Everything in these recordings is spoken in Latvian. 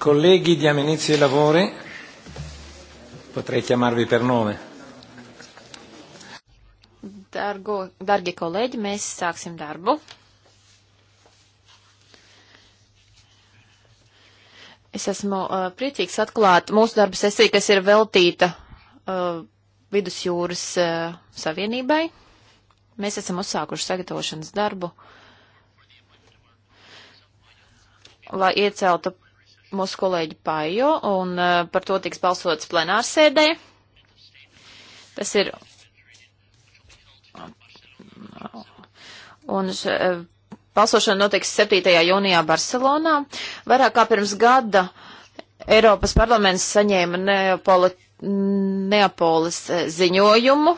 Colleghi, diamo inizio ai lavori. Potrei chiamarvi per nome. Dargo, dargi kolēģi, mēs sāksim darbu. Es esmu uh, priecīgs atklāt mūsu darba sesiju, kas ir veltīta uh, Vidusjūras uh, Savienībai. Mēs esam uzsākuši sagatavošanas darbu, lai ieceltu mūsu kolēģi Pajo, un uh, par to tiks balsots plenārsēdē. Tas ir. Un uh, balsošana notiks 7. jūnijā Barcelonā. Vairāk kā pirms gada Eiropas parlaments saņēma Neapoli, Neapolis uh, ziņojumu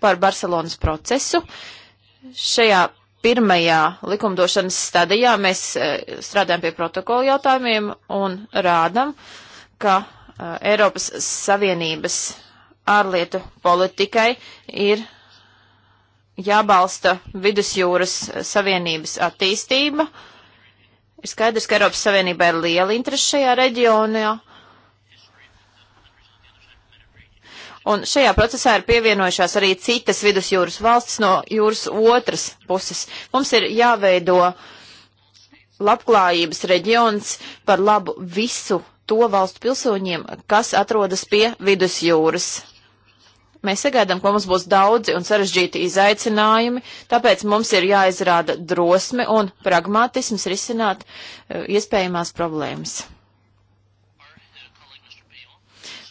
par Barcelonas procesu. Šajā pirmajā likumdošanas stadijā mēs e, strādājam pie protokola jautājumiem un rādam, ka e, Eiropas Savienības ārlietu politikai ir jābalsta vidusjūras savienības attīstība. Ir skaidrs, ka Eiropas Savienībā ir liela interese šajā reģionā, Un šajā procesā ir pievienojušās arī citas vidusjūras valstis no jūras otras puses. Mums ir jāveido labklājības reģions par labu visu to valstu pilsoņiem, kas atrodas pie vidusjūras. Mēs sagaidām, ka mums būs daudzi un sarežģīti izaicinājumi, tāpēc mums ir jāizrāda drosme un pragmatisms risināt eh, iespējamās problēmas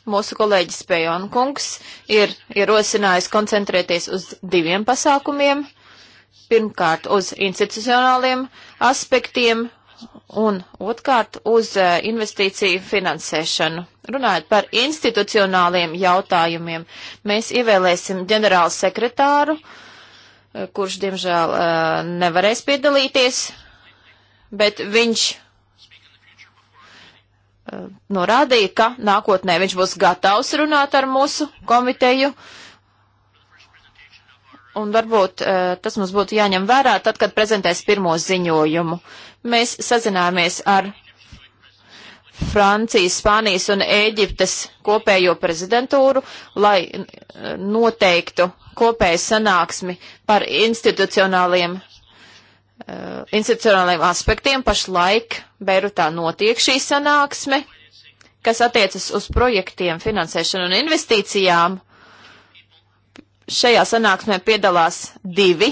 mūsu kolēģis Pejonkungs ir ierosinājis koncentrēties uz diviem pasākumiem. Pirmkārt, uz institucionāliem aspektiem un otrkārt uz eh, investīciju finansēšanu. Runājot par institucionāliem jautājumiem, mēs ievēlēsim ģenerālu sekretāru, eh, kurš, diemžēl, eh, nevarēs piedalīties, bet viņš Eh, norādīja, nu, ka nākotnē viņš būs gatavs runāt ar mūsu komiteju. Un varbūt eh, tas mums būtu jāņem vērā tad, kad prezentēs pirmo ziņojumu. Mēs sazinājāmies ar Francijas, Spānijas un Ēģiptes kopējo prezidentūru, lai eh, noteiktu kopēju sanāksmi par institucionāliem Eh, institucionālajiem aspektiem. Pašlaik Beirutā notiek šī sanāksme, kas attiecas uz projektiem, finansēšanu un investīcijām. Šajā sanāksmē piedalās divi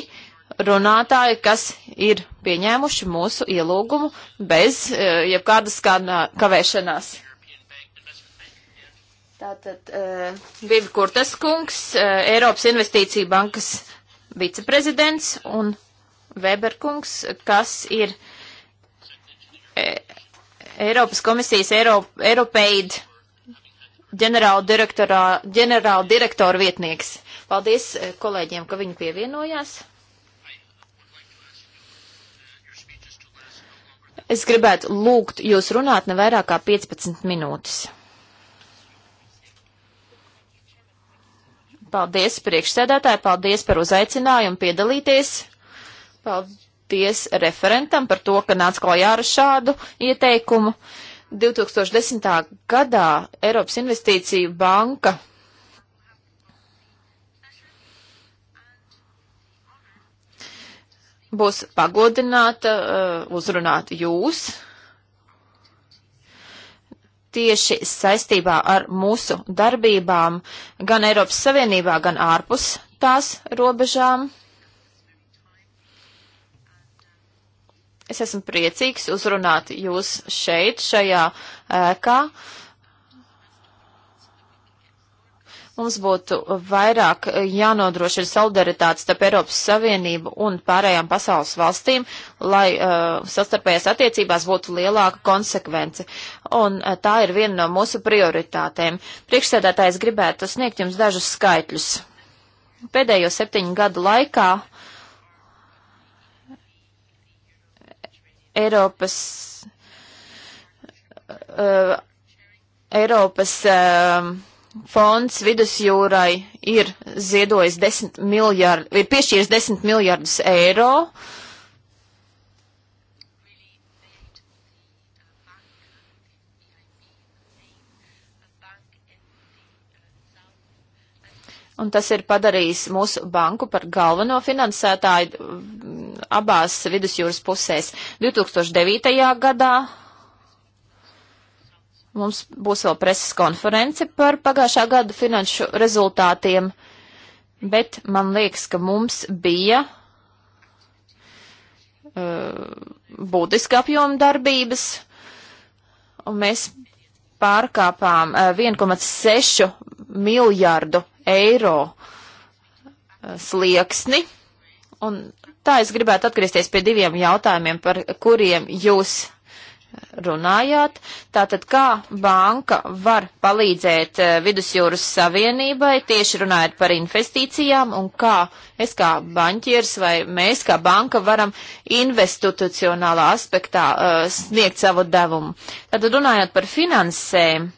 runātāji, kas ir pieņēmuši mūsu ielūgumu bez eh, jebkādas kavēšanās. Tātad uh, Bibi Kurtas kungs, uh, Eiropas Investīcija bankas viceprezidents un Weberkungs, kas ir e, Eiropas komisijas Eiropeid ģenerāla, ģenerāla direktora vietnieks. Paldies e, kolēģiem, ka viņi pievienojās. Es gribētu lūgt jūs runāt ne vairāk kā 15 minūtes. Paldies priekšsēdētāji, paldies par uzaicinājumu piedalīties. Paldies referentam par to, ka nāca klajā ar šādu ieteikumu. 2010. gadā Eiropas investīciju banka būs pagodināta uh, uzrunāt jūs tieši saistībā ar mūsu darbībām gan Eiropas Savienībā, gan ārpus tās robežām. Es esmu priecīgs uzrunāt jūs šeit, šajā ēkā. Mums būtu vairāk jānodrošina solidaritāte starp Eiropas Savienību un pārējām pasaules valstīm, lai uh, sastarpējās attiecībās būtu lielāka konsekvence. Un uh, tā ir viena no mūsu prioritātēm. Priekšsēdētājs gribētu sniegt jums dažus skaitļus. Pēdējo septiņu gadu laikā uh, Eiropas, uh, Eiropas uh, fonds vidusjūrai ir ziedojis 10 miljārdu, ir piešķīris 10 miljārdus eiro. Uh, un tas ir padarījis mūsu banku par galveno finansētāju mm, abās vidusjūras pusēs. 2009. gadā mums būs vēl preses konference par pagājušā gada finanšu rezultātiem, bet man liekas, ka mums bija uh, būtiska apjoma darbības, un mēs pārkāpām uh, 1,6 miljardu eiro eh, slieksni. Un tā es gribētu atgriezties pie diviem jautājumiem, par kuriem jūs runājāt. Tātad, kā banka var palīdzēt eh, Vidusjūras Savienībai, tieši runājot par investīcijām, un kā es kā banķieris vai mēs kā banka varam institucionālā aspektā uh, sniegt savu devumu. Tātad, runājot par finansēm,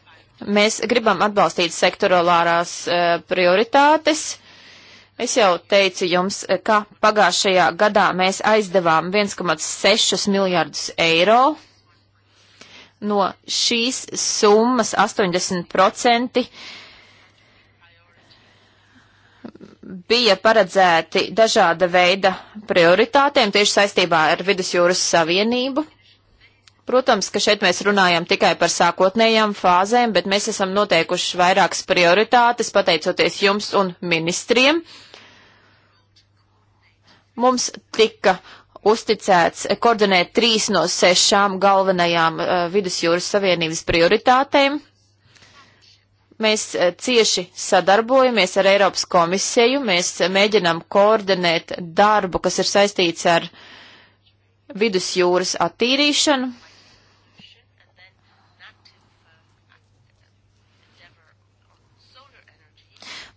Mēs gribam atbalstīt sektorolārās e, prioritātes. Es jau teicu jums, e, ka pagājušajā gadā mēs aizdevām 1,6 miljardus eiro. No šīs summas 80% bija paredzēti dažāda veida prioritātēm tieši saistībā ar Vidusjūras Savienību. Protams, ka šeit mēs runājam tikai par sākotnējām fāzēm, bet mēs esam noteikuši vairākas prioritātes, pateicoties jums un ministriem. Mums tika uzticēts koordinēt trīs no sešām galvenajām uh, Vidusjūras Savienības prioritātēm. Mēs uh, cieši sadarbojamies ar Eiropas komisiju, mēs uh, mēģinām koordinēt darbu, kas ir saistīts ar Vidusjūras attīrīšanu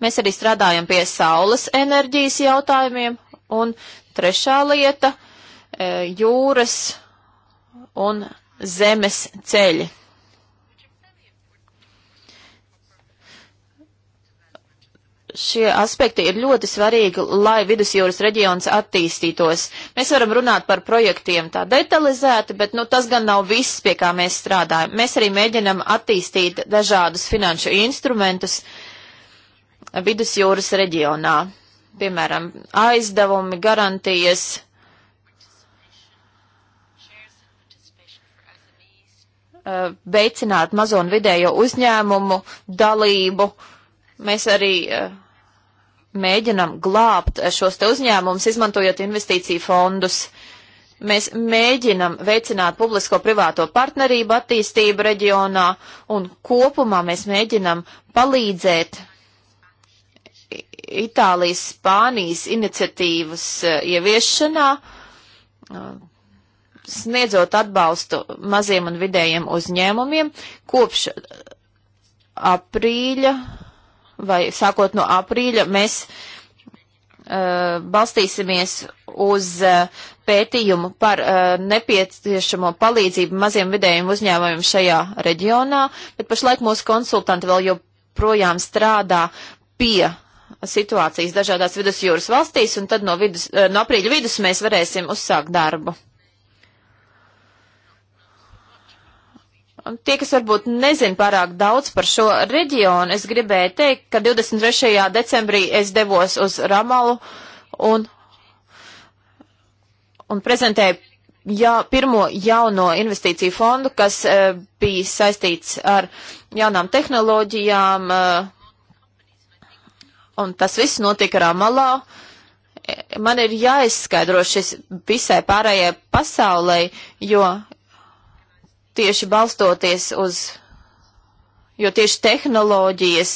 Mēs arī strādājam pie saules enerģijas jautājumiem. Un trešā lieta e, - jūras un zemes ceļi. šie aspekti ir ļoti svarīgi, lai vidusjūras reģions attīstītos. Mēs varam runāt par projektiem tā detalizēti, bet nu, tas gan nav viss, pie kā mēs strādājam. Mēs arī mēģinam attīstīt dažādus finanšu instrumentus, vidusjūras reģionā. Piemēram, aizdevumi, garantijas. veicināt mazo un vidējo uzņēmumu dalību. Mēs arī mēģinam glābt šos te uzņēmumus, izmantojot investīciju fondus. Mēs mēģinam veicināt publisko-privāto partnerību attīstību reģionā un kopumā mēs mēģinam palīdzēt Itālijas, Spānijas iniciatīvas eh, ieviešanā, eh, sniedzot atbalstu maziem un vidējiem uzņēmumiem kopš eh, aprīļa vai sākot no aprīļa mēs uh, balstīsimies uz uh, pētījumu par uh, nepieciešamo palīdzību maziem vidējiem uzņēmumiem šajā reģionā, bet pašlaik mūsu konsultanti vēl joprojām strādā pie situācijas dažādās vidusjūras valstīs, un tad no, vidus, eh, no aprīļa vidus mēs varēsim uzsākt darbu. Un tie, kas varbūt nezin pārāk daudz par šo reģionu, es gribēju teikt, ka 23. decembrī es devos uz Ramalu un, un prezentēju ja, pirmo jauno investīciju fondu, kas e, bija saistīts ar jaunām tehnoloģijām, e, un tas viss notika Ramalā. E, man ir jāizskaidro šis visai pārējai pasaulē, jo tieši balstoties uz, jo tieši tehnoloģijas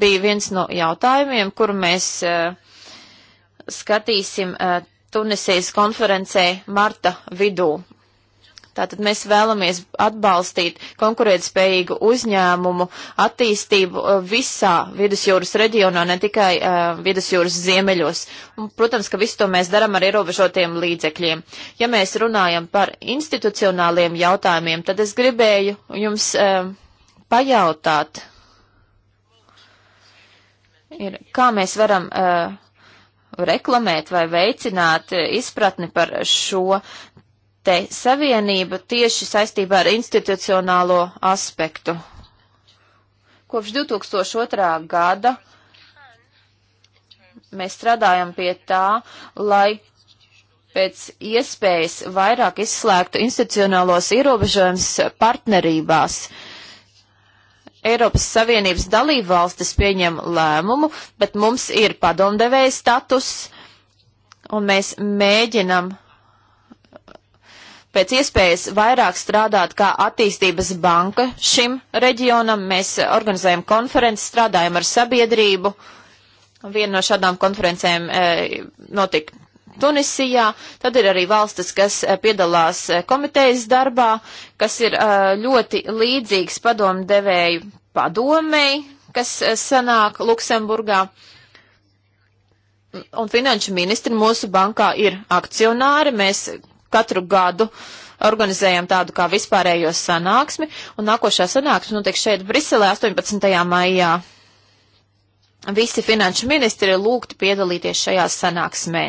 bija viens no jautājumiem, kuru mēs uh, skatīsim uh, Tunisijas konferencē marta vidū. Tātad mēs vēlamies atbalstīt konkurētspējīgu uzņēmumu attīstību uh, visā vidusjūras reģionā, ne tikai uh, vidusjūras ziemeļos. Un, protams, ka visu to mēs darām ar ierobežotiem līdzekļiem. Ja mēs runājam par institucionāliem jautājumiem, tad es gribēju jums uh, pajautāt, ir, kā mēs varam. Uh, reklamēt vai veicināt uh, izpratni par šo te savienība tieši saistībā ar institucionālo aspektu. Kopš 2002. gada mēs strādājam pie tā, lai pēc iespējas vairāk izslēgtu institucionālos ierobežojumus partnerībās. Eiropas Savienības dalībvalstis pieņem lēmumu, bet mums ir padomdevēja status, un mēs mēģinam pēc iespējas vairāk strādāt kā attīstības banka šim reģionam. Mēs organizējam konferences, strādājam ar sabiedrību. Viena no šādām konferencēm e, notika Tunisijā. Tad ir arī valstis, kas e, piedalās e, komitejas darbā, kas ir e, ļoti līdzīgs padomdevēju padomei, kas e, sanāk Luksemburgā. Un finanšu ministri mūsu bankā ir akcionāri. Mēs katru gadu organizējam tādu kā vispārējo sanāksmi, un nākošā sanāksme notiek šeit Briselē 18. maijā. Visi finanšu ministri ir lūgti piedalīties šajā sanāksmē.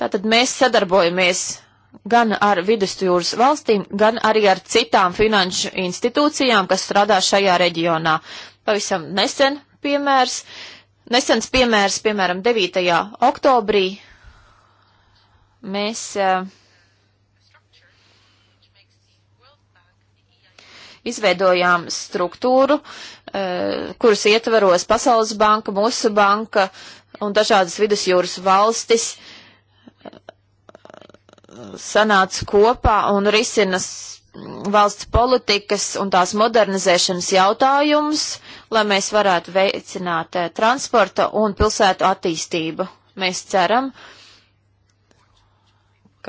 Tātad mēs sadarbojamies gan ar vidusjūras valstīm, gan arī ar citām finanšu institūcijām, kas strādā šajā reģionā. Pavisam nesen piemērs, nesens piemērs, piemēram, 9. oktobrī mēs eh, izveidojām struktūru, eh, kuras ietveros Pasaules banka, mūsu banka un dažādas vidusjūras valstis eh, sanāca kopā un risina valsts politikas un tās modernizēšanas jautājumus, lai mēs varētu veicināt transporta un pilsētu attīstību. Mēs ceram, uh,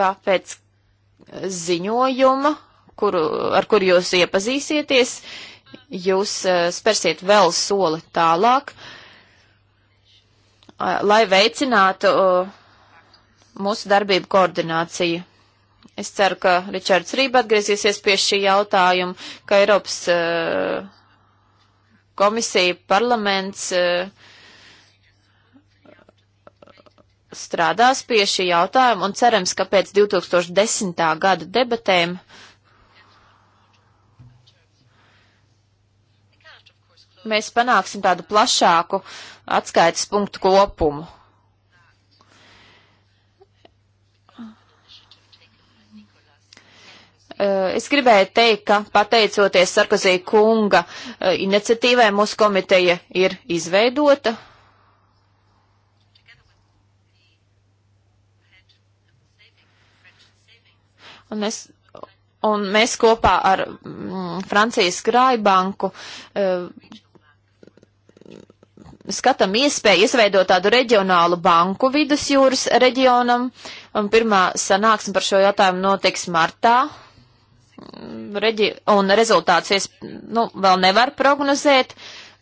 ka pēc ziņojuma, kuru, ar kuru jūs iepazīsieties, jūs eh, spērsiet vēl soli tālāk, lai veicinātu mūsu darbību koordināciju. Es ceru, ka Ričards Rība atgriezīsies pie šī jautājuma, ka Eiropas eh, komisija, parlaments uh, strādās pie šī jautājuma un cerams, ka pēc 2010. gada debatēm mēs panāksim tādu plašāku atskaites punktu kopumu. Eh, es gribēju teikt, ka pateicoties Sarkozī kunga eh, iniciatīvai, mūsu komiteja ir izveidota Un es un mēs kopā ar mm, Francijas Skraibanku e, skatām iespēju izveidot tādu reģionālu banku vidusjūras reģionam. Un pirmā sanāksme par šo jautājumu notiks martā. Reģi un rezultāts es, nu, vēl nevar prognozēt,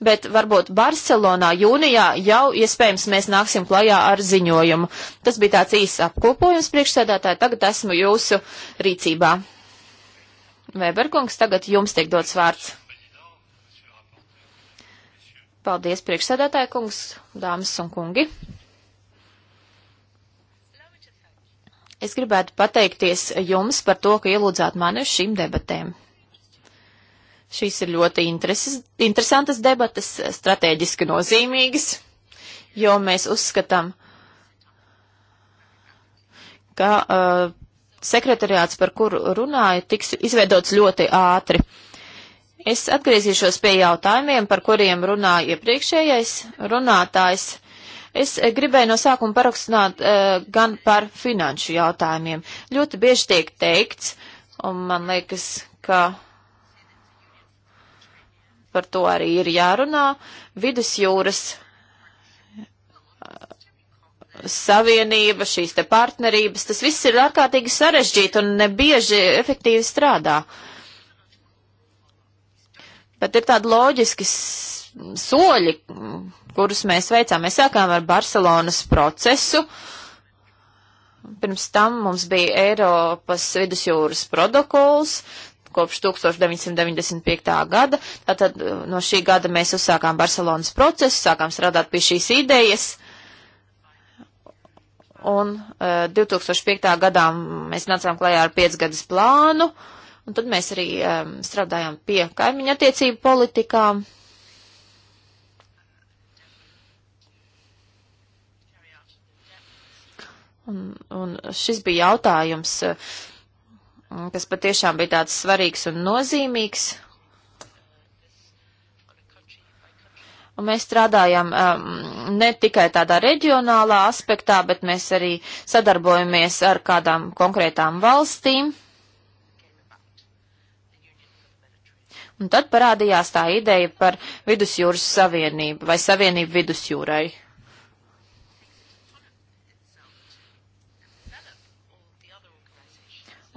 bet varbūt Barcelonā jūnijā jau iespējams mēs nāksim klajā ar ziņojumu. Tas bija tāds īsts apkopojums priekšsēdētāji, tagad esmu jūsu rīcībā. Vēberkungs, tagad jums tiek dots vārds. Paldies, priekšsēdētāji kungs, dāmas un kungi. Es gribētu pateikties jums par to, ka ielūdzāt mani uz šīm debatēm. Šīs ir ļoti interesantas debatas, strateģiski nozīmīgas, jo mēs uzskatām, ka uh, sekretariāts, par kuru runāju, tiks izveidots ļoti ātri. Es atgriezīšos pie jautājumiem, par kuriem runāja iepriekšējais runātājs. Es eh, gribēju no sākuma parakstināt uh, gan par finanšu jautājumiem. Ļoti bieži tiek teikts, un man liekas, ka par to arī ir jārunā. Vidusjūras uh, savienība, šīs te partnerības, tas viss ir ārkārtīgi sarežģīti un nebieži efektīvi strādā. Bet ir tādi loģiski soļi, kurus mēs veicām. Mēs sākām ar Barcelonas procesu. Pirms tam mums bija Eiropas vidusjūras protokols, kopš 1995. gada. Tātad uh, no šī gada mēs uzsākām Barcelonas procesu, sākām strādāt pie šīs idejas. Un uh, 2005. gadā mēs nācām klajā ar piecgadas plānu, un tad mēs arī um, strādājām pie kaimiņa attiecību politikām. Un, un šis bija jautājums. Uh, kas patiešām bija tāds svarīgs un nozīmīgs. Un mēs strādājam um, ne tikai tādā reģionālā aspektā, bet mēs arī sadarbojamies ar kādām konkrētām valstīm. Un tad parādījās tā ideja par vidusjūras savienību vai savienību vidusjūrai.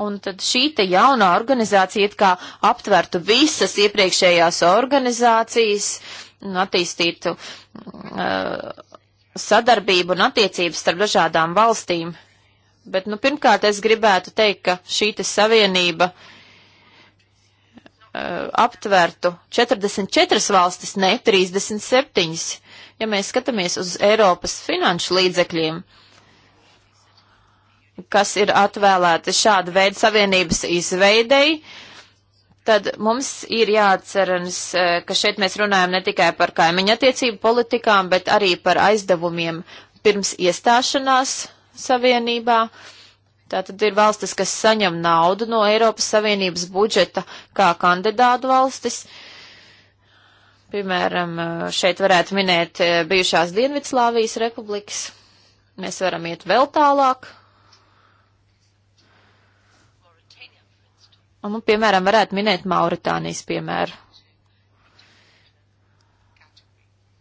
Un tad šī te jaunā organizācija it kā aptvertu visas iepriekšējās organizācijas un attīstītu uh, sadarbību un attiecības starp dažādām valstīm. Bet, nu, pirmkārt, es gribētu teikt, ka šī te savienība uh, aptvertu 44 valstis, ne 37. Ja mēs skatāmies uz Eiropas finanšu līdzekļiem, uh, kas ir atvēlēti šāda veida savienības izveidei, tad mums ir jāatceras, eh, ka šeit mēs runājam ne tikai par kaimiņa attiecību politikām, bet arī par aizdevumiem pirms iestāšanās savienībā. Tātad ir valstis, kas saņem naudu no Eiropas Savienības budžeta kā kandidātu valstis. Piemēram, eh, šeit varētu minēt eh, bijušās Dienvidslāvijas republikas. Mēs varam iet vēl tālāk, Un, nu, piemēram, varētu minēt Mauritānijas piemēru,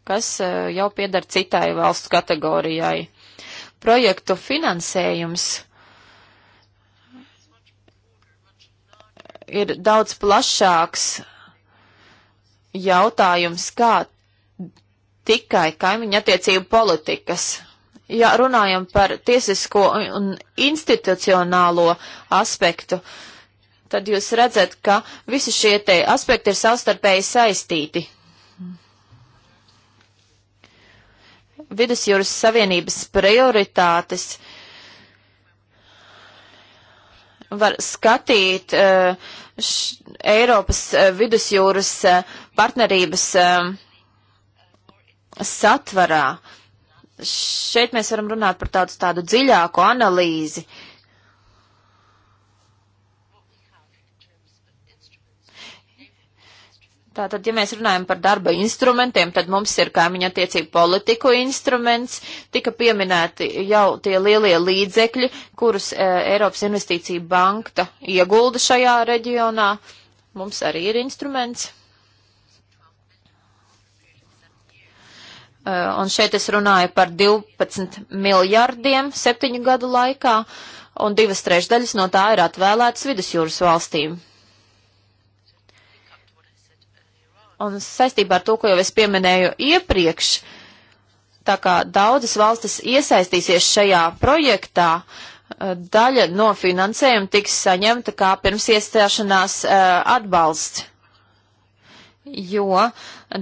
kas eh, jau piedara citai valstu kategorijai. Projektu finansējums ir daudz plašāks jautājums, kā tikai kaimiņu attiecību politikas. Ja runājam par tiesisko un institucionālo aspektu, uh, tad jūs redzat, ka visi šie te aspekti ir savstarpēji saistīti. Vidusjūras Savienības prioritātes var skatīt eh, š, Eiropas eh, vidusjūras eh, partnerības satvarā. Šeit mēs varam runāt par tādu, tādu dziļāku analīzi. Uh, Tātad, ja mēs runājam par darba instrumentiem, tad mums ir kaimiņa attiecību politiku instruments, tika pieminēti jau tie lielie līdzekļi, kurus e, Eiropas investīcija banka iegulda šajā reģionā. Mums arī ir instruments. E, un šeit es runāju par 12 miljardiem septiņu gadu laikā, un divas trešdaļas no tā ir atvēlētas vidusjūras valstīm. Un saistībā ar to, ko jau es pieminēju iepriekš, tā kā daudzas valstis iesaistīsies šajā projektā, eh, daļa no finansējuma tiks saņemta kā pirms iestāšanās eh, atbalsts. Jo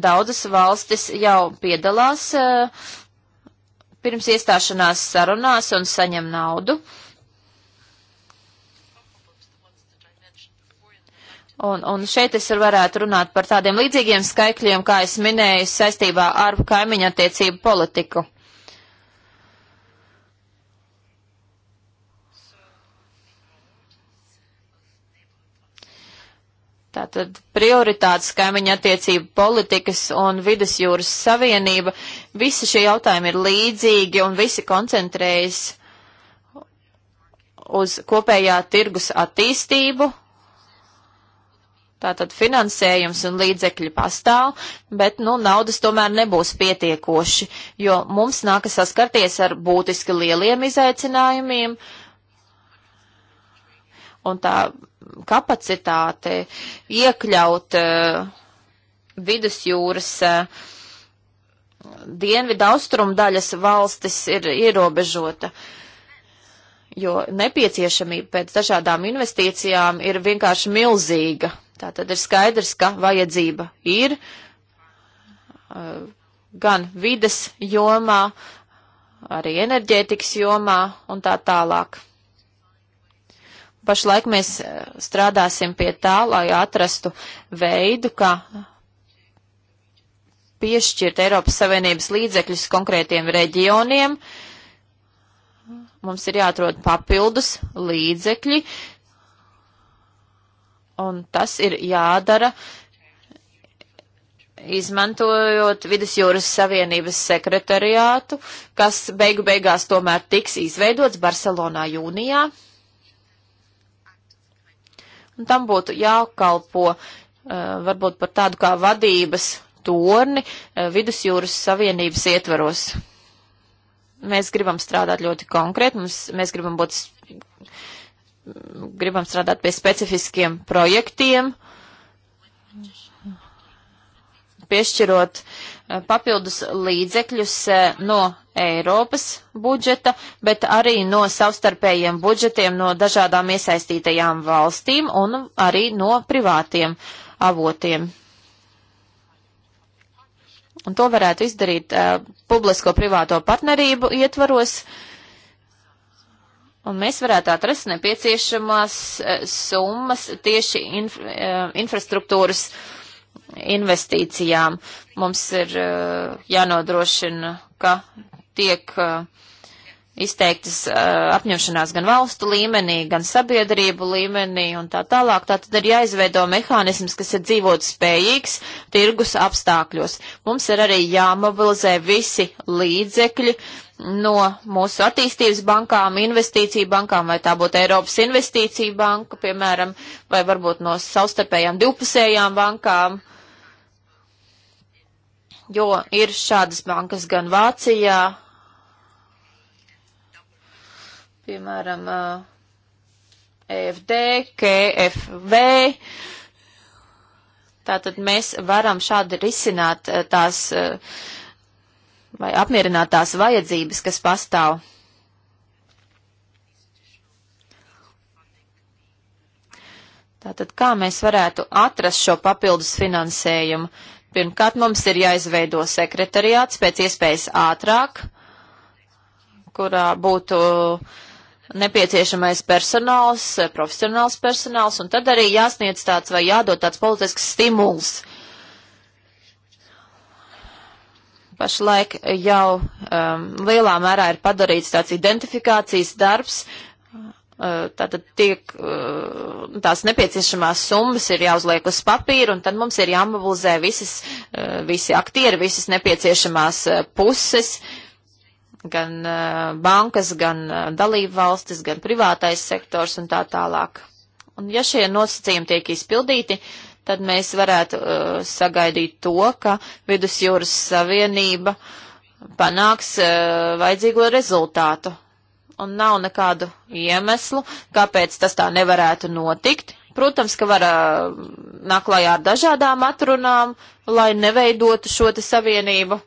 daudzas valstis jau piedalās eh, pirms iestāšanās sarunās un saņem naudu. Uh, Un, un šeit es varētu runāt par tādiem līdzīgiem skaitļiem, kā es minēju, saistībā ar kaimiņu attiecību politiku. Tātad prioritātes kaimiņa attiecību politikas un vidas jūras savienība, visi šie jautājumi ir līdzīgi un visi koncentrējas uz kopējā tirgus attīstību Tātad finansējums un līdzekļi pastāv, bet, nu, naudas tomēr nebūs pietiekoši, jo mums nākas saskarties ar būtiski lieliem izaicinājumiem, un tā kapacitāte iekļaut uh, vidusjūras uh, dienvidu austrumu daļas valstis ir ierobežota, jo nepieciešamība pēc dažādām investīcijām ir vienkārši milzīga. Tā tad ir skaidrs, ka vajadzība ir uh, gan vides jomā, arī enerģētikas jomā un tā tālāk. Pašlaik mēs eh, strādāsim pie tā, lai atrastu veidu, kā piešķirt Eiropas Savienības līdzekļus konkrētiem reģioniem. Mums ir jāatrod papildus līdzekļi, Un tas ir jādara, izmantojot Vidusjūras Savienības sekretariātu, kas beigu beigās tomēr tiks izveidots Barcelonā jūnijā. Un tam būtu jākalpo uh, varbūt par tādu kā vadības torni uh, Vidusjūras Savienības ietvaros. Mēs gribam strādāt ļoti konkrēti, mums, mēs gribam būt Nu, gribam strādāt pie specifiskiem projektiem, piešķirot eh, papildus līdzekļus eh, no Eiropas budžeta, bet arī no savstarpējiem budžetiem no dažādām iesaistītajām valstīm un arī no privātiem avotiem. Un to varētu izdarīt uh, publisko-privāto partnerību ietvaros, uh, Un mēs varētu atrast nepieciešamās eh, summas tieši inf eh, infrastruktūras investīcijām. Mums ir eh, jānodrošina, ka tiek izteiktas apņemšanās gan valstu līmenī, gan sabiedrību līmenī un tā tālāk. Tā tad ir jāizveido mehānisms, kas ir dzīvot spējīgs tirgus apstākļos. Mums ir arī jāmobilizē visi līdzekļi, uh, no mūsu attīstības bankām, investīciju bankām, vai tā būtu Eiropas investīcija banka, piemēram, vai varbūt no savstarpējām divpusējām bankām, jo ir šādas bankas gan Vācijā, piemēram, EFD, KFV. Tātad mēs varam šādi risināt tās uh, vai apmierināt tās vajadzības, kas pastāv. Tātad, kā mēs varētu atrast šo papildus finansējumu? Pirmkārt, mums ir jāizveido sekretariāts pēc iespējas ātrāk, kurā būtu nepieciešamais personāls, profesionāls personāls, un tad arī jāsniedz tāds vai jādod tāds politisks stimuls Pašlaik jau um, lielā mērā ir padarīts tāds identifikācijas darbs, uh, tātad tiek uh, tās nepieciešamās summas ir jāuzliek uz papīra, un tad mums ir jāmobilizē visas, uh, visi aktieri, visas nepieciešamās uh, puses, gan uh, bankas, gan uh, dalību valstis, gan privātais sektors un tā tālāk. Un ja šie nosacījumi tiek izpildīti, uh, tad mēs varētu uh, sagaidīt to, ka Vidusjūras Savienība panāks uh, vajadzīgo rezultātu. Un nav nekādu iemeslu, kāpēc tas tā nevarētu notikt. Protams, ka var uh, nāk klajā ar dažādām atrunām, lai neveidotu šo te savienību.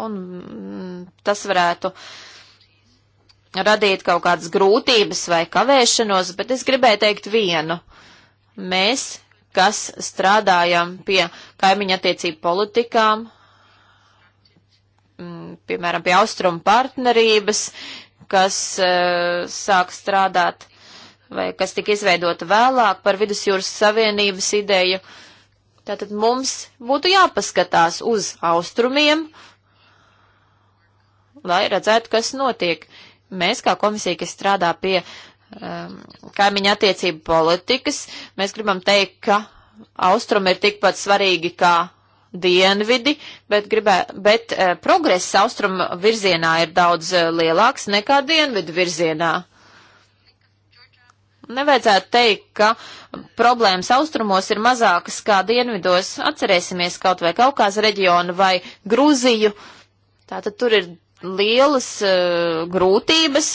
Un mm, tas varētu uh, radīt kaut kādas grūtības vai kavēšanos, bet es gribēju teikt vienu mēs, kas strādājam pie kaimiņa attiecību politikām, mm, piemēram, pie austrumu partnerības, kas uh, sāk strādāt vai kas tika izveidota vēlāk par Vidusjūras Savienības ideju. Tātad mums būtu jāpaskatās uz austrumiem, lai redzētu, kas notiek. Mēs, kā komisija, kas strādā pie uh, Um, kaimiņa attiecību politikas, mēs gribam teikt, ka austrumi ir tikpat svarīgi kā dienvidi, bet, gribē, bet eh, progress austrumu virzienā ir daudz eh, lielāks nekā dienvidu virzienā. Nevajadzētu teikt, ka problēmas austrumos ir mazākas kā dienvidos. Atcerēsimies kaut vai Kaukāza reģionu vai Grūziju. Tātad tur ir lielas uh, eh, grūtības,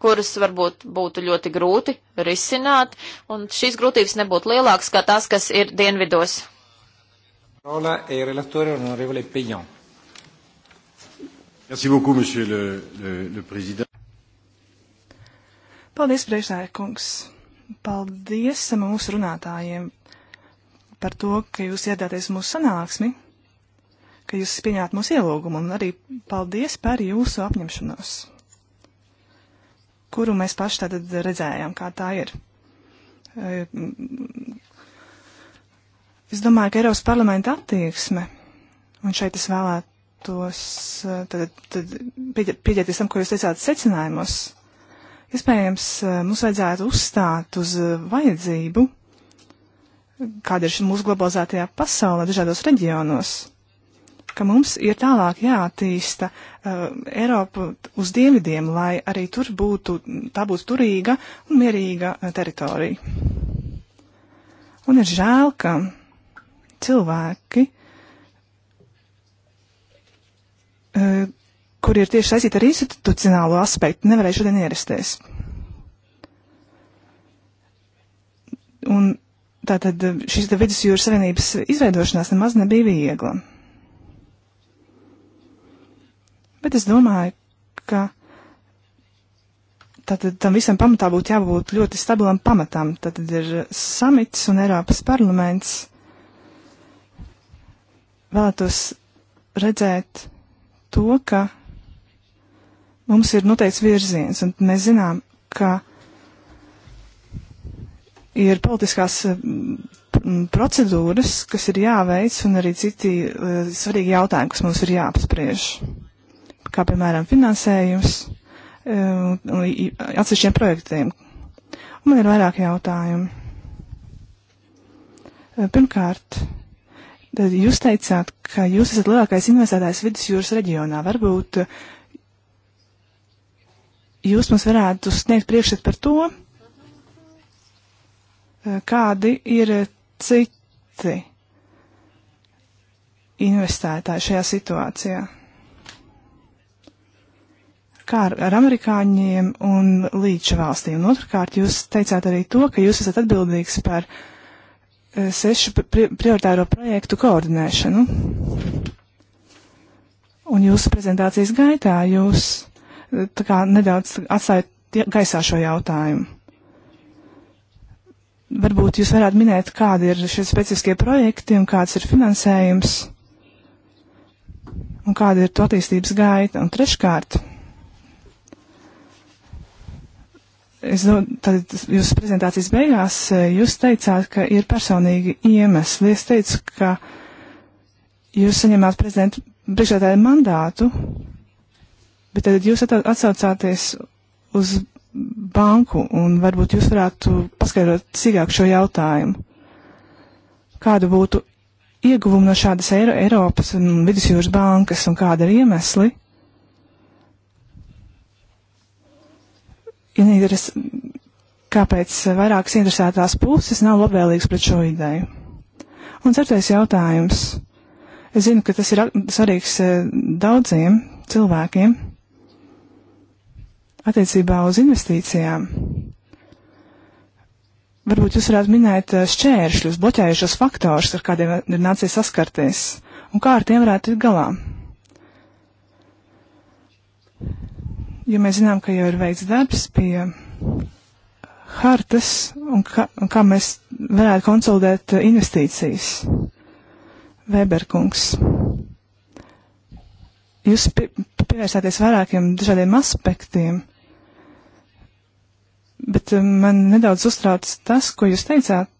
kuras varbūt būtu ļoti grūti risināt, un šīs grūtības nebūtu lielākas kā tās, kas ir dienvidos. E Merci beaucoup, monsieur le, le, le président. Paldies, priekšsēkungs. Paldies mūsu runātājiem par to, ka jūs iedāties mūsu sanāksmi, ka jūs pieņēmāt mūsu ielūgumu, un arī paldies par jūsu apņemšanos kuru mēs paši tātad redzējām, kā tā ir. Es domāju, ka Eiropas parlamenta attieksme, un šeit es vēlētos eh, tad, tad pieķerties tam, ko jūs teicāt secinājumos, iespējams, eh, mums vajadzētu uzstāt uz eh, vajadzību, kāda ir šī mūsu globalizētajā pasaulē dažādos reģionos ka mums ir tālāk jāattīsta uh, Eiropa uz dienvidiem, lai arī tur būtu, tā būtu turīga un mierīga uh, teritorija. Un ir žēl, ka cilvēki, uh, kuri ir tieši saistīti ar institucionālo aspektu, nevarēja šodien ierasties. Un tātad šīs vidusjūras savienības izveidošanās nemaz nebija viegla. Bet es domāju, ka tātad tam visam pamatā būtu jābūt ļoti stabilam pamatam. Tātad ir samits un Eiropas parlaments vēlētos redzēt to, ka mums ir noteikts virziens, un mēs zinām, ka ir politiskās mm, procedūras, kas ir jāveic, un arī citi uh, svarīgi jautājumi, kas mums ir jāapspriež kā piemēram finansējums e, un atsevišķiem projektiem. Un man ir vairāk jautājumu. E, pirmkārt, tad jūs teicāt, ka jūs esat lielākais investētājs vidusjūras reģionā. Varbūt jūs mums varētu sniegt priekšstat par to, e, kādi ir citi investētāji šajā situācijā kā ar, ar amerikāņiem un līča valstīm. Un otrkārt, jūs teicāt arī to, ka jūs esat atbildīgs par eh, sešu pri prioritāro projektu koordinēšanu. Un jūsu prezentācijas gaitā jūs eh, tā kā nedaudz atstājat gaisā šo jautājumu. Varbūt jūs varētu minēt, kādi ir šie specifiskie projekti un kāds ir finansējums un kāda ir to attīstības gaita. Un treškārt, Es tad jūsu prezentācijas beigās eh, jūs teicāt, ka ir personīgi iemesli. Es teicu, ka jūs saņemāt prezidentu priekšētāju mandātu, bet tad jūs atsaucāties uz banku un varbūt jūs varētu paskaidrot cīkāk šo jautājumu. Kāda būtu ieguvuma no šādas Eiro, Eiropas un Vidusjūras bankas un kāda ir iemesli? interes, kāpēc vairākas interesētās puses nav labvēlīgas pret šo ideju. Un ceturtais jautājums. Es zinu, ka tas ir svarīgs eh, daudziem cilvēkiem attiecībā uz investīcijām. Varbūt jūs varētu minēt eh, šķēršļus, bloķējušos faktorus, ar kādiem ir nācies saskarties, un kā ar tiem varētu tikt galā. jo mēs zinām, ka jau ir veikts darbs pie hartas un, ka, un kā mēs varētu konsolidēt investīcijas. Weberkungs, jūs pievērsāties vairākiem dažādiem aspektiem, bet um, man nedaudz uztrauc tas, ko jūs teicāt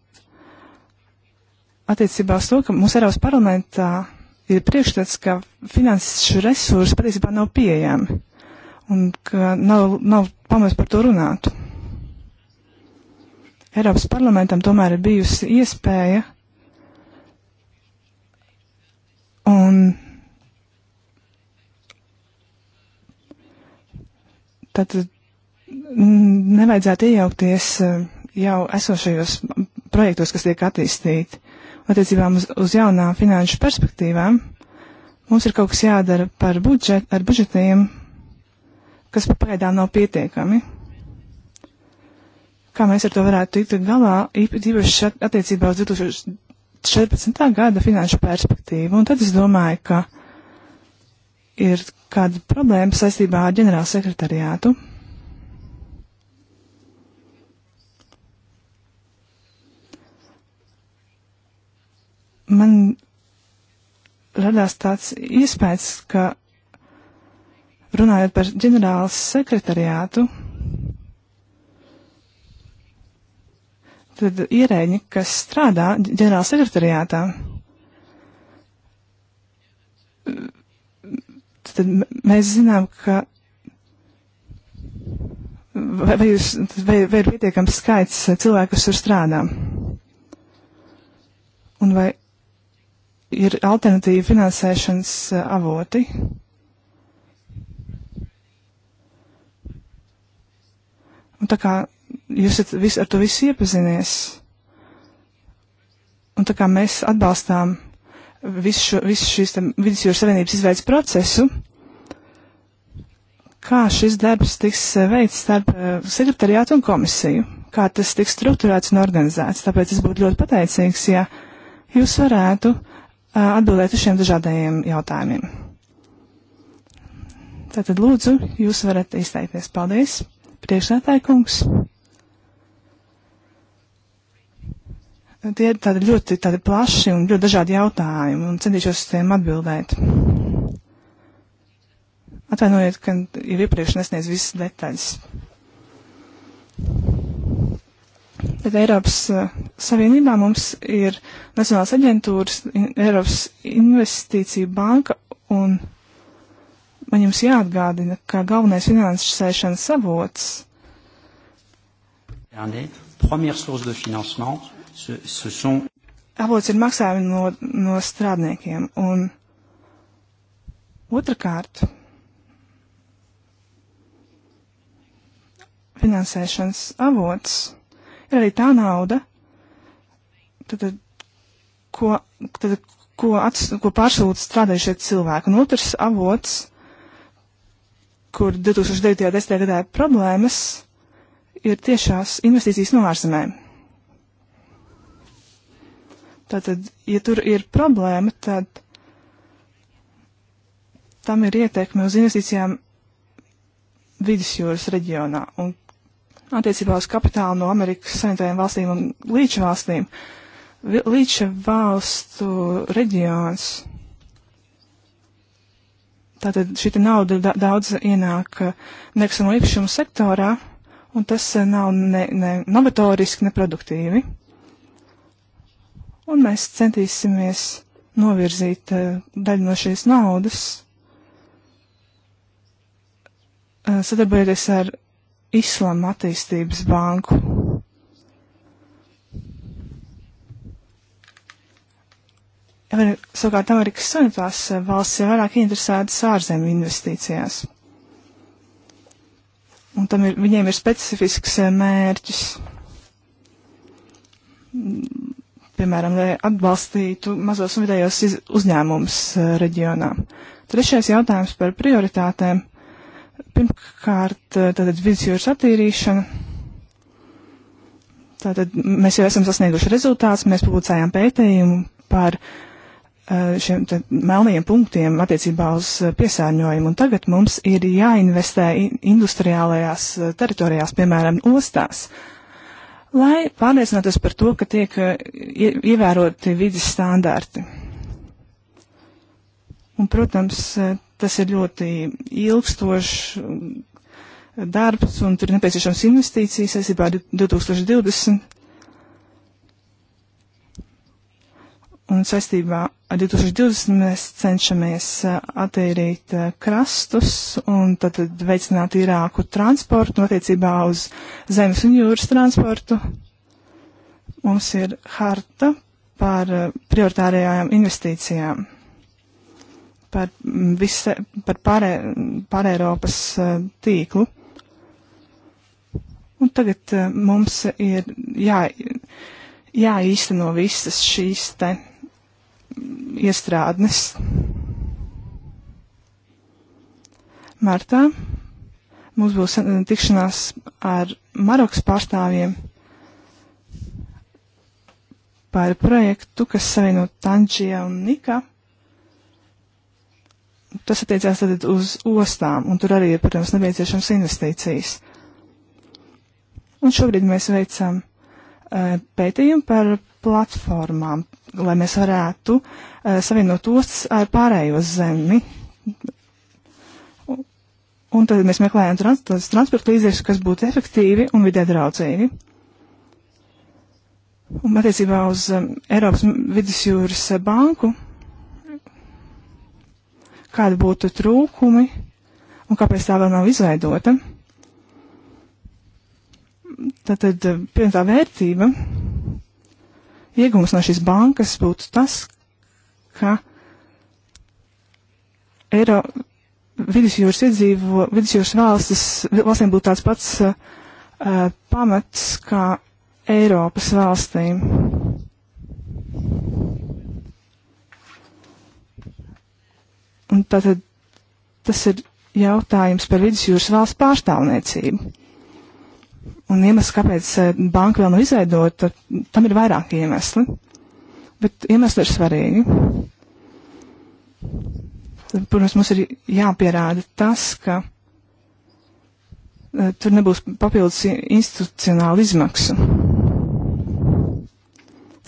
attiecībā uz to, ka mūsu Eiropas parlamentā ir priekšstats, ka finanses resursi patiesībā nav pieejami un ka nav, nav pamats par to runāt. Eiropas parlamentam tomēr ir bijusi iespēja un tad nevajadzētu iejaukties eh, jau esošajos projektos, kas tiek attīstīti. Attiecībām uz, uz jaunām finanšu perspektīvām mums ir kaut kas jādara par budžet, ar budžetiem kas pagaidām nav pietiekami. Kā mēs ar to varētu tikt galā, īpaši attiecībā uz 2014. gada finanšu perspektīvu. Un tad es domāju, ka ir kāda problēma saistībā ar ģenerālu sekretariātu. Man radās tāds iespējas, ka Runājot par ģenerālu sekretariātu, tad ierēģi, kas strādā ģenerāla sekretariātā, tad mēs zinām, ka vai, vai, jūs, vai, vai ir pietiekams skaits cilvēku, kas tur strādā? Un vai ir alternatīvi finansēšanas avoti? Uh, Un tā kā jūs vis, ar to visu iepazinies, un tā kā mēs atbalstām visu, šo, visu šīs vidusjūras savienības izveidas procesu, kā šis darbs tiks eh, veikts starp eh, sekretariātu un komisiju, kā tas tiks strukturēts un organizēts. Tāpēc es būtu ļoti pateicīgs, ja jūs varētu eh, atbildēt uz šiem dažādajiem jautājumiem. Tātad lūdzu, jūs varat izteikties. Paldies! priekšsētāja kungs. Tie ir tādi ļoti tādi plaši un ļoti dažādi jautājumi, un centīšos uz tiem atbildēt. Atvainojiet, ka jau iepriekš nesniedz visas detaļas. Tad Eiropas uh, Savienībā mums ir Nacionālās aģentūras, in, Eiropas Investīcija banka un man jums jāatgādina, ka galvenais finansēšanas avots. Avots ir maksājumi no, no strādniekiem, un otrkārt finansēšanas avots ir arī tā nauda, tad, ko, tad, ko, ats, ko pārsūta strādājušie cilvēki. Un otrs avots kur 2009. un 2010. gadā problēmas ir tiešās investīcijas no ārzemēm. Tātad, ja tur ir problēma, tad tam ir ietekme uz investīcijām vidusjūras reģionā un attiecībā uz kapitālu no Amerikas Savienotajām valstīm un līča valstīm. Līča valstu reģions Tātad šī nauda da daudz ienāk eh, nekustamo īpašumu sektorā, un tas eh, nav ne, ne novatoriski, ne produktīvi. Un mēs centīsimies novirzīt eh, daļu no šīs naudas, sadarbojoties ar Islama attīstības banku. Savukārt Amerikas Savienotās eh, valsts ir vairāk interesētas ārzemju investīcijās. Un tam ir, viņiem ir specifisks eh, mērķis. Mm, piemēram, lai atbalstītu mazos un vidējos uzņēmumus eh, reģionā. Trešais jautājums par prioritātēm. Pirmkārt, tātad vidusjūras attīrīšana. Tātad mēs jau esam sasnieguši rezultātus, mēs publicējām pētījumu par uh, Eh, šiem melniem punktiem attiecībā uz eh, piesārņojumu. Un tagad mums ir jāinvestē industriālajās eh, teritorijās, piemēram, ostās, lai pārliecinātos par to, ka tiek ievēroti vidas standarti. Un, protams, tas ir ļoti ilgstošs mm, darbs un tur nepieciešams investīcijas, es jau 2020 Un saistībā ar 2020 mēs cenšamies uh, attīrīt uh, krastus un tad veicināt īrāku transportu attiecībā uz zemes un jūras transportu. Mums ir harta par uh, prioritārajām investīcijām, par, mm, vise, par pārē, pārēropas tīklu. Un tagad mums ir jā, jāīsteno visas šīs te iestrādnes. Martā mums būs eh, tikšanās ar Marokas pārstāvjiem par projektu, kas savieno Tanģija un Nika. Tas attiecās tad uz ostām, un tur arī ir, protams, nepieciešams investīcijas. Un šobrīd mēs veicam uh, pētījumu par platformām, lai mēs varētu uh, savienot ostas ar pārējo zemi. Un tad mēs meklējam trans transporta līdzekļus, kas būtu efektīvi un vidē draudzīgi. Un attiecībā uz um, Eiropas vidusjūras banku, kādi būtu trūkumi un kāpēc tā vēl nav izveidota. Tātad, eh, pirmā vērtība iegums no šīs bankas būtu tas, ka Eiro vidusjūras iedzīvo, vidusjūras valstis, valstīm būtu tāds pats uh, pamats kā Eiropas valstīm. Un tātad tas ir jautājums par vidusjūras valsts pārstāvniecību. Un iemesls, kāpēc eh, banka vēl nav izveidota, tam ir vairāki iemesli. Bet iemesli ir svarīgi. Tad, protams, mums ir jāpierāda tas, ka eh, tur nebūs papildus institucionāla izmaksu.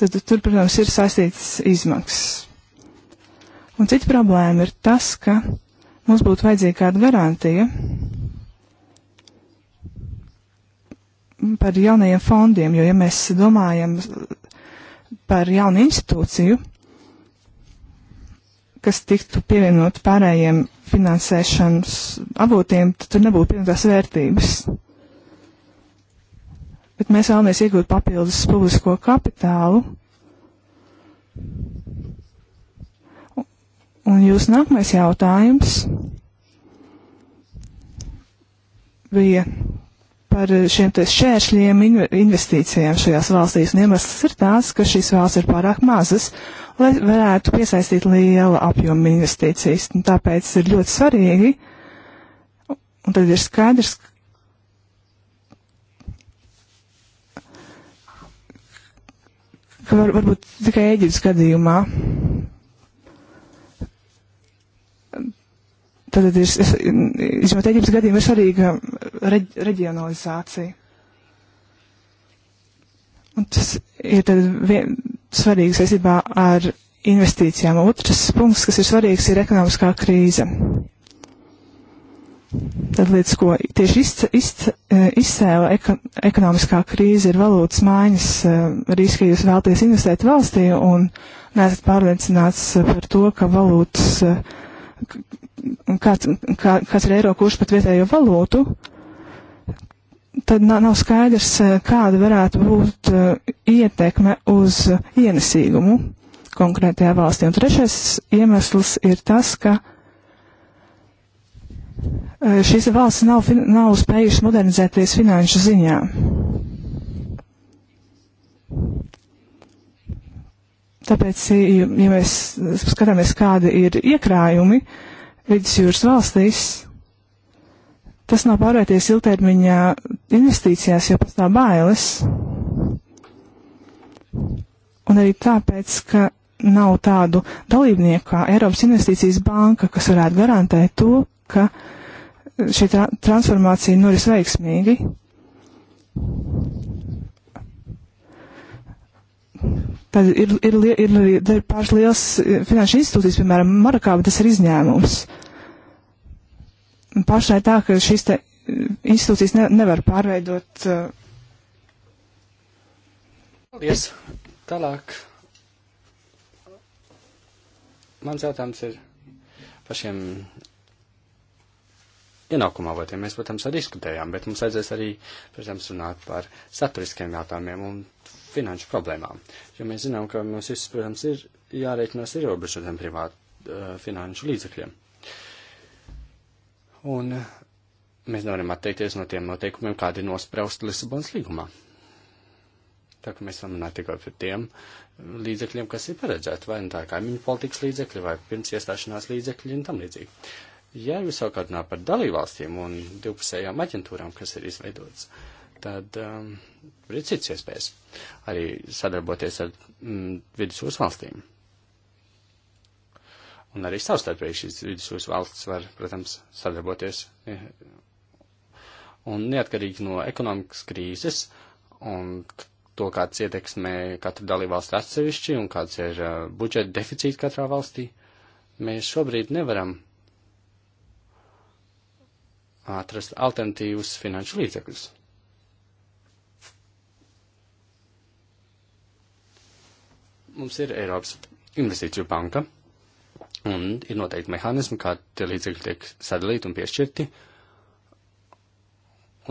Tad tur, protams, ir saistītas izmaksas. Un cita problēma ir tas, ka mums būtu vajadzīga kāda garantija, par jaunajiem fondiem, jo ja mēs domājam par jaunu institūciju, kas tiktu pievienot pārējiem finansēšanas avotiem, tad tur nebūtu pievienotās vērtības. Bet mēs vēlamies iegūt papildus publisko kapitālu. Un jūs nākamais jautājums bija par šiem šķēršļiem investīcijām šajās valstīs, un iemesls ir tās, ka šīs valsts ir pārāk mazas, lai varētu piesaistīt liela apjoma investīcijas. Un tāpēc ir ļoti svarīgi, un tad ir skaidrs, ka var, varbūt tikai Eģiptes gadījumā. Tad ir, izņemot Eģiptes gadījumu, ir svarīga reģ, reģionalizāciju. Un tas ir tad vien, svarīgi saistībā ar investīcijām. Otrs punkts, kas ir svarīgs, ir ekonomiskā krīze. Tad lietas, ko tieši izc, izc, izcēla eko, ekonomiskā krīze, ir valūtas maiņas eh, riski, ja jūs vēlaties investēt valstī un neesat pārliecināts par to, ka valūtas, kāds, eh, kā, kāds ir eiro kurš pat vietējo valūtu, uh, tad nav skaidrs, eh, kāda varētu būt eh, ietekme uz ienesīgumu konkrētajā valstī. Un trešais iemesls ir tas, ka eh, šīs valsts nav, nav spējušas modernizēties finanšu ziņā. Tāpēc, ja mēs skatāmies, kādi ir iekrājumi vidusjūras valstīs, tas nav pārvērties ilgtermiņā investīcijās, jo pastāv bailes. Un arī tāpēc, ka nav tādu dalībnieku kā Eiropas Investīcijas banka, kas varētu garantēt to, ka šī tra transformācija noris veiksmīgi. Tad ir, ir, ir, ir, ir pāris liels eh, finanšu institūcijas, piemēram, Marakā, bet tas ir izņēmums. Uh, pašai tā, ka šīs te mm, institūcijas ne, nevar pārveidot. Uh, Paldies. Tālāk. Mans jautājums ir par šiem ienākuma avotiem. Mēs, protams, arī diskutējām, bet mums vajadzēs arī, protams, runāt par saturiskiem jautājumiem un finanšu problēmām. Jo mēs zinām, ka mums viss, protams, ir jārēķinās ierobežotiem privātu uh, finanšu līdzekļiem. Uh, Un mēs nevaram atteikties no tiem noteikumiem, kādi ir nosprausti Lisabonas līgumā. Tā kā mēs varam runāt tikai par tiem līdzekļiem, kas ir paredzēti, vai nu tā kaimiņu politikas līdzekļi, vai pirms iestāšanās līdzekļi un tam līdzīgi. Ja jūs savukārt runājat par dalībvalstīm un divpusējām aģentūrām, kas ir izveidotas, tad um, ir cits iespējas arī sadarboties ar mm, vidus valstīm. Un arī savstarpēji šīs vidusjūras valsts var, protams, sadarboties. Un neatkarīgi no ekonomikas krīzes un to, kāds ietekmē katru dalībvalstu atsevišķi un kāds ir uh, budžeta deficīts katrā valstī, mēs šobrīd nevaram atrast alternatīvus finanšu līdzekļus. Mums ir Eiropas investīciju banka. Un ir noteikti mehānismi, kā tie līdzekļi tiek sadalīti un piešķirti.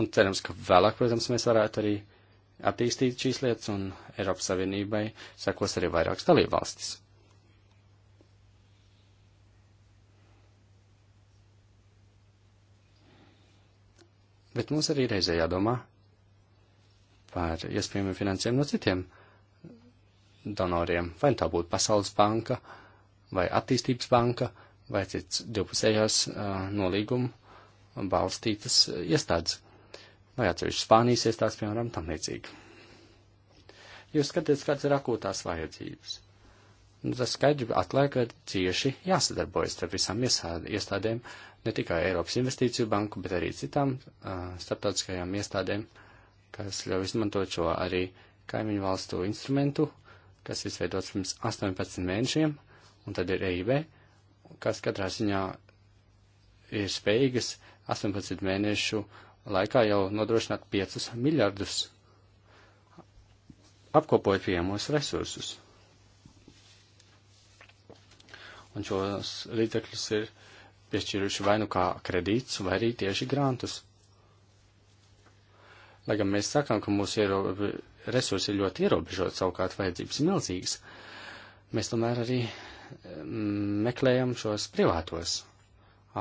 Un cerams, ka vēlāk, protams, mēs varētu arī attīstīt šīs lietas, un Eiropas Savienībai sekos arī vairākas dalībvalstis. Bet mums arī reizē jādomā par iespējamiem finansēm no citiem donoriem, vai nu tā būtu Pasaules banka, uh, vai attīstības banka, vai cits divpusējās nolīguma balstītas iestādes, vai atsevišķas Spānijas iestādes, piemēram, tam līdzīgi. Jūs skatāties, kādas ir akūtās vajadzības. Nu, tas skaidri atklāja, ka cieši jāsadarbojas ar visām iestādēm, ne tikai Eiropas investīciju banku, bet arī citām uh, starptautiskajām iestādēm, kas ļauj izmantot šo arī kaimiņu valstu instrumentu, kas izveidots pirms 18 mēnešiem, uh, un tad ir EIB, kas katrā ziņā ir spējīgas 18 mēnešu laikā jau nodrošināt 5 miljardus, apkopojot pieejamos resursus. Un šos līdzekļus ir piešķīruši vai nu kā kredīts, vai arī tieši grantus. Lai gan mēs sakām, ka mūsu resursi ir ļoti ierobežoti, savukārt vajadzības milzīgas, mēs tomēr arī meklējam šos privātos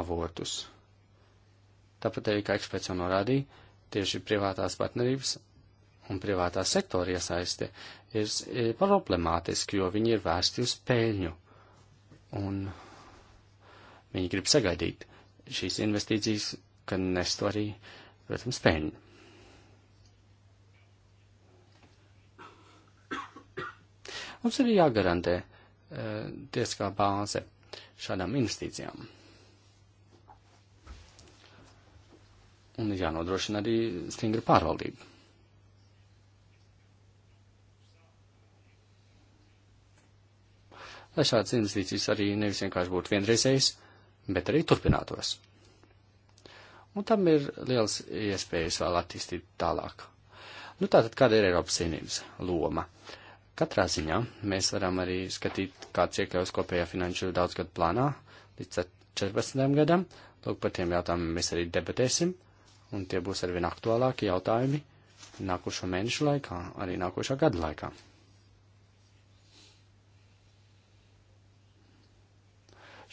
avotus. Tāpat arī, kā eksperts jau norādīja, tieši privātās partnerības un privātā sektora iesaiste ir, ir problemātiski, jo viņi ir vērsti uz pēļņu. Un viņi grib sagaidīt šīs investīcijas, kad nestu arī, protams, pēļņu. Mums ir jāgarantē, tiesiskā bāze šādām investīcijām. Un ir jānodrošina arī stingra pārvaldība. Lai šādas investīcijas arī nevis vienkārši būtu vienreizējas, bet arī turpinātos. Un tam ir liels iespējas vēl attīstīt tālāk. Nu tātad, kāda ir Eiropas Savienības loma? Uh, Katrā ziņā mēs varam arī skatīt, kāds iekļaus kopējā finanšu daudzgadu plānā līdz 14. gadam. Lūk, par tiem jautājumiem mēs arī debatēsim, un tie būs arvien aktuālāki jautājumi nākošo mēnešu laikā, arī nākošā gada laikā.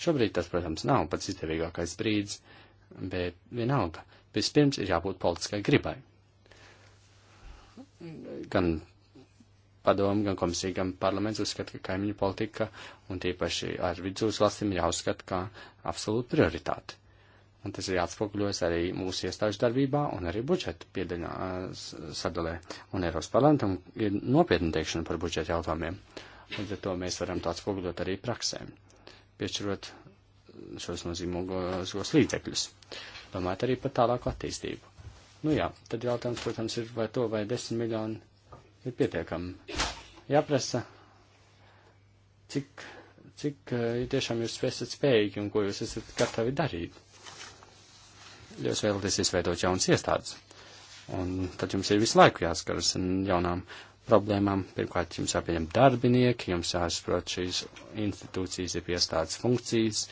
Šobrīd tas, protams, nav pats izdevīgākais brīdis, bet vienalga, vispirms ir jābūt politiskai gribai. Gan padomu, gan komisija, gan parlaments uzskata, ka kaimiņu politika un tīpaši ar vidzūras valstīm jāuzskata kā absolūta prioritāte. Un tas ir jāatspoguļojas arī mūsu iestāžu darbībā un arī budžeta piedaļā sadalē. Un Eiropas parlamentam ir nopietna teikšana par budžeta jautājumiem. Līdz ar to mēs varam to atspoguļot arī praksēm, piešķirot šos nozīmīgos līdzekļus. Domājot arī par tālāku attīstību. Nu jā, tad jautājums, protams, ir, vai to vai desmit miljoni ir pietiekami. Jāprasa, cik, cik eh, tiešām jūs esat spējīgi un ko jūs esat gatavi darīt. Jūs vēlaties izveidot jaunas iestādes. Un tad jums ir visu laiku jāskaras ar jaunām problēmām. Pirmkārt, jums jāpieņem darbinieki, jums jāsaprot šīs institūcijas ir iestādes funkcijas,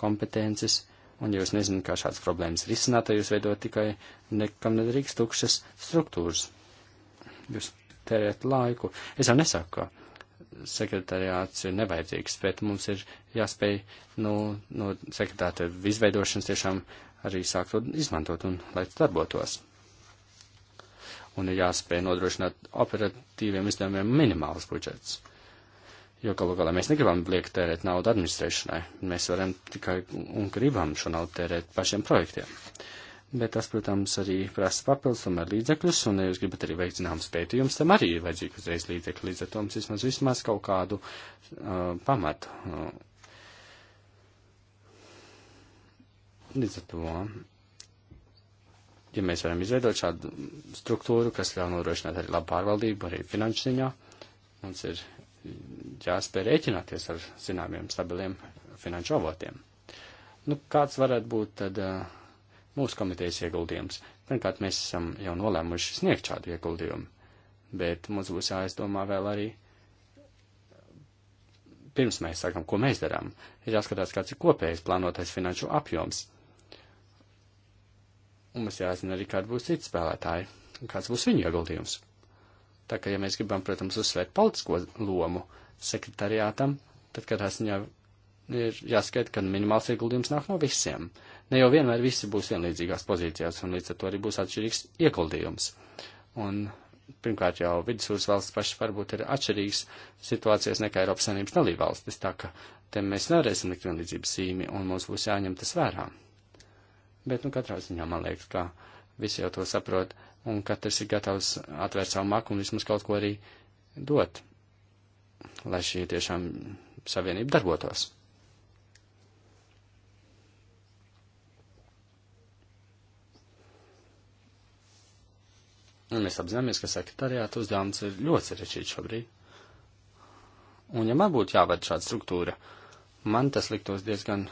kompetences. Un ja jūs nezināt, kā šādas problēmas risināt, tad jūs veidot tikai nekam nedrīkst tukšas struktūras. Jūs tērēt laiku. Es jau nesaku, ka sekretariāts ir nevajadzīgs, bet mums ir jāspēj nu, no nu, sekretāta izveidošanas tiešām arī sākt to izmantot un lai tas darbotos. Un ir jāspēj nodrošināt operatīviem izdevumiem minimāls budžets. Jo galu galā mēs negribam liekt tērēt naudu administrēšanai. Mēs varam tikai un gribam šo naudu tērēt pašiem projektiem. Uh, bet tas, protams, arī prasa papildus tomēr līdzekļus, un, ja jūs gribat arī veikt zināmas pētījumus, tam arī ir vajadzīgi uzreiz līdzekļi, līdz ar to mums vismaz, vismaz kaut kādu uh, pamatu. Uh, līdz ar to ja mēs varam izveidot šādu struktūru, kas ļauj nodrošināt arī labu pārvaldību, arī finanšu ziņā, mums ir jāspēj rēķināties ar zināmiem stabiliem finanšu avotiem. Nu, kāds varētu būt tad uh, mūsu komitejas ieguldījums. Pirmkārt, mēs esam jau nolēmuši sniegt šādu ieguldījumu, bet mums būs jāizdomā vēl arī pirms mēs sakam, ko mēs darām. Ir jāskatās, kāds ir kopējais plānotais finanšu apjoms. Un mums jāzina arī, kādi būs citi spēlētāji un kāds būs viņu ieguldījums. Tā kā, ja mēs gribam, protams, uzsvērt politisko lomu sekretariātam, tad katrā ziņā ir jāskait, ka minimāls ieguldījums nāk no visiem. Ne jau vienmēr visi būs vienlīdzīgās pozīcijās, un līdz ar to arī būs atšķirīgs ieguldījums. Un pirmkārt jau vidusjūras valsts pašas varbūt ir atšķirīgas situācijas nekā Eiropas Savienības dalībvalstis, tā ka te mēs nevarēsim likt vienlīdzības sīmi, un mums būs jāņem tas vērā. Bet, nu, katrā ziņā man liekas, ka visi jau to saprot, un katrs ir gatavs atvērt savu maku un vismaz kaut ko arī dot, lai šī tiešām savienība darbotos. Un mēs apzināmies, ka sekretariāta uzdevums ir ļoti sarežģīts šobrīd. Un ja man būtu jāved šāda struktūra, man tas liktos diezgan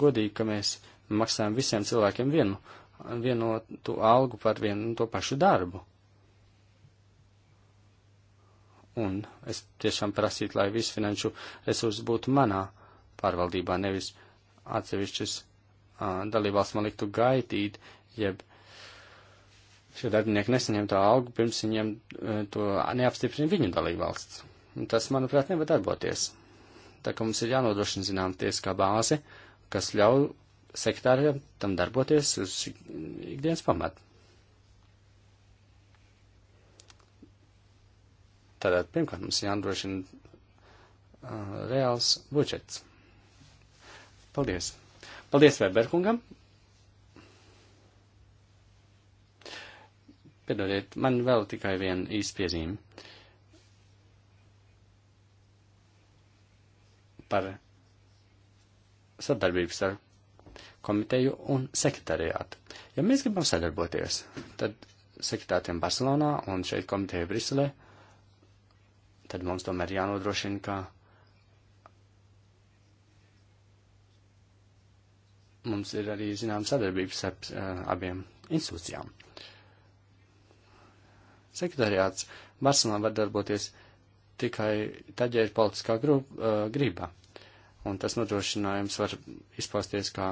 godīgi, ka mēs maksājam visiem cilvēkiem vienu, vienu to algu par vienu to pašu darbu. Un es tiešām prasītu, lai viss finanšu resursi būtu manā pārvaldībā, nevis atsevišķas dalībvalsts man liktu gaidīt, jeb šie darbinieki nesaņemtu algu, pirms viņiem e, to neapstiprina viņu dalībvalsts. Tas, manuprāt, nevar darboties. Tā kā mums ir jānodrošina zinām tiesiskā bāze, kas ļauj sektārijam tam darboties uz ikdienas pamatu. Tātad, pirmkārt, mums jānodrošina uh, reāls budžets. Paldies! Paldies Weberkungam! Piedodiet, man vēl tikai viena īsta piezīme. Par sadarbības ar komiteju un sekretariātu. Ja mēs gribam sadarboties, tad sekretāriem Barcelonā un šeit komiteja Briselē, tad mums tomēr jānodrošina, ka mums ir arī, zinām, sadarbības ar uh, eh, abiem institūcijām. Sekretariāts Barcelonā var darboties tikai tad, ja ir politiskā grupa, uh, grība. Un tas nodrošinājums var izpausties kā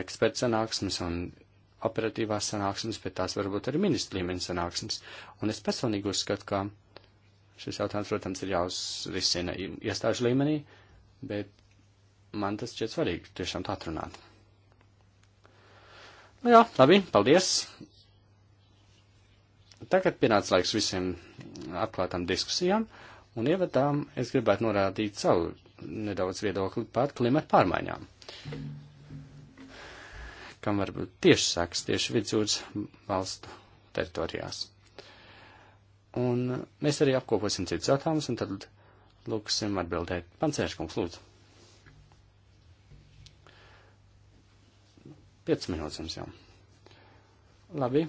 eksperts sanāksmes un operatīvās sanāksmes, bet tās varbūt arī ministra līmeņa sanāksmes. Un es personīgi uzskatu, ka šis jautājums, protams, ir jāuzrisina iestāžu līmenī, bet man tas šķiet svarīgi tiešām tā atrunāt. Nu jā, labi, paldies. Tagad pienāca laiks visiem atklātām diskusijām, un ievadām es gribētu norādīt savu nedaudz viedokli par klimatu pārmaiņām, kam varbūt tieši sāks tieši vidzjūras valstu teritorijās. Un mēs arī apkoposim citus jautājumus, un tad lūksim atbildēt. Pancērškungs, lūdzu. 5 minūtes jums jau. Labi.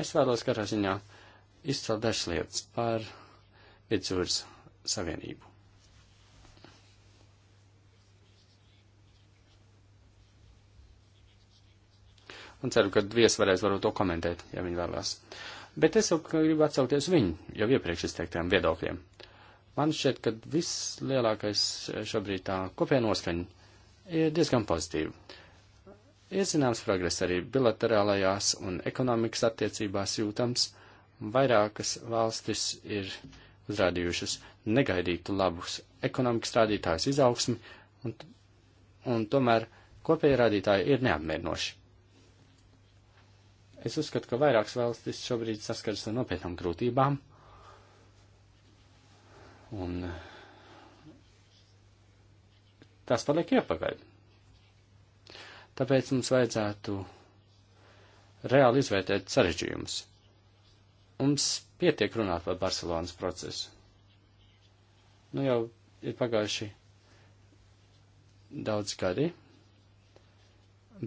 Es vēlos katrā ziņā izcelt dažas lietas par Vidzjūras Savienību. Un ceru, ka viesi varēs varbūt to komentēt, ja viņi vēlās. Bet es jau gribu atsaukties viņu jau iepriekš izteiktajiem viedokļiem. Man šķiet, ka vislielākais šobrīd tā kopējā noskaņa ir diezgan pozitīva. Ir zināms progress arī bilaterālajās un ekonomikas attiecībās jūtams. Vairākas valstis ir uzrādījušas negaidītu labus ekonomikas rādītājus izaugsmi, un, un tomēr kopēji rādītāji ir neapmierinoši. Es uzskatu, ka vairākas valstis šobrīd saskaras ar nopietnām grūtībām, un tās paliek iepakaļ. Tāpēc mums vajadzētu reāli izvērtēt sarežģījumus. Mums pietiek runāt par Barcelonas procesu. Nu jau ir pagājuši daudz gadi,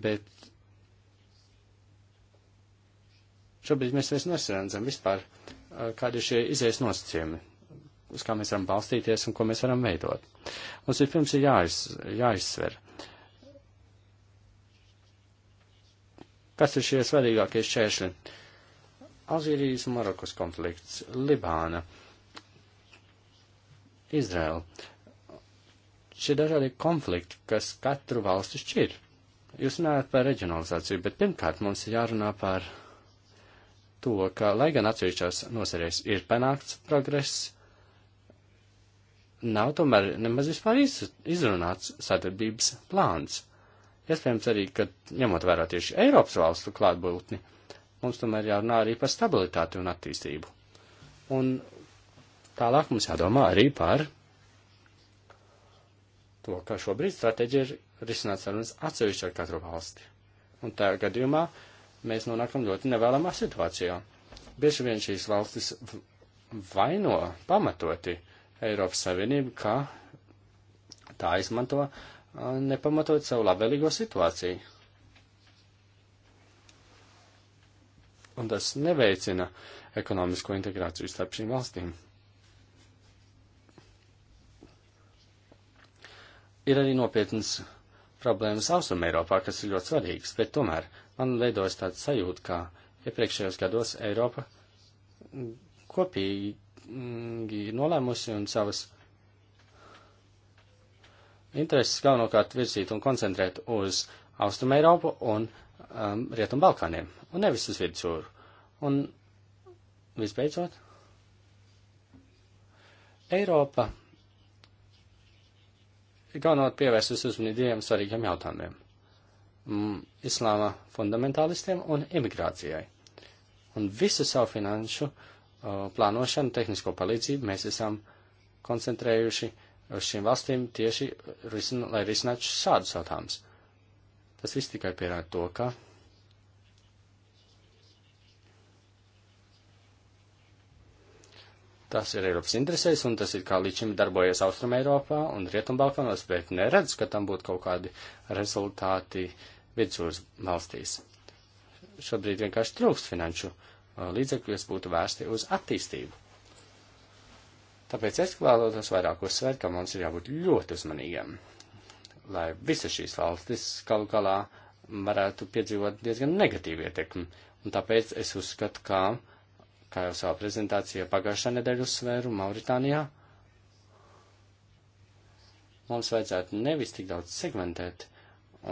bet šobrīd mēs vairs nesaredzam vispār, kādi ir šie izējas nosacījumi, uz kā mēs varam balstīties un ko mēs varam veidot. Mums ir pirms ir jāiz, jāizsver, Kas ir šie svarīgākie šķēršļi? Alžīrijas un Marokas konflikts, Libāna, Izraela. Šie dažādi konflikti, kas katru valsti šķir. Jūs runājat par reģionalizāciju, bet pirmkārt mums ir jārunā par to, ka, lai gan atsevišķās nozarēs ir panākts progress, nav tomēr nemaz vispār izrunāts sadarbības plāns. Iespējams arī, ka ņemot vērā tieši Eiropas valstu klātbūtni, mums tomēr jārunā arī par stabilitāti un attīstību. Un tālāk mums jādomā arī par to, ka šobrīd stratēģija ir risināt sarunas atsevišķi ar katru valsti. Un tā gadījumā mēs nonākam ļoti nevēlamā situācijā. Bieži vien šīs valstis vaino pamatoti Eiropas Savienību, ka tā izmanto nepamatot savu labvēlīgo situāciju. Un tas neveicina ekonomisko integrāciju starp šīm valstīm. Ir arī nopietnas problēmas Austrum Eiropā, kas ir ļoti svarīgas, bet tomēr man veidojas tāds sajūta, ka iepriekšējos gados Eiropa kopīgi mm, nolēmusi un savas intereses galvenokārt virzīt un koncentrēt uz Austrum Eiropu un um, Rietum Balkāniem, un nevis uz vidusjūru. Un visbeidzot, Eiropa galvenokārt pievērsus uzmanību diviem svarīgiem jautājumiem mm, - islāma fundamentālistiem un imigrācijai. Un visu savu finanšu uh, plānošanu, tehnisko palīdzību mēs esam koncentrējuši uh, uz šīm valstīm tieši, risin, lai risinātu šādus jautājumus. Tas viss tikai pierāda to, ka tas ir Eiropas interesēs, un tas ir kā līdz šim darbojies Austrum Eiropā un Rietumbalkanos, bet neredz, ka tam būtu kaut kādi rezultāti vidusjūras valstīs. Šobrīd vienkārši trūkst finanšu uh, līdzekļu, kas būtu vērsti uz attīstību. Tāpēc es vēlētos vairāk uzsvērt, ka mums ir jābūt ļoti uzmanīgiem, lai visas šīs valstis galu galā varētu piedzīvot diezgan negatīvu ietekmi. Un tāpēc es uzskatu, ka, kā jau savā prezentācijā pagājušā nedēļa uzsvēru Mauritānijā, mums vajadzētu nevis tik daudz segmentēt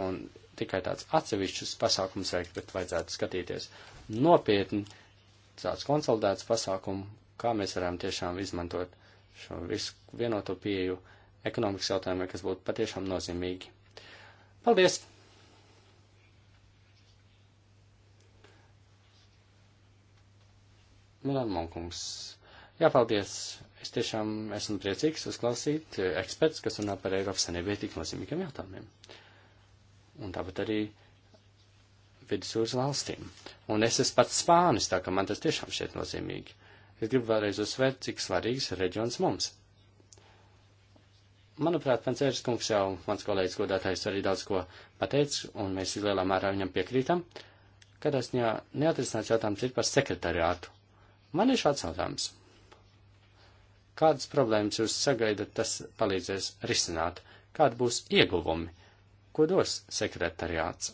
un tikai tāds atsevišķus pasākums veikt, bet vajadzētu skatīties nopietni tāds konsolidēts pasākumu, kā mēs varam tiešām izmantot šo visu vienoto pieju ekonomikas jautājumiem, kas būtu patiešām nozīmīgi. Paldies! Milan Monkums. Jā, paldies. Es tiešām esmu priecīgs uzklausīt eksperts, kas runā par Eiropas Sanībai tik nozīmīgiem jautājumiem. Un tāpat arī vidusjūras valstīm. Un es esmu pats spānis, tā ka man tas tiešām šķiet nozīmīgi. Es gribu vēlreiz uzsvērt, cik svarīgs reģions mums. Manuprāt, Pancērs kungs jau, mans kolēģis godātais, arī daudz ko pateicis, un mēs lielā mērā viņam piekrītam, kad es ne, neatrisināts jautājums ir par sekretariātu. Man ir šāds jautājums. Kādas problēmas jūs sagaidat, tas palīdzēs risināt? Kādi būs ieguvumi? Ko dos sekretariāts?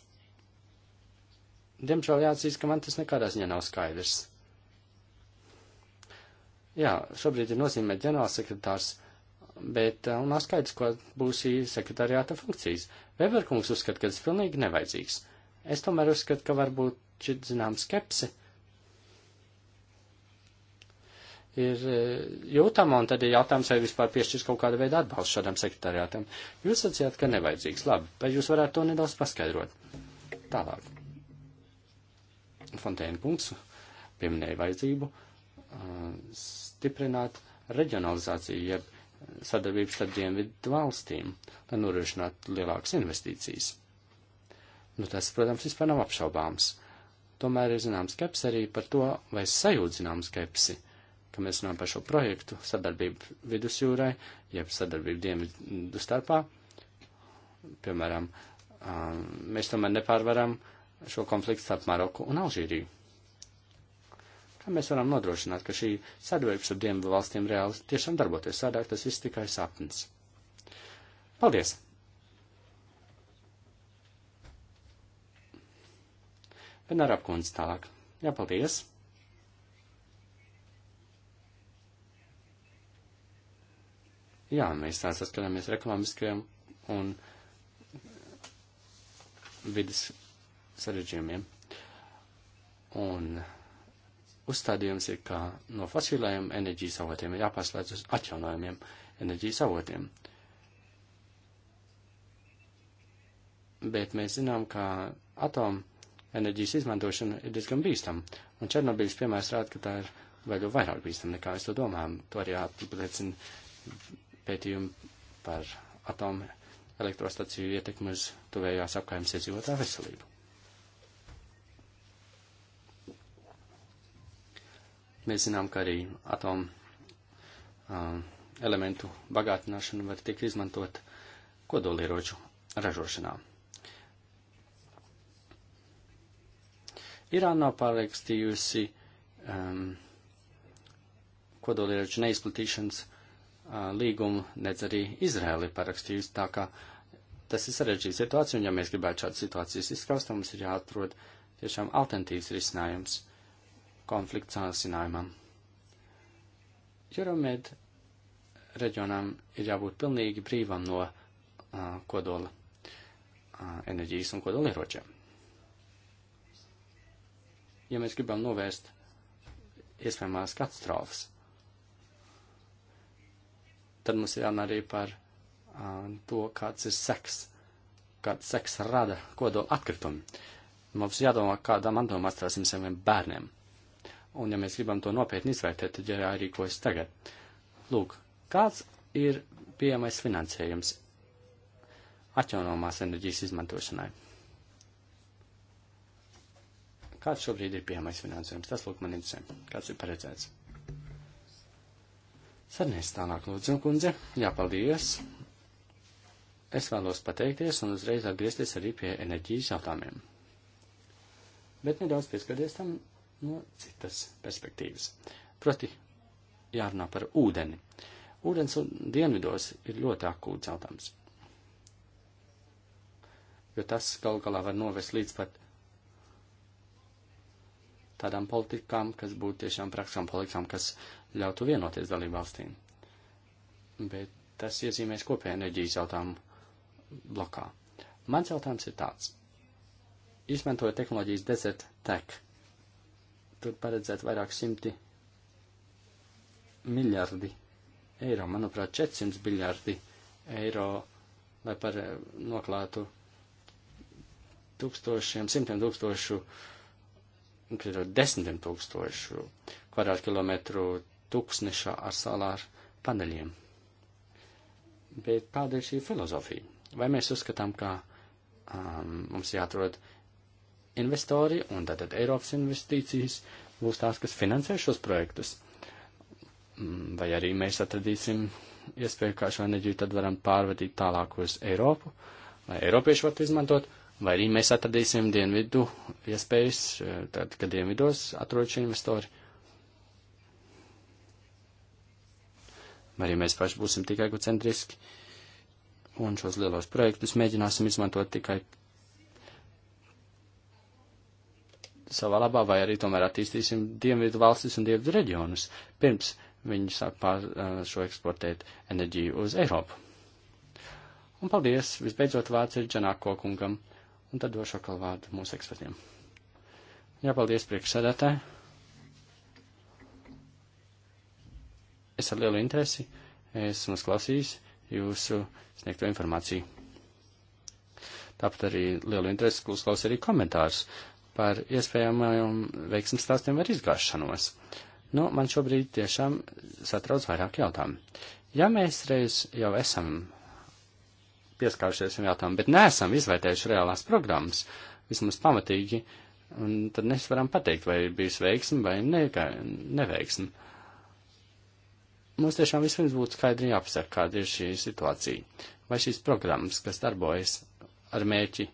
Diemžēl jāatzīst, ka man tas nekādās ziņā nav skaidrs. Jā, šobrīd ir nozīmē ģenerālsekretārs, bet uh, nav skaidrs, ko būs šī sekretariāta funkcijas. Weberkungs uzskata, ka tas pilnīgi nevajadzīgs. Es tomēr uzskatu, ka varbūt šit zinām skepse ir uh, jūtama, un tad ir jautājums, vai vispār piešķirs kaut kāda veida atbalstu šādam sekretariātam. Jūs sacījāt, ka nevajadzīgs. Labi, vai jūs varētu to nedaudz paskaidrot? Tālāk. Fontēna kungs pieminēja vajadzību. Uh, Uh, stiprināt reģionalizāciju, jeb sadarbību starp dienvidu valstīm, lai norošinātu lielākas investīcijas. Nu, tas, protams, vispār nav apšaubāms. Tomēr ir zināms skepsi arī par to, vai sajūt zinām skepsi, ka mēs runājam par šo projektu sadarbību vidusjūrai, jeb sadarbību dienvidu starpā. Piemēram, uh, mēs tomēr nepārvaram šo konfliktu starp Maroku un Alžīriju. Kā mēs varam nodrošināt, ka šī sadarbības ar Dienvidu valstīm reāli tiešām darboties? Sādāk tas viss tikai sapnis. Paldies! Vienmēr apkundz tālāk. Jā, paldies! Jā, mēs tā saskaramies ar ekonomiskajiem un vidas sarežģījumiem. Un uzstādījums ir, ka no fosilējiem enerģijas avotiem ir jāpārslēdz uz atjaunojumiem enerģijas avotiem. Bet mēs zinām, ka atomu enerģijas izmantošana ir diezgan bīstama, un Černobiļas piemērs rāda, ka tā ir vēl jau vairāk bīstama nekā es to domāju. To arī apliecina pētījumi par atomu elektrostaciju ietekmi uz tuvējās apkārtnes iedzīvotāju veselību. Mēs zinām, ka arī atomu uh, elementu bagātināšana var tikt izmantot kodolieroču ražošanā. Irāna nav pārrakstījusi um, kodolieroču neizplatīšanas uh, līgumu, nedz arī Izraēli parakstījusi, tā kā tas ir sarežģīta situācija, un ja mēs gribētu šādu situāciju izskaust, tad mums ir jāatrod tiešām alternatīvs risinājums. Uh, konflikta sāsinājumam. Joromed reģionam ir jābūt pilnīgi brīvam no uh, kodola uh, enerģijas un kodola ieročiem. Ja mēs gribam novērst iespējamās katastrofas, tad mums ir jārunā arī par uh, to, kāds ir seks, kāds seks rada kodola atkritumi. Mums jādomā, kādā mantojumā atstāsim saviem bērniem. Uh, Un, ja mēs gribam to nopietni izvērtēt, tad jārīkojas tagad. Lūk, kāds ir pieejamais finansējums atjaunomās enerģijas izmantošanai? Kāds šobrīd ir pieejamais finansējums? Tas, lūk, man interesē. Kāds ir paredzēts? Sarnieks tālāk, lūdzu, kundze. Jā, paldies. Es vēlos pateikties un uzreiz atgriezties arī pie enerģijas jautājumiem. Bet nedaudz pieskaties tam no citas perspektīvas. Proti, jārunā par ūdeni. Ūdens dienvidos ir ļoti akūts jautājums, jo tas gal galā var novest līdz pat tādām politikām, kas būtu tiešām praktiskām politikām, kas ļautu vienoties dalību valstīm. Bet tas iezīmēs kopēju enerģijas jautājumu blokā. Mans jautājums ir tāds. Izmantojot tehnoloģijas Desert Tech, Tur paredzēt vairāk simti miljardi eiro, manuprāt, 400 miljardi eiro, lai par eh, noklātu tūkstošiem, simtiem tūkstošu, desmitiem tūkstošu kvadrātkilometru tūkstneša ar salāru paneļiem. Bet kāda ir šī filozofija? Vai mēs uzskatām, ka um, mums jāatrod investori un tātad Eiropas investīcijas būs tās, kas finansē šos projektus. Mm, vai arī mēs atradīsim iespēju, kā šo enerģiju tad varam pārvadīt tālāk uz Eiropu, lai Eiropieši varētu izmantot, vai arī mēs atradīsim dienvidu iespējas, eh, tad, kad dienvidos atrod šie investori. Vai arī mēs paši būsim tikai egocentriski un šos lielos projektus mēģināsim izmantot tikai savā labā, vai arī tomēr attīstīsim dienvidu valstis un dienvidu reģionus, pirms viņi sāk pār uh, šo eksportēt enerģiju uz Eiropu. Un paldies, visbeidzot vārds ir Džanāko kungam, un tad došu atkal vārdu mūsu ekspertiem. Jā, paldies priekšsēdētāji. Es ar lielu interesi esmu klausījis jūsu sniegto informāciju. Tāpat arī lielu interesi uzklaus arī komentārus par iespējamajiem veiksmes stāstiem ar izgāšanos. Nu, man šobrīd tiešām satrauc vairāk jautājumu. Ja mēs reiz jau esam pieskāršies šiem jautājumam, bet neesam izvērtējuši reālās programmas, vismaz pamatīgi, un tad mēs varam pateikt, vai bijis veiksmi vai ne, neveiksmi. Mums tiešām vispirms būtu skaidri jāpasaka, kāda ir šī situācija, vai šīs programmas, kas darbojas ar mērķi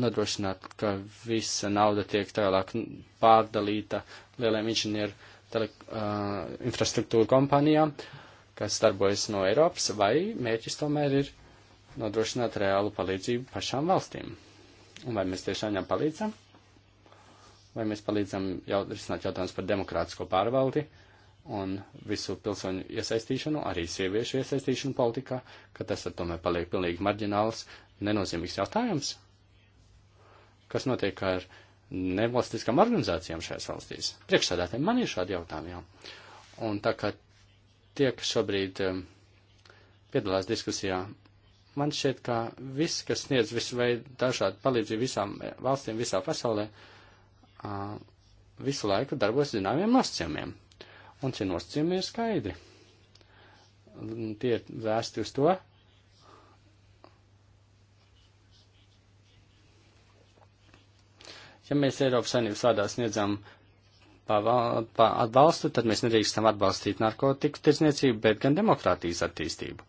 nodrošināt, ka visa nauda tiek tālāk pārdalīta lieliem inženieru tele, uh, infrastruktūra kompānijām, kas darbojas no Eiropas, vai mērķis tomēr ir nodrošināt reālu palīdzību pašām valstīm. Un vai mēs tiešām viņām palīdzam? Vai mēs palīdzam jau risināt jautājumus par demokrātisko pārvaldi un visu pilsoņu iesaistīšanu, arī sieviešu iesaistīšanu politikā, ka tas tomēr paliek pilnīgi marģināls, nenozīmīgs jautājums? kas notiek ar nevalstiskām organizācijām šajās valstīs. Priekšsēdētāji, man ir šādi jautājumi jau. Un tā kā tie, kas šobrīd um, piedalās diskusijā, man šķiet, ka viss, kas sniedz visu veidu dažādu palīdzību visām eh, valstīm visā pasaulē, visu laiku darbos zināmiem nosacījumiem. Un šie nosacījumi ir skaidri. Tie ir vēsti uz to, Ja mēs Eiropas saimnības vārdā sniedzam atbalstu, tad mēs nedrīkstam atbalstīt narkotiku tirsniecību, bet gan demokrātijas attīstību.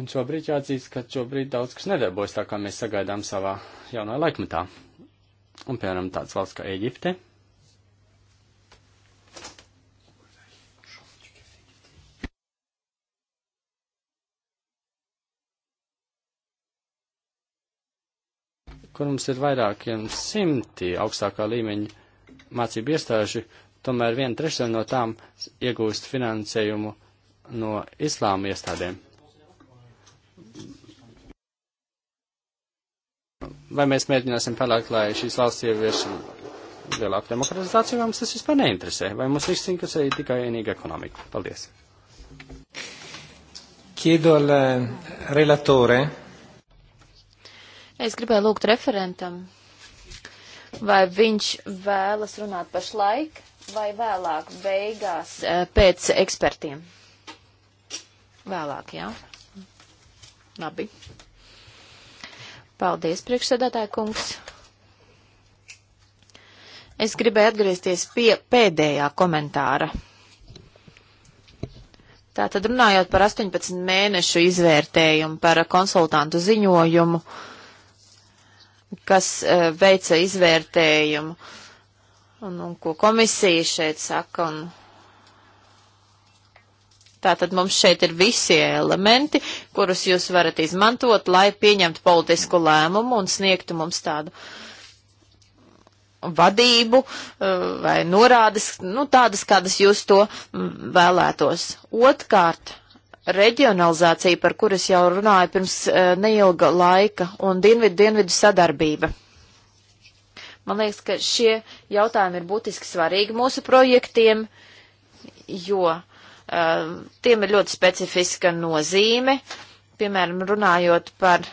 Un šobrīd jāatzīst, ka šobrīd daudz kas nedarbojas tā, kā mēs sagaidām savā jaunā laikmetā. Un, piemēram, tāds valsts kā Eģipte, kur mums ir vairākiem simti augstākā līmeņa mācību iestāžu, tomēr viena trešdaļa no tām iegūst finansējumu no islāma iestādēm. Vai mēs mēģināsim panākt, lai šīs valsts ievieš lielāku demokratizāciju, vai mums tas vispār neinteresē? Vai mums viss interesē tikai vienīgi ekonomika? Paldies. Chiedo al relatore Es gribēju lūgt referentam, vai viņš vēlas runāt pašlaik vai vēlāk beigās e, pēc ekspertiem. Vēlāk, jā. Labi. Paldies, priekšsēdētāja kungs. Es gribēju atgriezties pie pēdējā komentāra. Tātad runājot par 18 mēnešu izvērtējumu, par konsultantu ziņojumu, uh, kas uh, veica izvērtējumu un, un ko komisija šeit saka. Un, Tātad mums šeit ir visi elementi, kurus jūs varat izmantot, lai pieņemtu politisku lēmumu un sniegtu mums tādu vadību e, vai norādes, nu tādas, kādas jūs to vēlētos. Otkārt, reģionalizācija, par kuras jau runāju pirms e, neilga laika, un dienvidu-dienvidu sadarbība. Man liekas, ka šie jautājumi ir būtiski svarīgi mūsu projektiem, jo uh, tiem ir ļoti specifiska nozīme. Piemēram, runājot par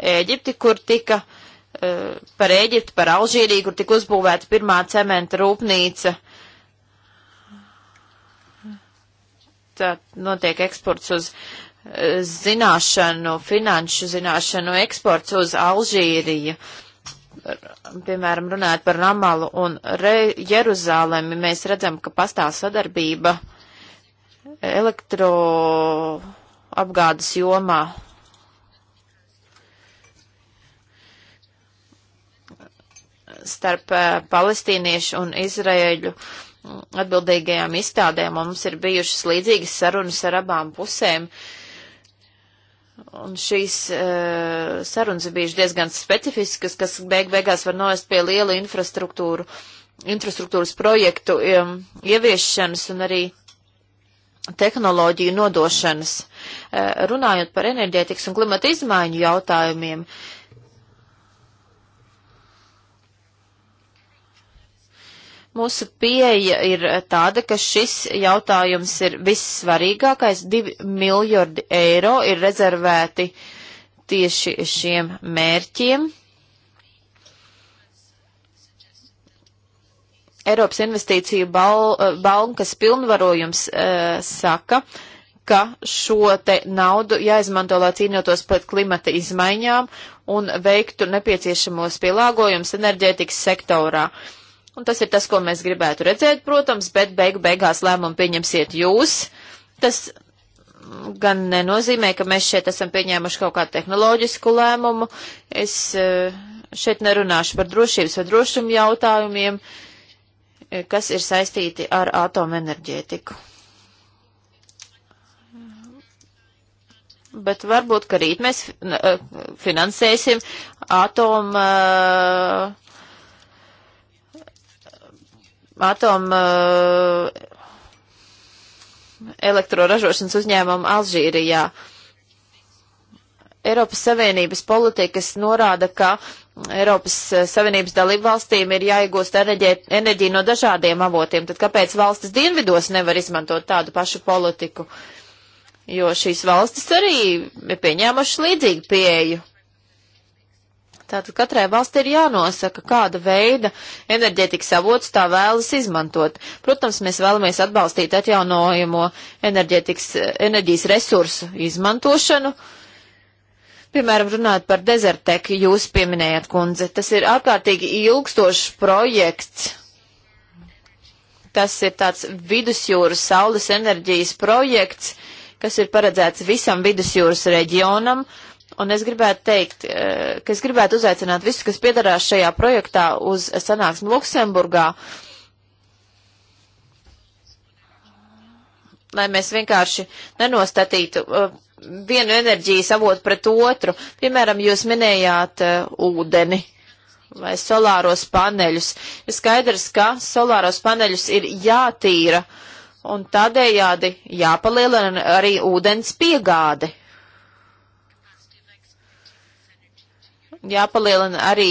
Ēģipti, kur tika uh, par Ēģipti, par Alžīriju, kur tika uzbūvēta pirmā cementa rūpnīca tā, notiek eksports uz eh, zināšanu, finanšu zināšanu, eksports uz Alžīriju. Piemēram, runājot par Ramalu un Re Jeruzālemi, mēs redzam, ka pastāv sadarbība elektroapgādes jomā. starp eh, palestīniešu un izraēļu uh, atbildīgajām izstādēm, un mums ir bijušas līdzīgas sarunas ar abām pusēm. Un šīs uh, sarunas ir bijušas diezgan specifiskas, kas beig beigās var novest pie liela infrastruktūru, infrastruktūras projektu um, ieviešanas un arī tehnoloģiju nodošanas. Uh, runājot par enerģētikas un klimata izmaiņu jautājumiem, uh, Mūsu pieeja ir tāda, ka šis jautājums ir vissvarīgākais. 2 miljardi eiro ir rezervēti tieši šiem mērķiem. Eiropas investīciju bankas pilnvarojums e, saka, ka šo te naudu jāizmanto, lai cīnotos pret klimata izmaiņām un veiktu nepieciešamos pielāgojumus enerģētikas sektorā. Uh, Un tas ir tas, ko mēs gribētu redzēt, protams, bet beigu beigās lēmumu pieņemsiet jūs. Tas gan nenozīmē, ka mēs šeit esam pieņēmuši kaut kādu tehnoloģisku lēmumu. Es eh, šeit nerunāšu par drošības vai drošumu jautājumiem, eh, kas ir saistīti ar atomenerģētiku. Bet varbūt, ka rīt mēs eh, finansēsim atomu atomu uh, elektroražošanas uzņēmumu Alžīrijā. Eiropas Savienības politikas norāda, ka Eiropas uh, Savienības dalību valstīm ir jāiegūst enerģija no dažādiem avotiem. Tad kāpēc valstis dienvidos nevar izmantot tādu pašu politiku? Jo šīs valstis arī ir pieņēmušas līdzīgu pieeju. Tātad katrai valsts ir jānosaka, kāda veida enerģētikas avots tā vēlas izmantot. Protams, mēs vēlamies atbalstīt atjaunojamo enerģijas resursu izmantošanu. Piemēram, runājot par dezerteku, jūs pieminējat, kundze, tas ir ārkārtīgi ilgstošs projekts. Tas ir tāds vidusjūras saules enerģijas projekts, kas ir paredzēts visam vidusjūras reģionam. Uh, Un es gribētu teikt, eh, ka es gribētu uzaicināt visus, kas piedarās šajā projektā uz sanāksmi Luksemburgā, lai mēs vienkārši nenostatītu eh, vienu enerģijas avotu pret otru. Piemēram, jūs minējāt eh, ūdeni vai solāros paneļus. Ir skaidrs, ka solāros paneļus ir jātīra un tādējādi jāpalielina arī ūdens piegāde jāpalielina arī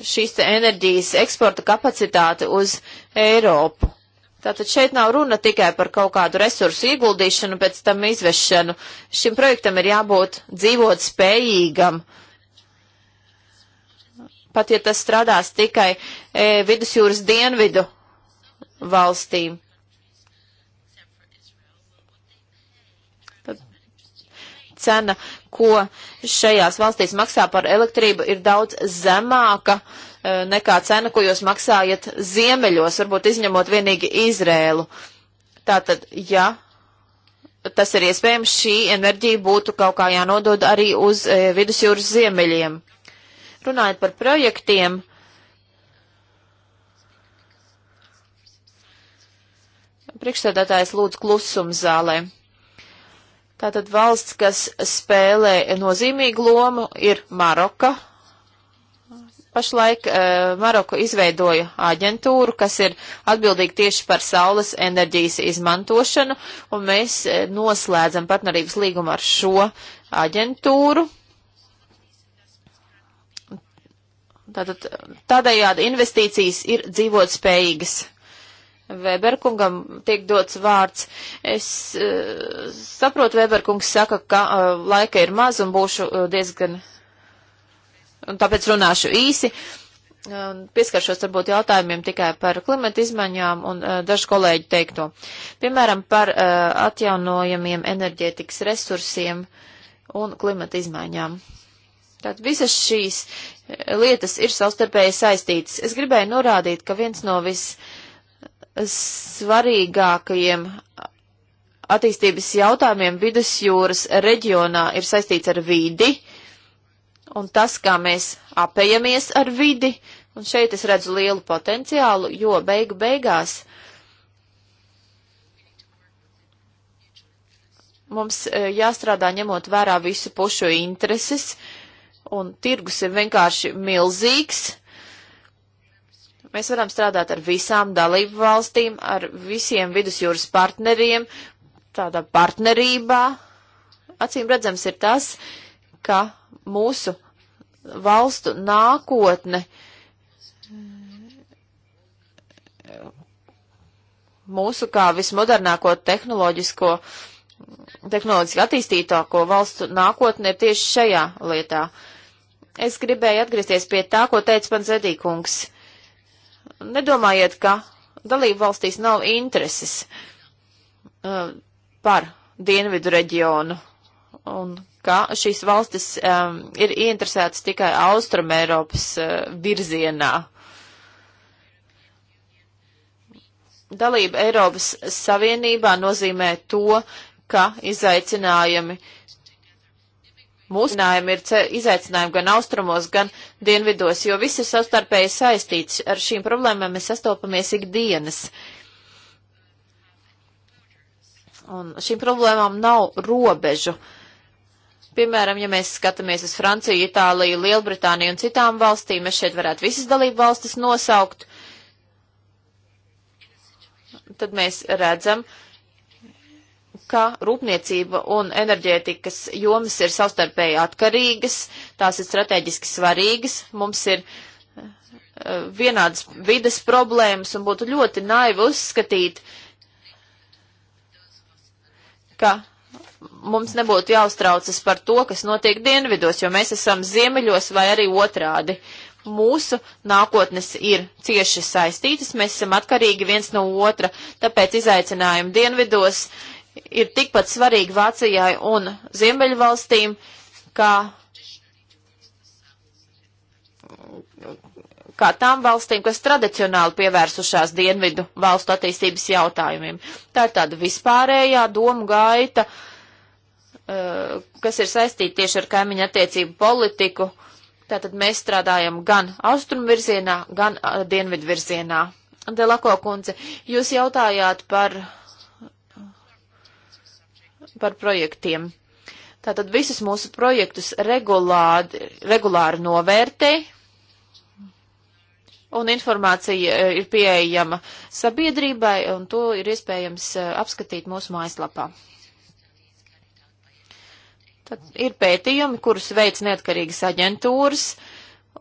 šīs enerģijas eksporta kapacitāte uz Eiropu. Tātad šeit nav runa tikai par kaut kādu resursu ieguldīšanu, pēc tam izvešanu. Šim projektam ir jābūt dzīvot spējīgam. Pat ja tas strādās tikai e, vidusjūras dienvidu valstīm. Tad cena, ko šajās valstīs maksā par elektrību, ir daudz zemāka eh, nekā cena, ko jūs maksājat ziemeļos, varbūt izņemot vienīgi Izrēlu. Tātad, ja tas ir iespējams, šī enerģija būtu kaut kā jānodod arī uz e, vidusjūras ziemeļiem. Runājot par projektiem, priekšsēdētājs lūdz klusumu zālē. Tātad valsts, kas spēlē nozīmīgu lomu, ir Maroka. Pašlaik uh, eh, Maroku izveidoja aģentūru, kas ir atbildīga tieši par saules enerģijas izmantošanu, un mēs uh, noslēdzam partnerības līgumu ar šo aģentūru. Tātad tādējādi investīcijas ir dzīvotspējīgas. Weberkungam tiek dots vārds. Es uh, saprotu, Weberkungs saka, ka uh, laika ir maz un būšu uh, diezgan, un tāpēc runāšu īsi. Uh, pieskaršos varbūt jautājumiem tikai par klimata izmaiņām un uh, dažu kolēģu teikto. Piemēram, par uh, atjaunojamiem enerģētikas resursiem un klimata izmaiņām. Tātad visas šīs lietas ir savstarpēji saistītas. Es gribēju norādīt, ka viens no viss svarīgākajiem attīstības jautājumiem vidusjūras reģionā ir saistīts ar vidi un tas, kā mēs apējamies ar vidi. Un šeit es redzu lielu potenciālu, jo beigu beigās mums e, jāstrādā ņemot vērā visu pušu intereses, un tirgus ir vienkārši milzīgs. Mēs varam strādāt ar visām dalību valstīm, ar visiem vidusjūras partneriem, tādā partnerībā. Acīm redzams ir tas, ka mūsu valstu nākotne mūsu kā vismodernāko tehnoloģisko, tehnoloģiski attīstītāko valstu nākotne ir tieši šajā lietā. Es gribēju atgriezties pie tā, ko teica pan Zedīkungs. Uh, Nedomājiet, ka dalību valstīs nav intereses uh, par dienvidu reģionu un ka šīs valstis um, ir ieinteresētas tikai Austrum Eiropas uh, virzienā. Dalība Eiropas Savienībā nozīmē to, ka izaicinājumi uh, Mūsu zinājumi ir izaicinājumi gan austrumos, gan dienvidos, jo viss ir savstarpēji saistīts. Ar šīm problēmām mēs sastopamies ikdienas. Un šīm problēmām nav robežu. Piemēram, ja mēs skatāmies uz Franciju, Itāliju, Lielbritāniju un citām valstīm, mēs šeit varētu visas dalību valstis nosaukt, tad mēs redzam, uh, ka rūpniecība un enerģētikas jomas ir savstarpēji atkarīgas, tās ir strateģiski svarīgas, mums ir eh, vienādas vides problēmas un būtu ļoti naivi uzskatīt, ka mums nebūtu jāuztraucas par to, kas notiek dienvidos, jo mēs esam ziemeļos vai arī otrādi. Mūsu nākotnes ir cieši saistītas, mēs esam atkarīgi viens no otra, tāpēc izaicinājumi dienvidos uh, ir tikpat svarīgi Vācijai un Ziemeļvalstīm, kā, kā tām valstīm, kas tradicionāli pievērsušās dienvidu valstu attīstības jautājumiem. Tā ir tāda vispārējā domu gaita, eh, kas ir saistīta tieši ar kaimiņu attiecību politiku. Tātad mēs strādājam gan austrumu virzienā, gan eh, dienvidu virzienā. Delako kundze, jūs jautājāt par uh, par projektiem. Tātad visus mūsu projektus regulāri, regulāri novērtē, un informācija e, ir pieejama sabiedrībai, un to ir iespējams e, apskatīt mūsu mājaslapā. Tad ir pētījumi, kurus veic neatkarīgas aģentūras,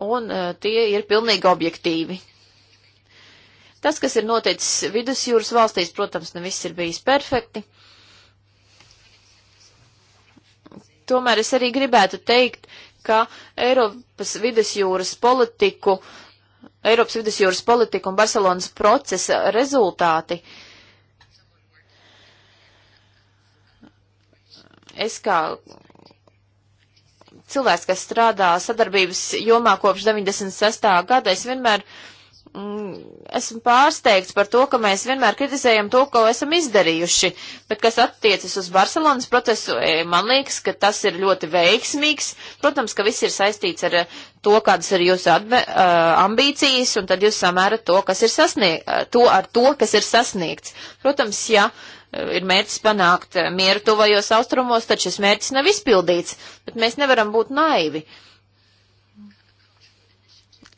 un e, tie ir pilnīgi objektīvi. Tas, kas ir noticis vidusjūras valstīs, protams, ne viss ir bijis perfekti. Tomēr es arī gribētu teikt, ka Eiropas vidusjūras politiku, Eiropas vidusjūras politiku un Barcelonas procesa rezultāti es kā cilvēks, kas strādā sadarbības jomā kopš 96. gada, es vienmēr uh, Mm, esmu pārsteigts par to, ka mēs vienmēr kritizējam to, ko esam izdarījuši, bet kas attiecas uz Barcelonas procesu, e, man liekas, ka tas ir ļoti veiksmīgs. Protams, ka viss ir saistīts ar e, to, kādas ir jūsu atbe, e, ambīcijas, un tad jūs samērat to, kas ir sasniegts, to ar to, kas ir sasniegts. Protams, ja ir mērķis panākt mieru tuvajos austrumos, tad šis mērķis nav izpildīts, bet mēs nevaram būt naivi. Uh,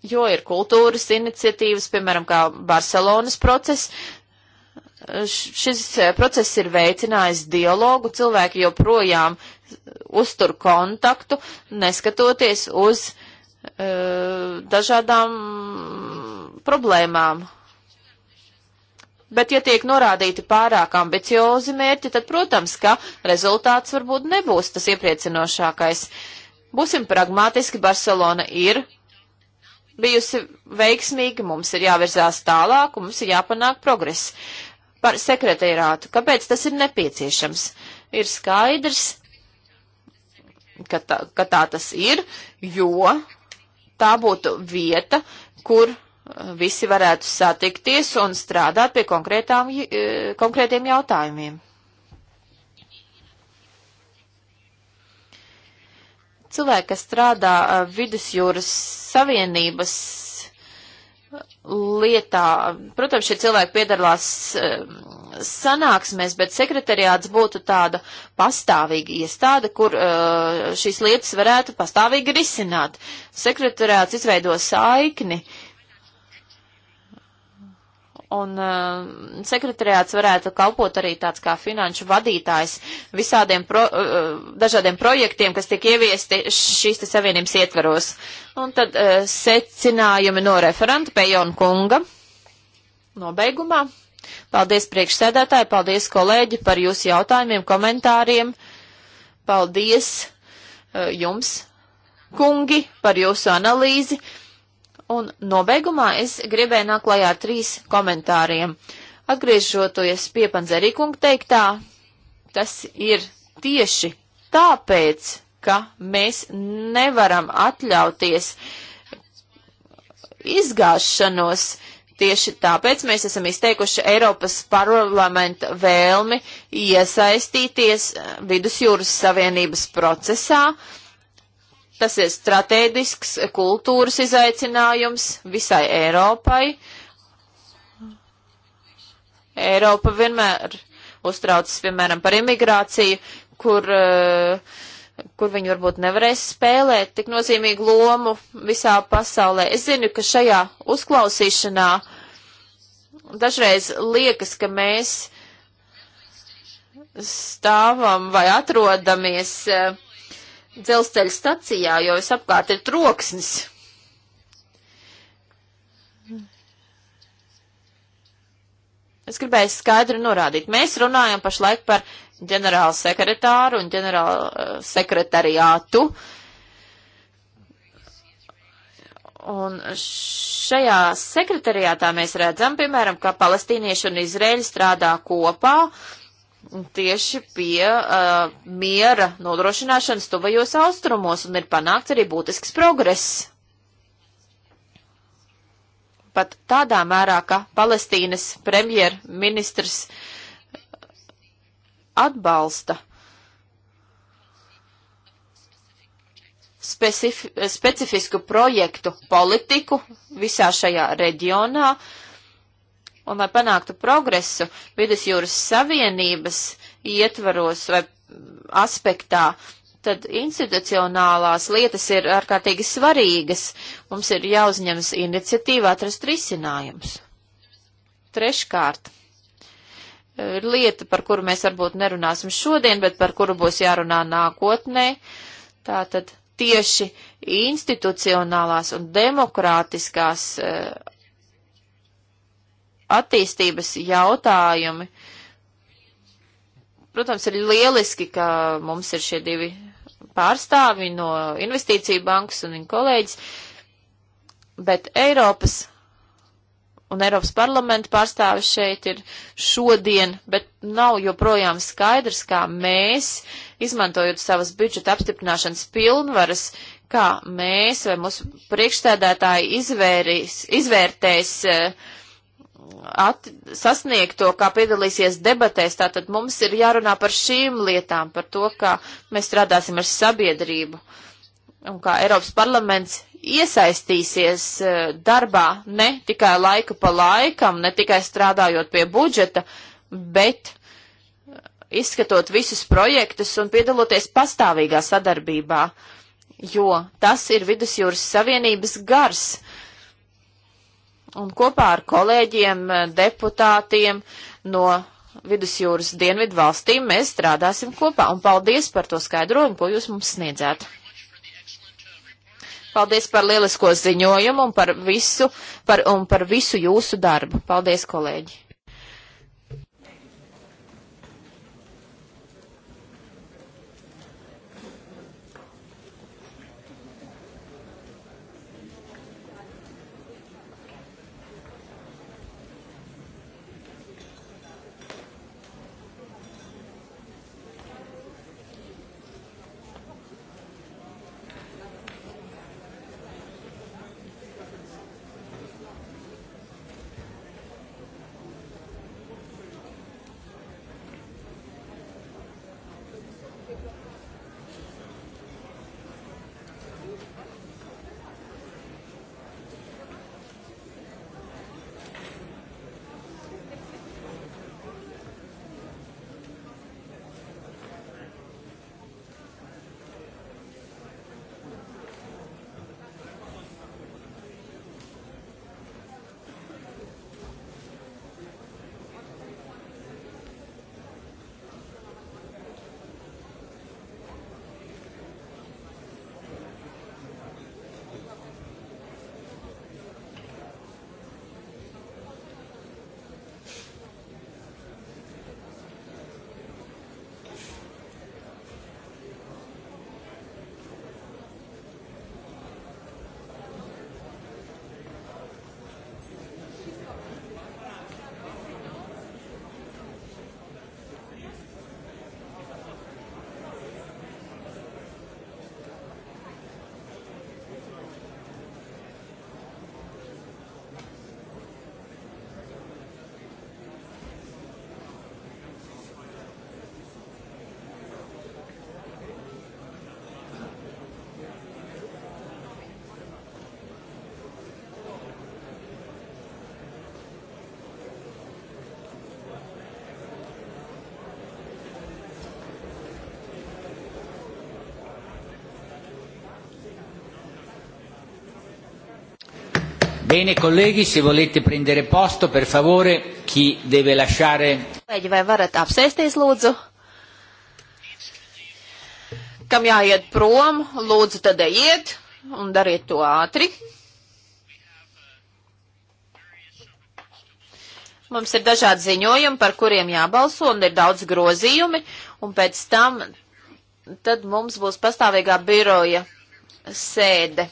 jo ir kultūras iniciatīvas, piemēram, kā Barcelonas process. Šis eh, process ir veicinājis dialogu, cilvēki joprojām uztur kontaktu, neskatoties uz uh, dažādām problēmām. Bet, ja tiek norādīti pārāk ambiciozi mērķi, tad, protams, ka rezultāts varbūt nebūs tas iepriecinošākais. Būsim pragmātiski, Barcelona ir bijusi veiksmīga, mums ir jāvirzās tālāk un mums ir jāpanāk progress. Par sekretērātu, kāpēc tas ir nepieciešams? Ir skaidrs, ka tā, ka tā tas ir, jo tā būtu vieta, kur uh, visi varētu satikties un strādāt pie konkrētām, eh, konkrētiem jautājumiem. Cilvēki, kas strādā vidusjūras savienības lietā. Protams, šie cilvēki piedalās sanāksmēs, bet sekretariāts būtu tāda pastāvīga iestāde, kur šīs lietas varētu pastāvīgi risināt. Sekretariāts izveido saikni Un uh, sekretariāts varētu kalpot arī tāds kā finanšu vadītājs visādiem pro, uh, uh dažādiem projektiem, kas tiek ieviesti šīs te savienības ietveros. Un tad uh, secinājumi no referenta Pejona kunga nobeigumā. Paldies priekšsēdētāji, paldies kolēģi par jūsu jautājumiem, komentāriem. Paldies uh, jums, kungi, par jūsu analīzi. Uh, Un nobeigumā es gribēju nākt klajā trīs komentāriem. Atgriežoties pie Panzerīkunga teiktā, tas ir tieši tāpēc, ka mēs nevaram atļauties izgāšanos. Tieši tāpēc mēs esam izteikuši Eiropas parlamenta vēlmi iesaistīties Vidusjūras Savienības procesā, uh, Tas ir strateģisks kultūras izaicinājums visai Eiropai. Eiropa vienmēr uztraucas, piemēram, par imigrāciju, kur, eh, kur viņi varbūt nevarēs spēlēt tik nozīmīgu lomu visā pasaulē. Es zinu, ka šajā uzklausīšanā dažreiz liekas, ka mēs stāvam vai atrodamies uh, dzelzceļa stacijā, jo visapkārt ir troksnis. Es gribēju skaidri norādīt. Mēs runājam pašlaik par ģenerālu sekretāru un ģenerālu eh, sekretariātu. Un šajā sekretariātā mēs redzam, piemēram, ka palestīnieši un izrēļi strādā kopā. Uh, tieši pie uh, miera nodrošināšanas tuvajos austrumos, un ir panākts arī būtisks progress. Pat tādā mērā, ka Palestīnas premjerministrs atbalsta specifisku projektu politiku visā šajā reģionā, uh, Un lai panāktu progresu vidusjūras savienības ietvaros vai aspektā, tad institucionālās lietas ir ārkārtīgi svarīgas. Mums ir jāuzņemas iniciatīva atrast risinājums. Treškārt, ir lieta, par kuru mēs varbūt nerunāsim šodien, bet par kuru būs jārunā nākotnē. Tātad tieši institucionālās un demokrātiskās uh, attīstības jautājumi. Protams, ir lieliski, ka mums ir šie divi pārstāvi no investīciju bankas un viņa kolēģis, bet Eiropas un Eiropas parlamenta pārstāvis šeit ir šodien, bet nav joprojām skaidrs, kā mēs, izmantojot savas budžeta apstiprināšanas pilnvaras, kā mēs vai mūsu priekšstādātāji izvēris, izvērtēs uh, at, sasniegt to, kā piedalīsies debatēs. Tātad mums ir jārunā par šīm lietām, par to, kā mēs strādāsim ar sabiedrību un kā Eiropas parlaments iesaistīsies e, darbā ne tikai laika pa laikam, ne tikai strādājot pie budžeta, bet e, izskatot visus projektus un piedaloties pastāvīgā sadarbībā, jo tas ir Vidusjūras Savienības gars Un kopā ar kolēģiem, deputātiem no vidusjūras dienvidu valstīm mēs strādāsim kopā. Un paldies par to skaidrojumu, ko jūs mums sniedzētu. Paldies par lielisko ziņojumu un par visu, par, un par visu jūsu darbu. Paldies, kolēģi! Bene, colleghi, se volete prendere posto, per favore, chi deve lasciare. Kolēģi, vai varat apsēsties, lūdzu? Kam jāiet prom, lūdzu, tad ejiet un dariet to ātri. Mums ir dažādi ziņojumi, par kuriem jābalso, un ir daudz grozījumi, un pēc tam tad mums būs pastāvīgā biroja sēde.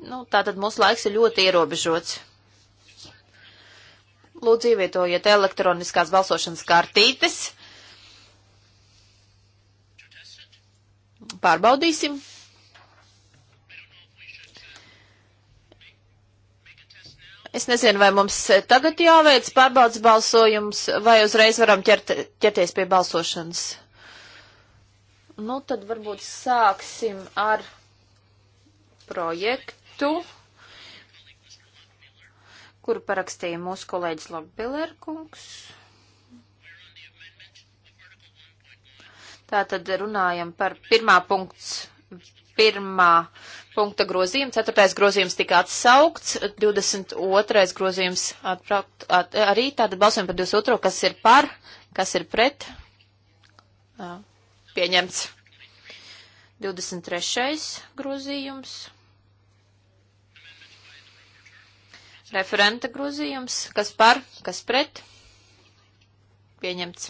Nu, tātad mūsu laiks ir ļoti ierobežots. Lūdzu, ievietojiet elektroniskās balsošanas kartītes. Pārbaudīsim. Es nezinu, vai mums tagad jāveic pārbaudas balsojums, vai uzreiz varam ķert, ķerties pie balsošanas. Nu, tad varbūt sāksim ar projektu aktu, kuru parakstīja mūsu kolēģis Labbilerkungs. Tātad runājam par pirmā punkts, pirmā punkta grozījumu. Ceturtais grozījums tika atsaukts, 22. grozījums atprakt, at, arī. Tātad balsojam par 22. kas ir par, kas ir pret. Pieņemts. 23. grozījums. Referenta grozījums, kas par, kas pret, pieņemts.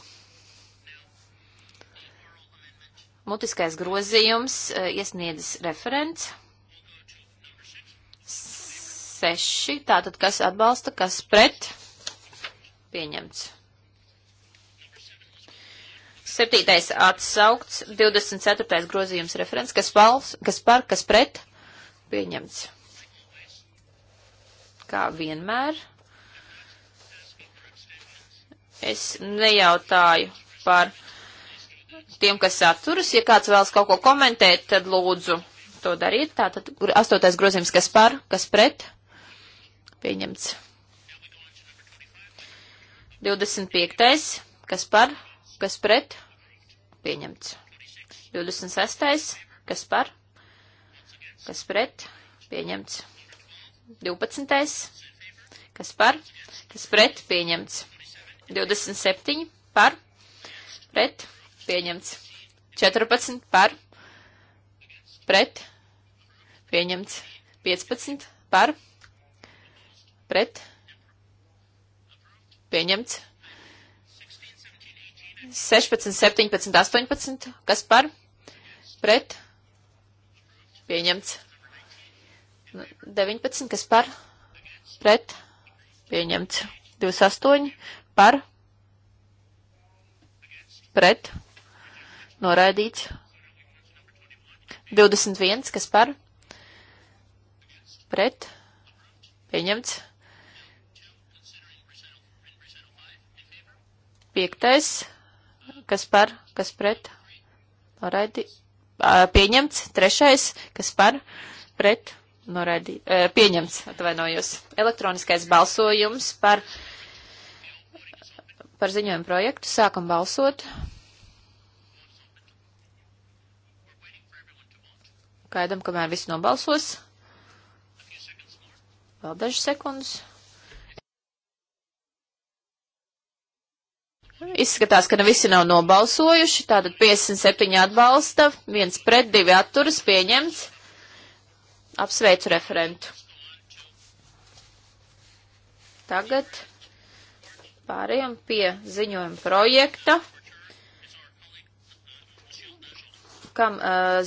Mutiskais grozījums eh, iesniedzis referents. Seši, tātad kas atbalsta, kas pret, pieņemts. Septītais atsaukts, 24. grozījums referents, kas, pals, kas par, kas pret, pieņemts kā vienmēr, es nejautāju par tiem, kas saturas. Ja kāds vēlas kaut ko komentēt, tad lūdzu to darīt. Tātad astotais grozījums, kas par, kas pret, pieņemts. 25. kas par, kas pret, pieņemts. 26. kas par, kas pret, pieņemts. 12. Kas par? Kas pret? Pieņemts. 27. Par? Pret? Pieņemts. 14. Par? Pret? Pieņemts. 15. Par? Pret? Pieņemts. 16, 17, 18. Kas par? Pret? Pieņemts. 19, kas par, pret, pieņemts. 28, par, pret, noraidīts. 21, kas par, pret, pieņemts. 5, kas par, kas pret, noraidīts. Pieņemts. 3, kas par, pret, noraidi, e, pieņemts, atvainojos, elektroniskais balsojums par, par ziņojumu projektu. Sākam balsot. Gaidam, kamēr visi nobalsos. Vēl dažas sekundes. Izskatās, ka ne visi nav nobalsojuši, tātad 57 atbalsta, viens pret, divi atturas, pieņemts. Apsveicu referentu. Tagad pārējām pie ziņojuma projekta, kam uh,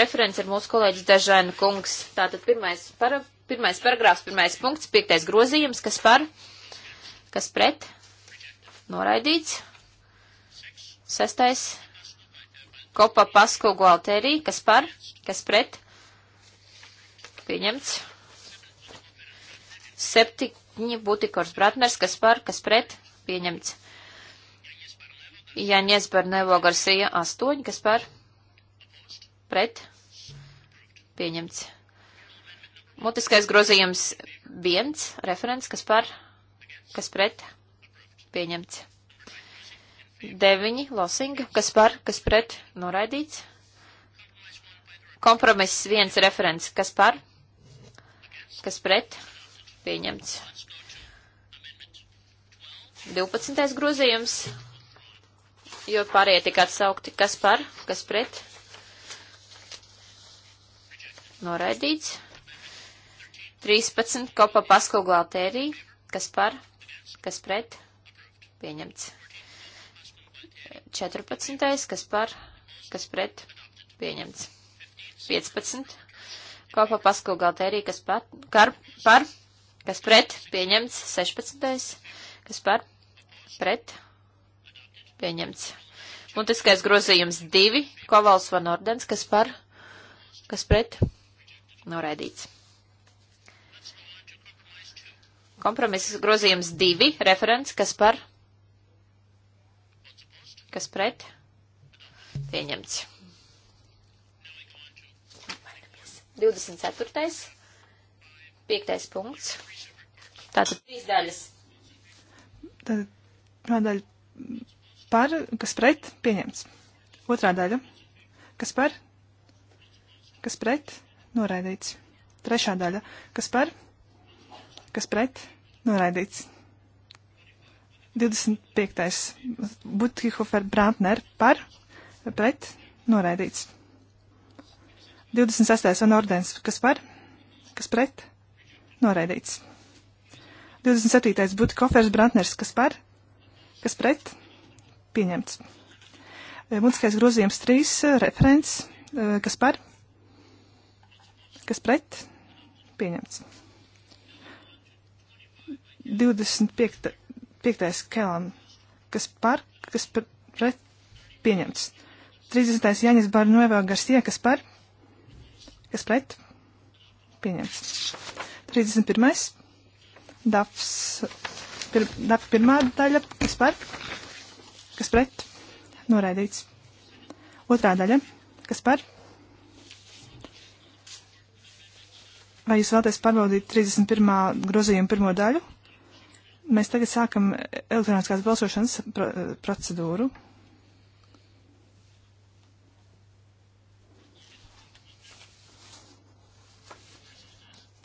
referents ir mūsu kolēģis Dažēna kungs. Tātad pirmais, para, pirmais paragrāfs, pirmais punkts, piektais grozījums, kas par, kas pret, noraidīts. Sestais, kopa pasko gualterī, kas par, kas pret, pieņemts. Septiņi Butikors Bratners, kas par, kas pret, pieņemts. Jaņies Barnevo Garcija, astoņi, kas par, pret, pieņemts. Mutiskais grozījums viens, referents, kas par, kas pret, pieņemts. Deviņi, Losinga, kas par, kas pret, noraidīts. Kompromiss viens referents, kas par, pieņemts kas pret pieņemts. 12. grozījums, jo pārējie tika atsaukti, kas par, kas pret, noraidīts. 13. kopa pasko glātērī, kas par, kas pret, pieņemts. 14. kas par, kas pret, pieņemts. 15 kopā paskulgaltērī, kas pat, kar, par, kas pret, pieņemts 16. kas par, pret, pieņemts. Mutiskais grozījums 2, Kovals van Ordens, kas par, kas pret, noraidīts. Kompromiss grozījums 2, referents, kas par, kas pret, pieņemts. 24. 5. punkts. Tātad trīs daļas. Tad nodaļa par, kas pret, pieņemts. Otrā daļa. Kas par? Kas pret? Noraidīts. Trešā daļa. Kas par? Kas pret? Noraidīts. 25. Butkihofer Brantner par, pret, noraidīts. 26. un ordens, kas par, kas pret, noraidīts. 27. Butkofers Brantners, kas par, kas pret, pieņemts. Eh, Mūtiskais grozījums 3, eh, referents, eh, kas par, kas pret, pieņemts. 25. 5. Kelam, kas par, kas pret, pieņemts. 30. Jaņas Barnueva Garsie, kas par, Kas pret? Pieņemts. 31. Dafs. Pir, daf, pirmā daļa. Kas par? Kas pret? Noraidīts. Otrā daļa. Kas par? Vai jūs vēlaties pārbaudīt 31. grozījumu pirmo daļu? Mēs tagad sākam elektroniskās balsošanas pr procedūru.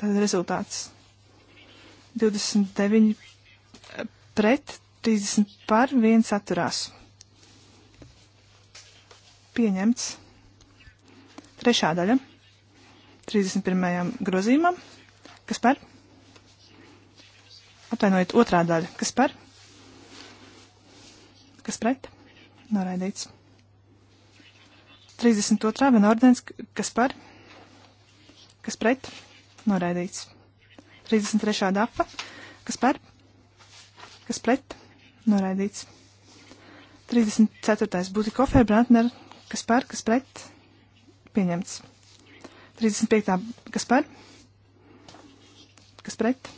Tad rezultāts 29 eh, pret, 30 par, 1 atturās. Pieņemts. Trešā daļa 31. grozījumam. Kas par? Atvainojiet, otrā daļa. Kas par? Kas pret? Noraidīts. 32. vienordens. Kas par? Kas pret? noraidīts. 33. dapa, kas par, kas pret, noraidīts. 34. būti kofer, Brantner, kas par, kas pret, pieņemts. 35. kas par, kas pret,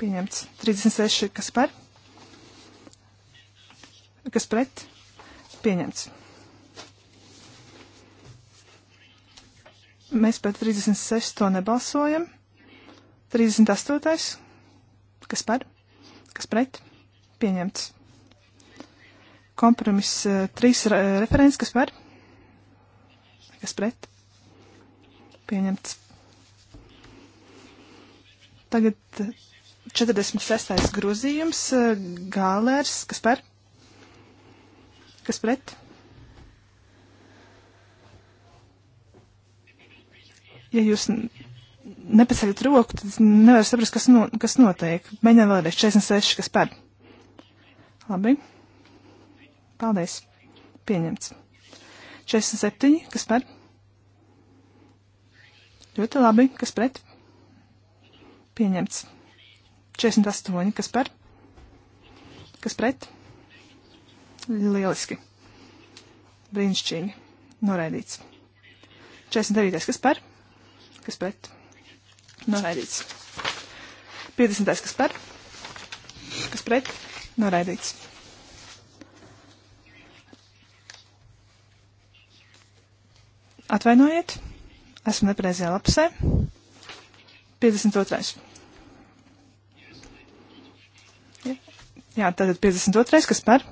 pieņemts. 36. kas par, kas pret, pieņemts. Mēs par 36. to nebalsojam. 38. Kas par? Kas pret? Pieņemts. Kompromiss eh, trīs re referents, kas par? Kas pret? Pieņemts. Tagad 46. Eh, grozījums, eh, gālērs, kas par? Kas pret? ja jūs nepaceļat roku, tad nevar saprast, kas, no, kas notiek. Mēģinām vēlreiz 46, kas par. Labi. Paldies. Pieņemts. 47, kas par. Ļoti labi, kas pret. Pieņemts. 48, kas par. Kas pret. Lieliski. Brīnišķīgi. Noraidīts. 49, kas par kas pret, noraidīts. 50. kas par, kas pret, noraidīts. Atvainojiet, esmu nepareizajā lapsē. 52. Jā, tātad 52. kas par?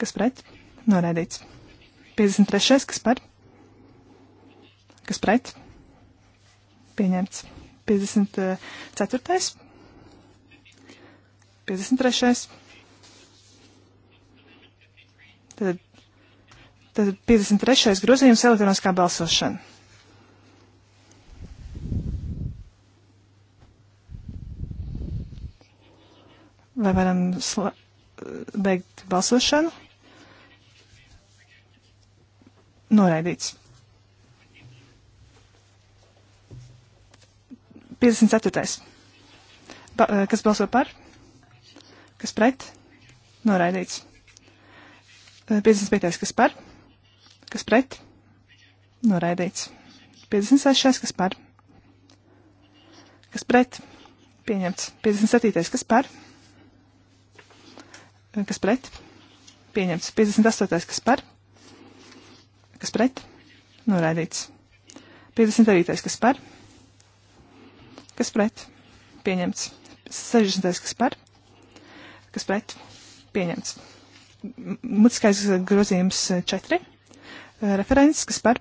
Kas pret? Noraidīts. 53. kas par? Kas pret? Pieņemts. 54. 53. Eh, tad, tad 53. grozījums elektroniskā balsošana. Vai varam beigt balsošanu? Noraidīts. 54. Ba, eh, kas balso par? Kas pret? Noraidīts. 55. Eh, kas par? Kas pret? Noraidīts. 56. kas par? Kas pret? Pieņemts. 57. kas par? Eh, kas pret? Pieņemts. 58. kas par? Kas pret? Noraidīts. 59. kas par? kas pret, pieņemts. 60. kas par, kas pret, pieņemts. Mutiskais grozījums 4, referents, kas par,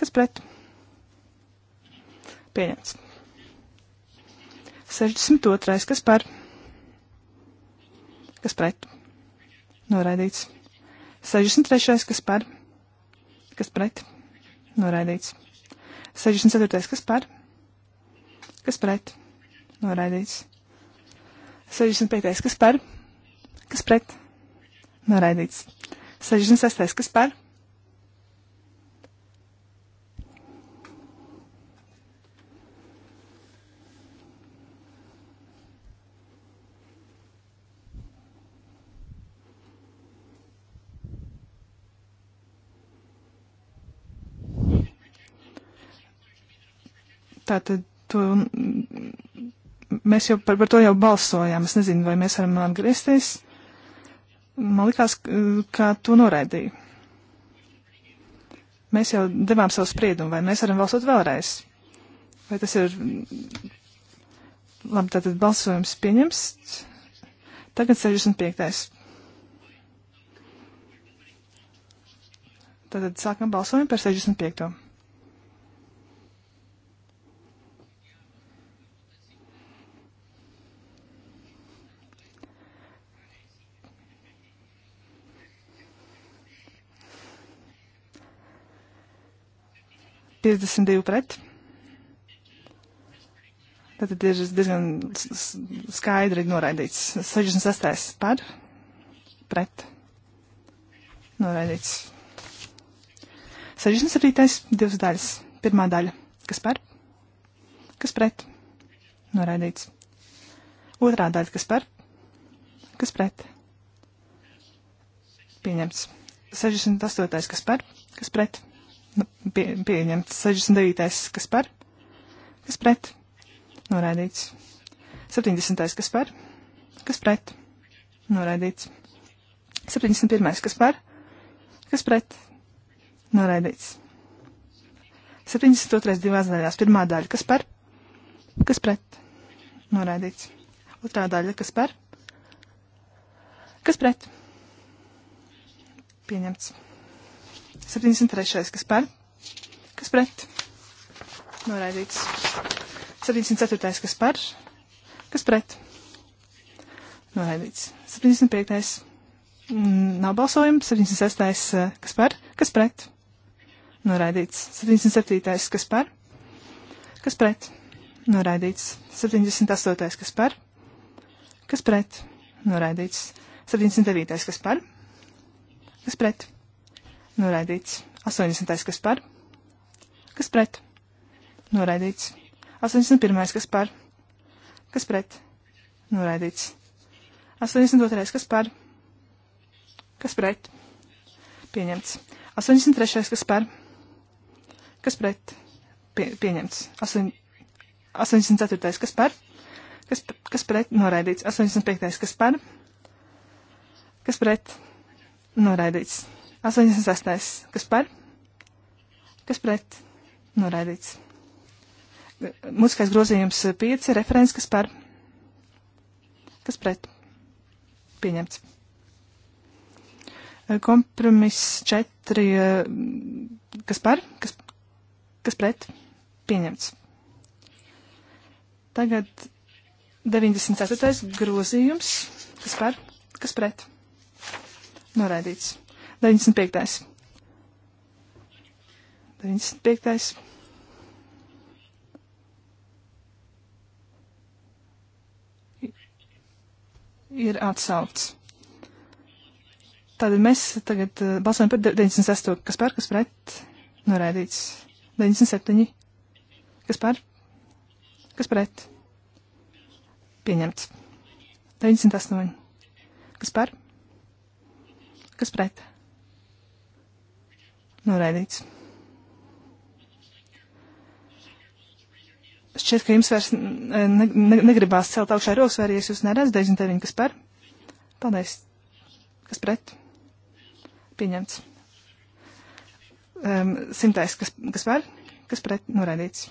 kas pret, pieņemts. 62. kas par, kas pret, noraidīts. 63. kas par, kas pret, noraidīts. 64. kas par, Kas pret? Noraidīts. 65. Kas par? Kas pret? Noraidīts. 66. Kas par? Tātad to, mēs jau par, par to jau balsojām. Es nezinu, vai mēs varam atgriezties. Man likās, ka to noraidīja. Mēs jau devām savu spriedumu, vai mēs varam balsot vēlreiz. Vai tas ir. Labi, tātad balsojums pieņems. Tagad 65. Tātad sākam balsojumu par 65. 52 pret. Tātad ir diezgan skaidri noraidīts. 68 par, pret, noraidīts. 67. divas daļas. Pirmā daļa, kas par, kas pret, noraidīts. Otrā daļa, kas par, kas pret, pieņemts. 68. kas par, kas pret, pie, pieņemts. 69. kas par? Kas pret? Noraidīts. 70. kas par? Kas pret? Noraidīts. 71. kas par? Kas pret? Noraidīts. 72. divās daļās. Pirmā daļa, kas par? Kas pret? Noraidīts. Otrā daļa, kas par? Kas pret? Pieņemts. 73. kas par? kas pret, noraidīts. 74. kas par, kas pret, noraidīts. 75. nav balsojums, 76. Eh, kas par, kas pret, noraidīts. 77. kas par, kas pret, noraidīts. 78. kas par, kas pret, noraidīts. 79. kas par, kas pret, noraidīts. 80. kas par, Kas pret? Noraidīts. 81. Kas par? Kas pret? Noraidīts. 82. Kas par? Kas pret? Pieņemts. 83. Kas par? Kas pret? Pie, pieņemts. 8, 84. Kas par? Kas, kas pret? Noraidīts. 85. Kas par? Kas pret? Noraidīts. 86. Kas par? Kas pret? Noraidīts. Nu, Mūzikais grozījums 5, referents, kas par, kas pret, pieņemts. Kompromiss 4, kas par, kas, kas pret, pieņemts. Tagad 94. grozījums, kas par, kas pret, noraidīts. 95. 95. ir atsaukts. Tātad mēs tagad uh, balsojam par 96. kas par, kas pret, norēdīts. 97. kas par, kas pret, pieņemts. 98. kas par, kas pret, norēdīts. šķiet, ka jums vairs eh, ne, ne, negribās celt augšā rokas, vai arī es jūs neredzu 99, kas par? Paldies. Kas pret? Pieņemts. Um, simtais, kas, kas par? Kas pret? Noraidīts.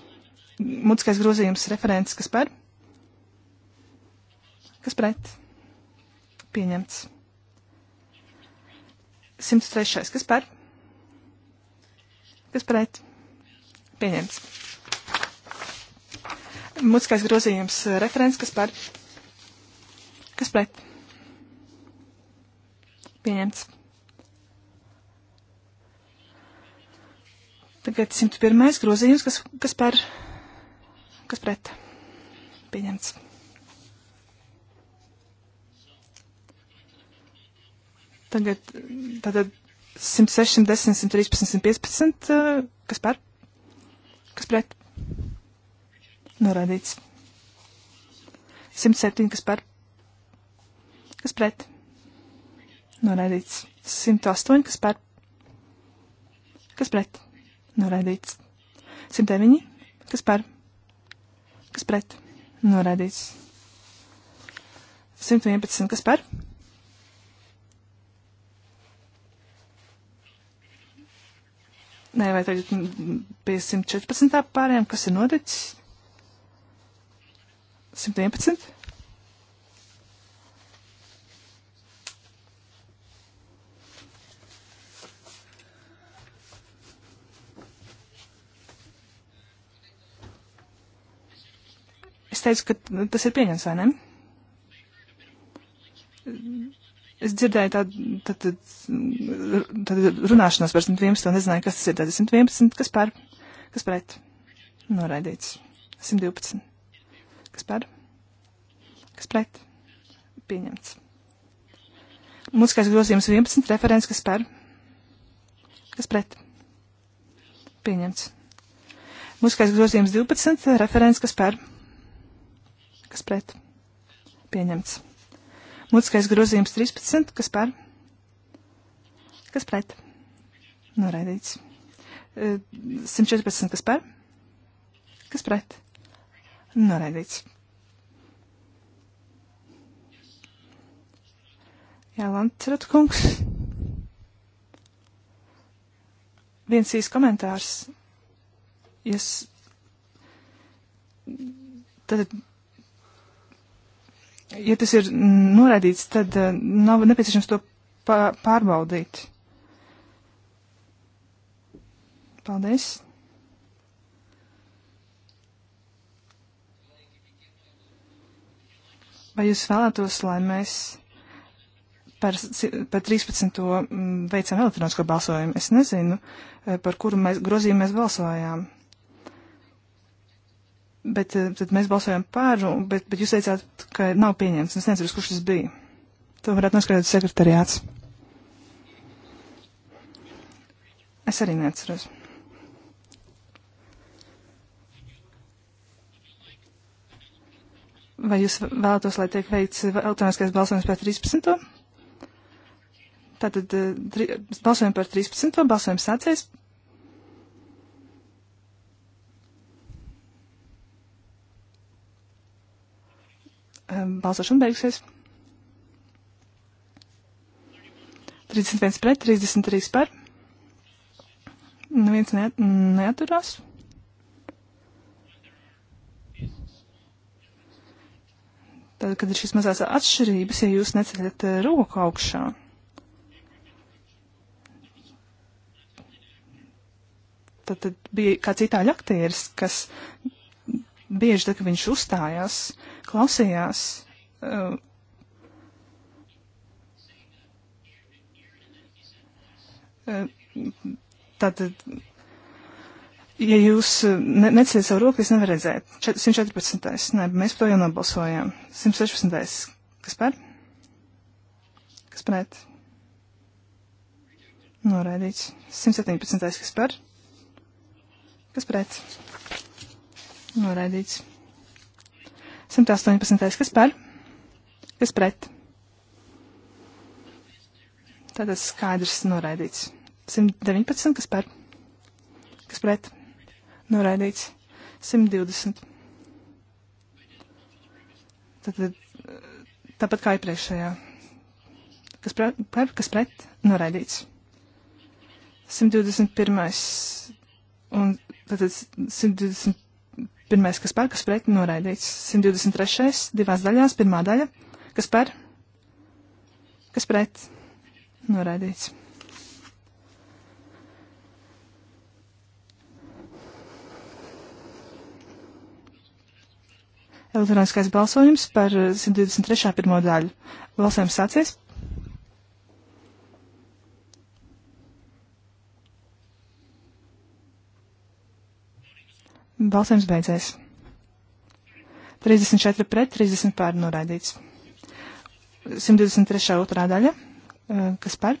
Mutiskais grozījums referents, kas par? Kas pret? Pieņemts. 103. Kas par? Kas pret? Pieņemts. Mutiskais grozījums eh, referents, kas par, kas pret. Pieņemts. Tagad 101. grozījums, kas, kas par, kas pret. Pieņemts. Tagad, tātad 106, 110, 113, 115, kas par, kas pret. Norādīts. 107, kas par. Kas pret? Norādīts. 108, kas par. Kas pret? Norādīts. 109, kas par. Kas pret? Norādīts. 111, kas par. Nē, vai tagad pie 114. pārējām, kas ir noticis? 111. Es teicu, ka tas ir pieņems, vai ne? Es dzirdēju tādu tā, tā, tā runāšanos par 111 un nezināju, kas tas ir. Tātad 111, kas par, kas pret? Noraidīts. 112. Kas par? Kas pret? Pieņemts. Mūzikas grozījums 11. Referents. Kas par? Kas pret? Pieņemts. Mūzikas grozījums 12. Referents. Kas par? Kas pret? Pieņemts. Mūzikas grozījums 13. Kas par? Kas pret? Noraidīts. 114. Eh, kas par? Kas pret? Noraidīts. Nu, Jā, Lantrat kungs. Viens īs komentārs. Jūs. Tad, ja tas ir noraidīts, tad eh, nav nepieciešams to pārbaudīt. Paldies! Vai jūs vēlētos, lai mēs par, par 13. Mm, veicam elektronisko balsojumu? Es nezinu, eh, par kuru mēs, grozījumu mēs balsojām. Bet eh, tad mēs balsojām par, bet, bet jūs teicāt, ka nav pieņemts. Es nezinu, kurš tas bija. To varētu noskatīt sekretariāts. Es arī neatceros. Vai jūs vēlatos, lai tiek veikts elektroniskais balsojums par 13? Tātad eh, tri, balsojumu par 13. balsojums sācies. Balsošana beigusies. 31 pret, 33 par. Neviens neat, neaturās. Ne Tad, kad ir šīs mazās atšķirības, ja jūs neceļat eh, roku augšā. Tad, tad bija kāds itāļu aktieris, kas bieži, tad, kad viņš uzstājās, klausījās. Uh, eh, tātad eh, Ja jūs eh, ne, necēliet savu roku, es nevaru redzēt. 114. Nē, mēs par to jau nobalsojām. 116. Kas par? Kas pret? Noraidīts. 117. Kas par? Kas pret? Noraidīts. 118. Kas par? Kas pret? Tātad skaidrs noraidīts. 119. Kas par? Kas pret? noraidīts 120. Tad, tāpat kā iepriekšējā. Kas, pre, kas pret? Noraidīts. 121. Un tad 121. kas par, kas pret? Noraidīts. 123. divās daļās, pirmā daļa. Kas par? Kas pret? Noraidīts. Elektroniskais balsojums par 123. Eh, pirmo daļu. Balsojums sācies. Balsojums beidzēs. 34 pret, 30 pār noraidīts. 123. otrā daļa. Eh, kas par?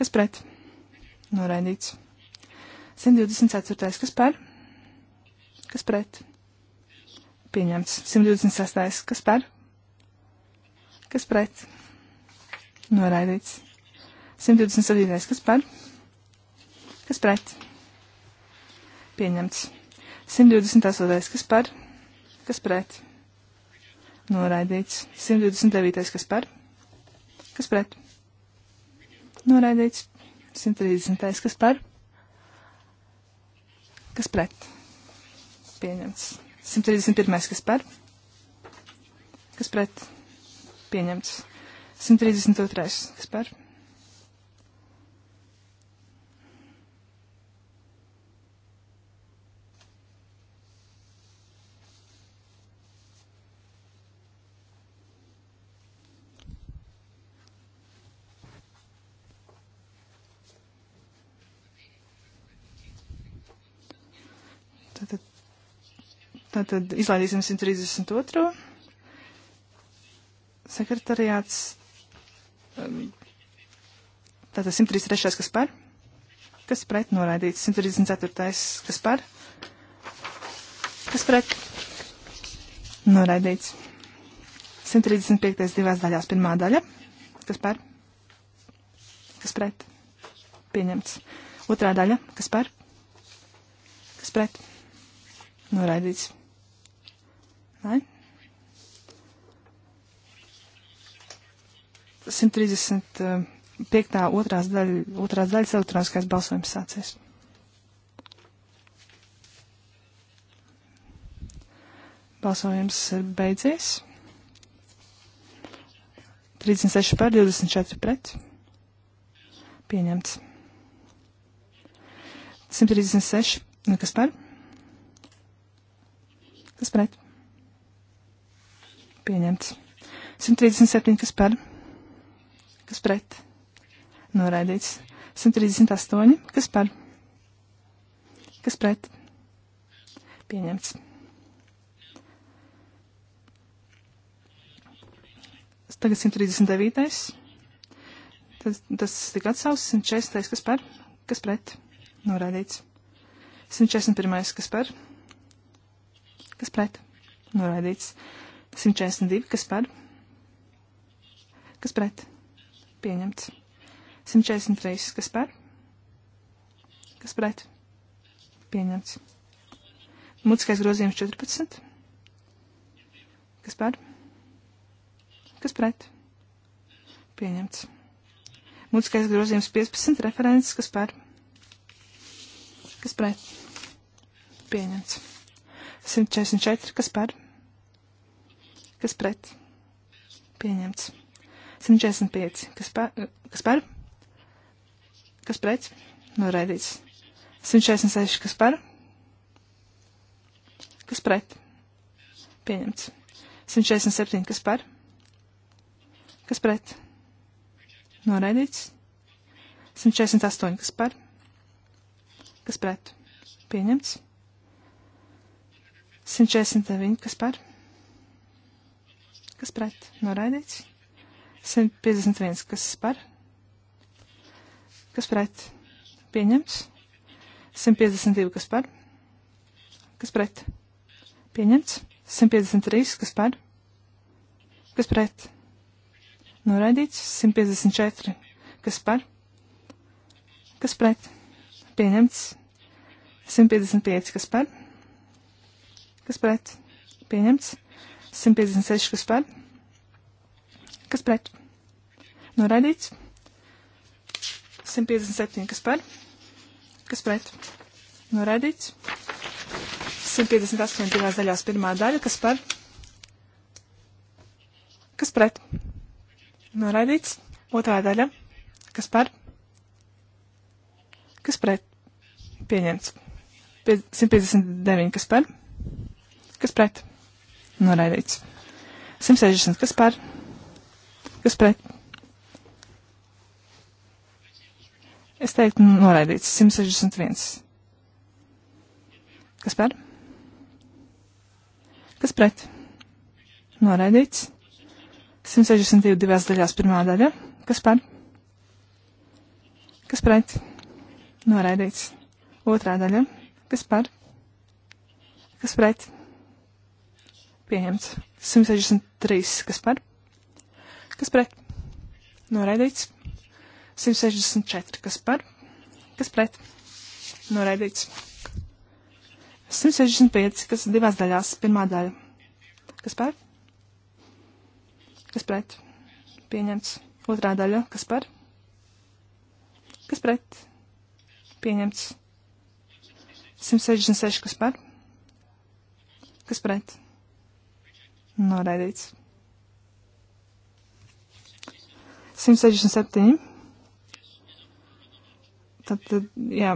Kas pret? Noraidīts. 124. Kas par? Kas pret? pieņemts. 126. Kas par? Kas pret? Noraidīts. 127. Kas par? Kas pret? Pieņemts. 128. Kas par? Kas pret? Noraidīts. 129. Kas par? Kas pret? Noraidīts. 130. Kas par? Kas pret? Pieņemts. 131. kas par, kas pret, pieņemts. 132. kas par, pieņemts. Nu, tad izlaidīsim 132. Sekretariāts. Um, tātad 133. kas par? Kas pret noraidīts? 134. kas par? Kas pret? Noraidīts. 135. divās daļās pirmā daļa. Kas par? Kas pret? Pieņemts. Otrā daļa. Kas par? Kas pret? Noraidīts. Ne? 135. otrās, daļa, otrās daļas elektroniskais balsojums sācies. Balsojums ir beidzies. 36 pār 24 pret. Pieņemts. 136. Nu, kas par? Kas pret? pieņemts. 137, kas par, kas pret, noraidīts. 138, kas par, kas pret, pieņemts. 139. Tagad 139. Tad, tas tika atsaucis 140. kas par, kas pret, noraidīts. 141. kas par, kas pret, noraidīts. 142, kas par, kas pret, pieņemts. 143, kas par, kas pret, pieņemts. Mutiskais grozījums 14, kas par, kas pret, pieņemts. Mutiskais grozījums 15, referents, kas par, kas pret, pieņemts. 144, kas par, pieņemts kas pret, pieņemts. 145, kas, pa, kas par, kas pret, noraidīts. 146, kas par, kas pret, pieņemts. 147, kas par, kas pret, noraidīts. 148, kas par, kas pret, pieņemts. 149, kas par, kas pret, noraidīts. 151, kas par, kas pret, pieņemts. 152, kas par, kas pret, pieņemts. 153, kas par, kas pret, noraidīts. 154, kas par, kas pret, pieņemts. 155, kas par, kas pret, pieņemts. 156, kas par, kas pret, noraidīts. 157, kas par, kas pret, noraidīts. 158 divās daļās pirmā daļa, kas par, kas pret, noraidīts. Otrā daļa, kas par, kas pret, pieņemts. 159, kas par, kas pret, Noraidīts. 160. Kas par? Kas pret? Es teiktu, noraidīts. 161. Kas par? Kas pret? Noraidīts. 162 divās daļās pirmā daļa. Kas par? Kas pret? Noraidīts. Otrā daļa. Kas par? Kas pret? pieņemts. 163, kas par? Kas pret? Noraidīts. 164, kas par? Kas pret? Noraidīts. 165, kas divās daļās, pirmā daļa. Kas par? Kas pret? Pieņemts. Otrā daļa, kas par? Kas pret? Pieņemts. 166, kas par? Kas pret? Noraidīts. 167. Tad, tad jā,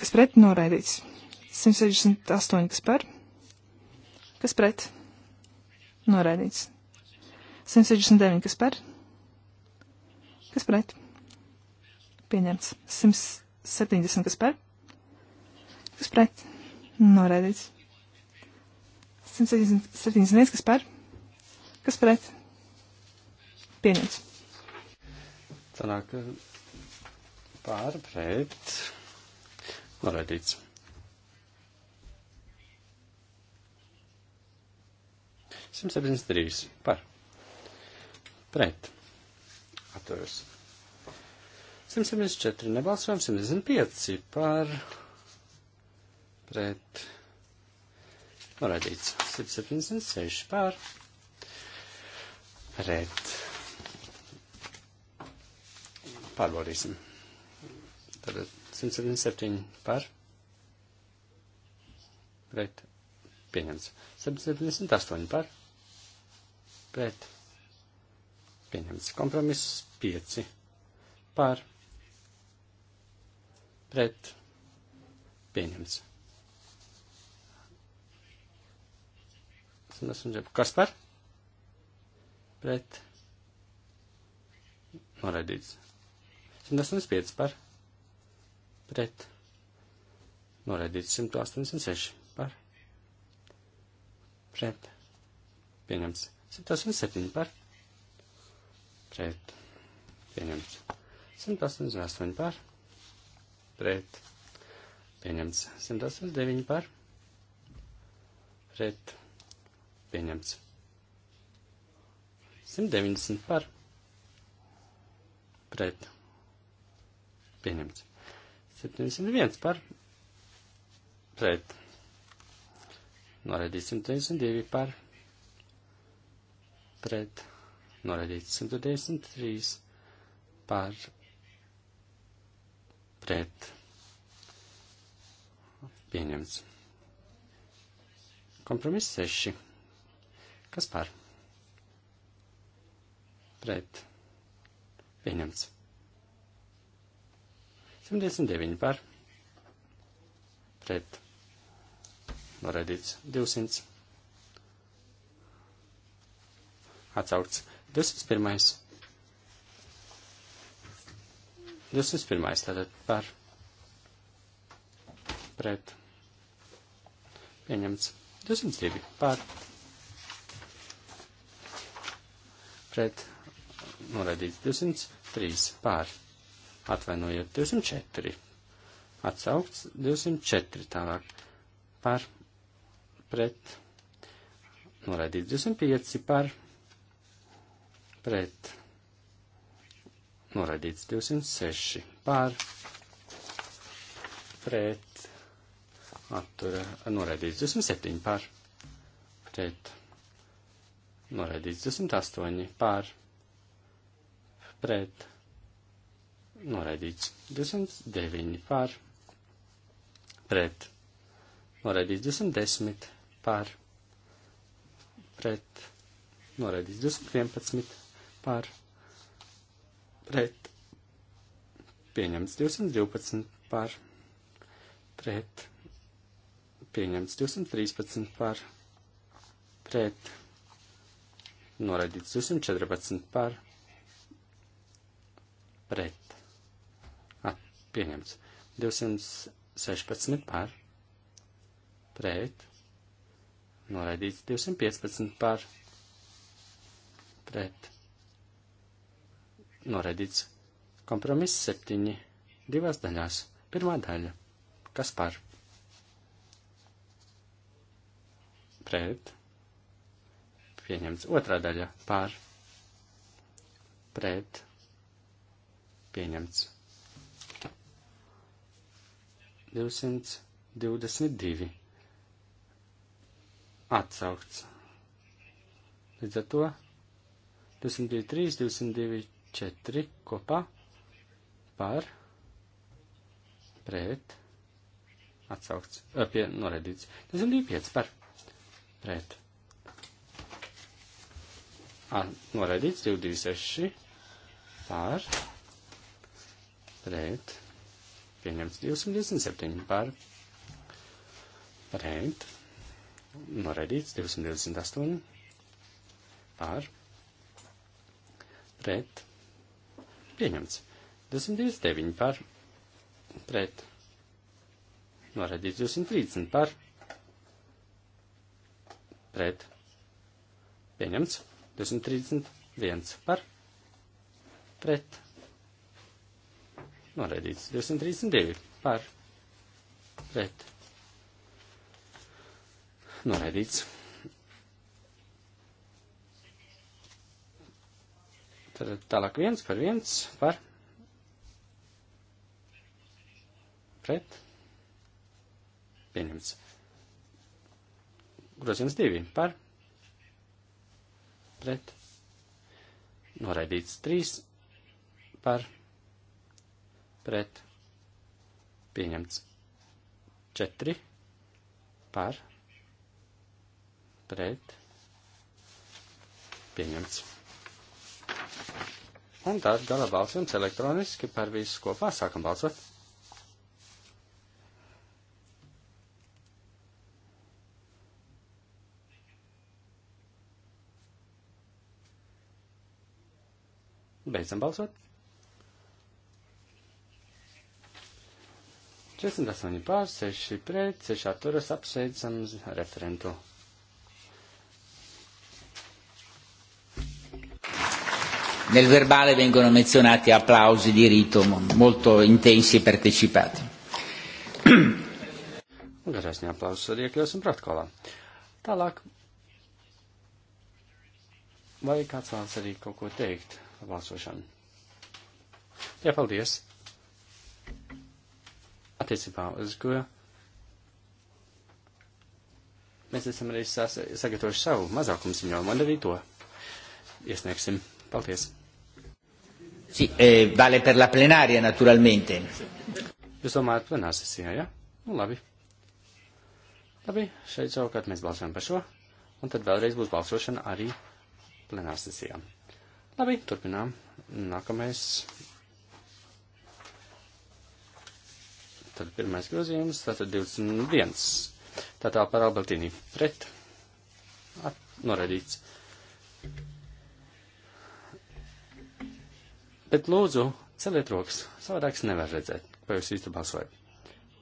kas pret noraidīts. 168, kas par, kas pret noraidīts. 169, kas par, kas pret pieņemts. 170, kas par, kas pret noraidīts. 171, kas par, kas pret, pieņemts. Tālāk pār pret, norēdīts. Simt septiņas trīs par, pret, atturos. 174 nebalsojam, 175 par pret Noraidīts 176 pār pret. Pārbaudīsim. Tad 177 pār pret. Pieņemts. 178 pār pret. Pieņemts. Kompromiss 5 pār pret. Pieņemts. Kas par? Pret. Noraidīts. 185 par. Pret. Noraidīts 186 par. Pret. Pieņemts. 187 par. Pret. Pieņemts. 188 par. Pret. Pieņemts. 189 par. Pret pieņemts. 190 par pret pieņemts. 701 par pret. Noraidīts 192 par pret. Noraidīts 193 par pret. Pieņemts. Kompromiss 6 Kas par? Pret. Pieņemts. 199 par. Pret. Noraidīts. 200. Atsaukts. 201. 201. Tātad par. Pret. Pieņemts. 202 par pret noraidīts 203 pār. Atvainojiet, 204. Atsaukts 204 tālāk par pret. Noraidīts 205 par pret. Noraidīts 206 par pret. Attura, noraidīts 207 par pret noraidīts 28 pār, pret, noraidīts 29 pār, pret, noraidīts 210 pār, pret, noraidīts 211 pār, pret, pieņemts 212 pār, pret, pieņemts 213 pār, pret, noraidīts 214 par pret. At, pieņemts. 216 par pret. Noraidīts 215 par pret. Noraidīts kompromiss 7 divās daļās. Pirmā daļa. Kas par? Pret pieņemts. Otrā daļa par, pret, pieņemts. 222 atsaukts. Līdz ar to 223, 224 kopā par, pret, atsaukts, pie, noredīts. 225 par, pret noraidīts 226 pār pret pieņemts 227 pār pret noraidīts 228 pār pret pieņemts 229 pār pret noraidīts 230 pār pret pieņemts 231 par pret. Noraidīts 232 par pret. Noraidīts. Tad tālāk viens par viens par pret. Pieņemts. Grozījums divi par pret pret, noraidīts 3 par, pret, pieņemts 4 par, pret, pieņemts. Un tad gala balsojums elektroniski par visu kopā sākam balsot. Beidzam balsot. 48 pār, 6 pret, 6 atturas apsveicam referentu. Nel verbale vengono menzionati applausi di rito molto intensi e partecipati. Garasņā aplausus arī iekļausim protokolā. Tālāk. Vai kāds vēlas arī kaut ko teikt? balsošanu. Jā, paldies. Attiecībā uz ko mēs esam arī sagatavojuši savu mazākumu ziņojumu, un arī to iesniegsim. Paldies. Sì, eh, vale per la plenaria, naturalmente. Jūs domājat plenārā sesijā, jā? Ja? Nu, labi. Labi, šeit savukārt mēs balsojam par šo, un tad vēlreiz būs balsošana arī plenārsesijām. Labi, turpinām. Nākamais. Tad pirmais grozījums, tātad 21. Tātā par Albertīni pret. At, noredīts. Bet lūdzu, celiet rokas, savādāk es nevaru redzēt, vai jūs īsti balsojat.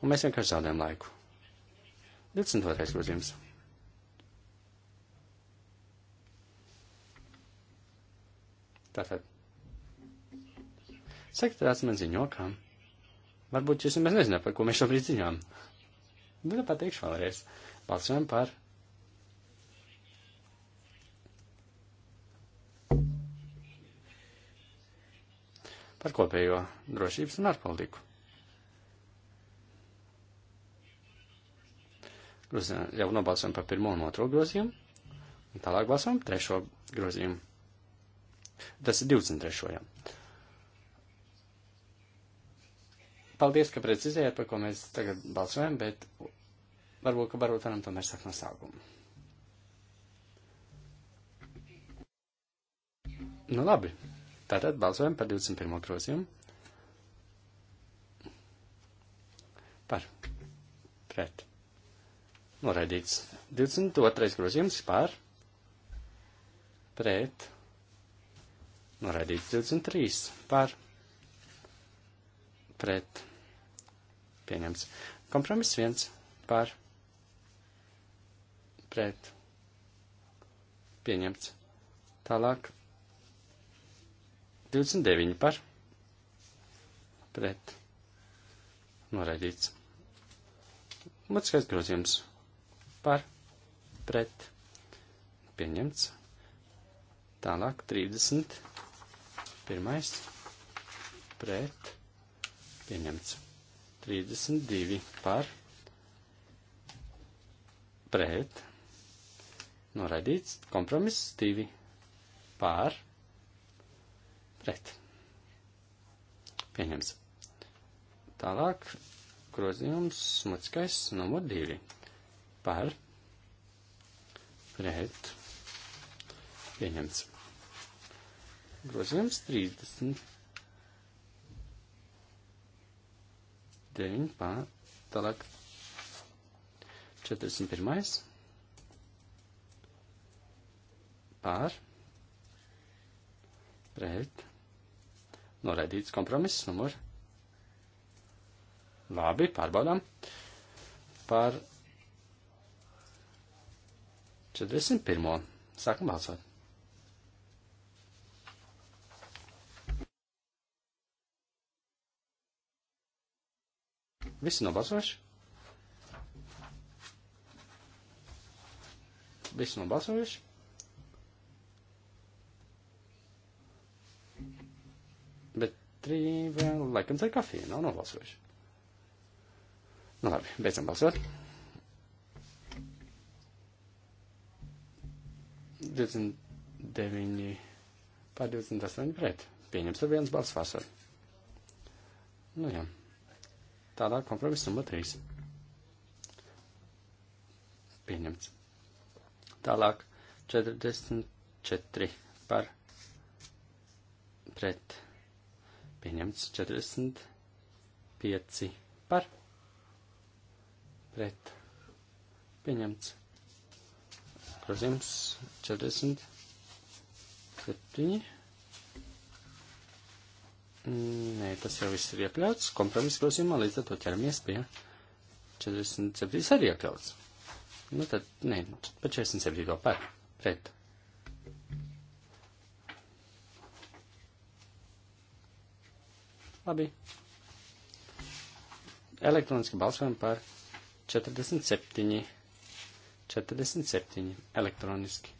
Un mēs vienkārši zaudējam laiku. 22. grozījums. Tātad. Sekretārāts man ziņo, ka varbūt jūs nemaz nezināt, par ko mēs šobrīd ziņām. Nu, tā pateikšu vēlreiz. Balsojam par. Par kopējo drošības un ārpolitiku. Grozījām, jau nobalsojam par pirmo un otro grozījumu, un tālāk balsojam par trešo grozījumu. Tas ir 23. Paldies, ka precizējāt, par ko mēs tagad balsojam, bet varbūt, ka varbūt varam tomēr sākt no sākuma. Nu labi, tātad balsojam par 21. grozījumu. Par. Pret. Noraidīts. 22. grozījums par. Pret. Noraidīts 23 par pret. Pieņemts. Kompromiss 1 par pret. Pieņemts. Tālāk 29 par pret. Noraidīts. Mutiskais grozījums par pret. Pieņemts. Tālāk 30 Pirmais pret pieņemts. 32 par pret noraidīts. Kompromiss 2 par pret pieņemts. Tālāk grozījums smutskais numur 2 par pret pieņemts. Grozījums 30. 9 pār. Tālāk 41. Pār. Pret. Noraidīts kompromiss numur. Labi, pārbaudām. Par 41. Sākam balsot. Visi nobalsojuši? Visi nobalsojuši? Bet trīs vēl, eh, laikam, tā ir kafija, nav nobalsojuši. Nu labi, beidzam balsot. 29 pār 28 pret. Pieņems ar viens balss vasaru. Nu jā. Ja. Tālāk kompromiss numur 3. Pieņemts. Tālāk 44 par pret. Pieņemts 45 par pret. Pieņemts. Grozījums 47 Nē, tas jau viss ir iekļauts kompromisa grozījumā, līdz ar to ķeramies pie 47. arī iekļauts. Nu tad, nē, pa 47. par, pret. Labi. Elektroniski balsojam par 47. 47. Elektroniski.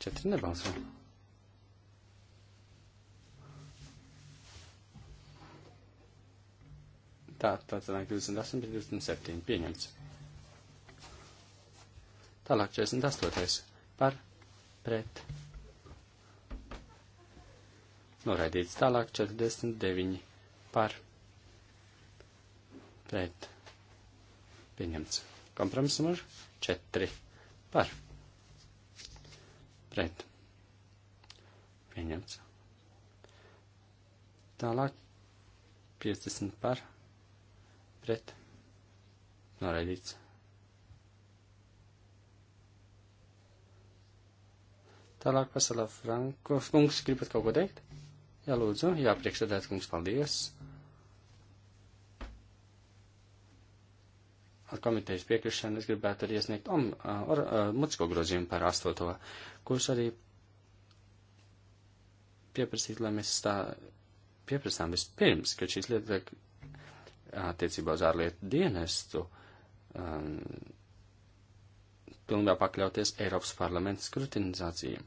Četri nebalso. Tā, tā sanāk 28 pret 27. Pieņemts. Tālāk 48. Par pret. Noraidīts tālāk 49. Par pret. Pieņemts. Kompromiss numur 4. Par. Pret. Pieņemts. Tālāk 50 par. Pret. Noraidīts. Tālāk pasaulē Franko. Kungs, gribat kaut ko teikt? Jā, lūdzu. Jā, priekšsēdēt, kungs, paldies. ar komitejas piekrišanu es gribētu arī iesniegt om, ar, ar, mutisko grozījumu par astoto, kurš arī pieprasīt, lai mēs tā pieprasām vispirms, ka šīs lietas attiecībā uz ārlietu dienestu um, pilnībā pakļauties Eiropas parlamenta skrutinizācijai,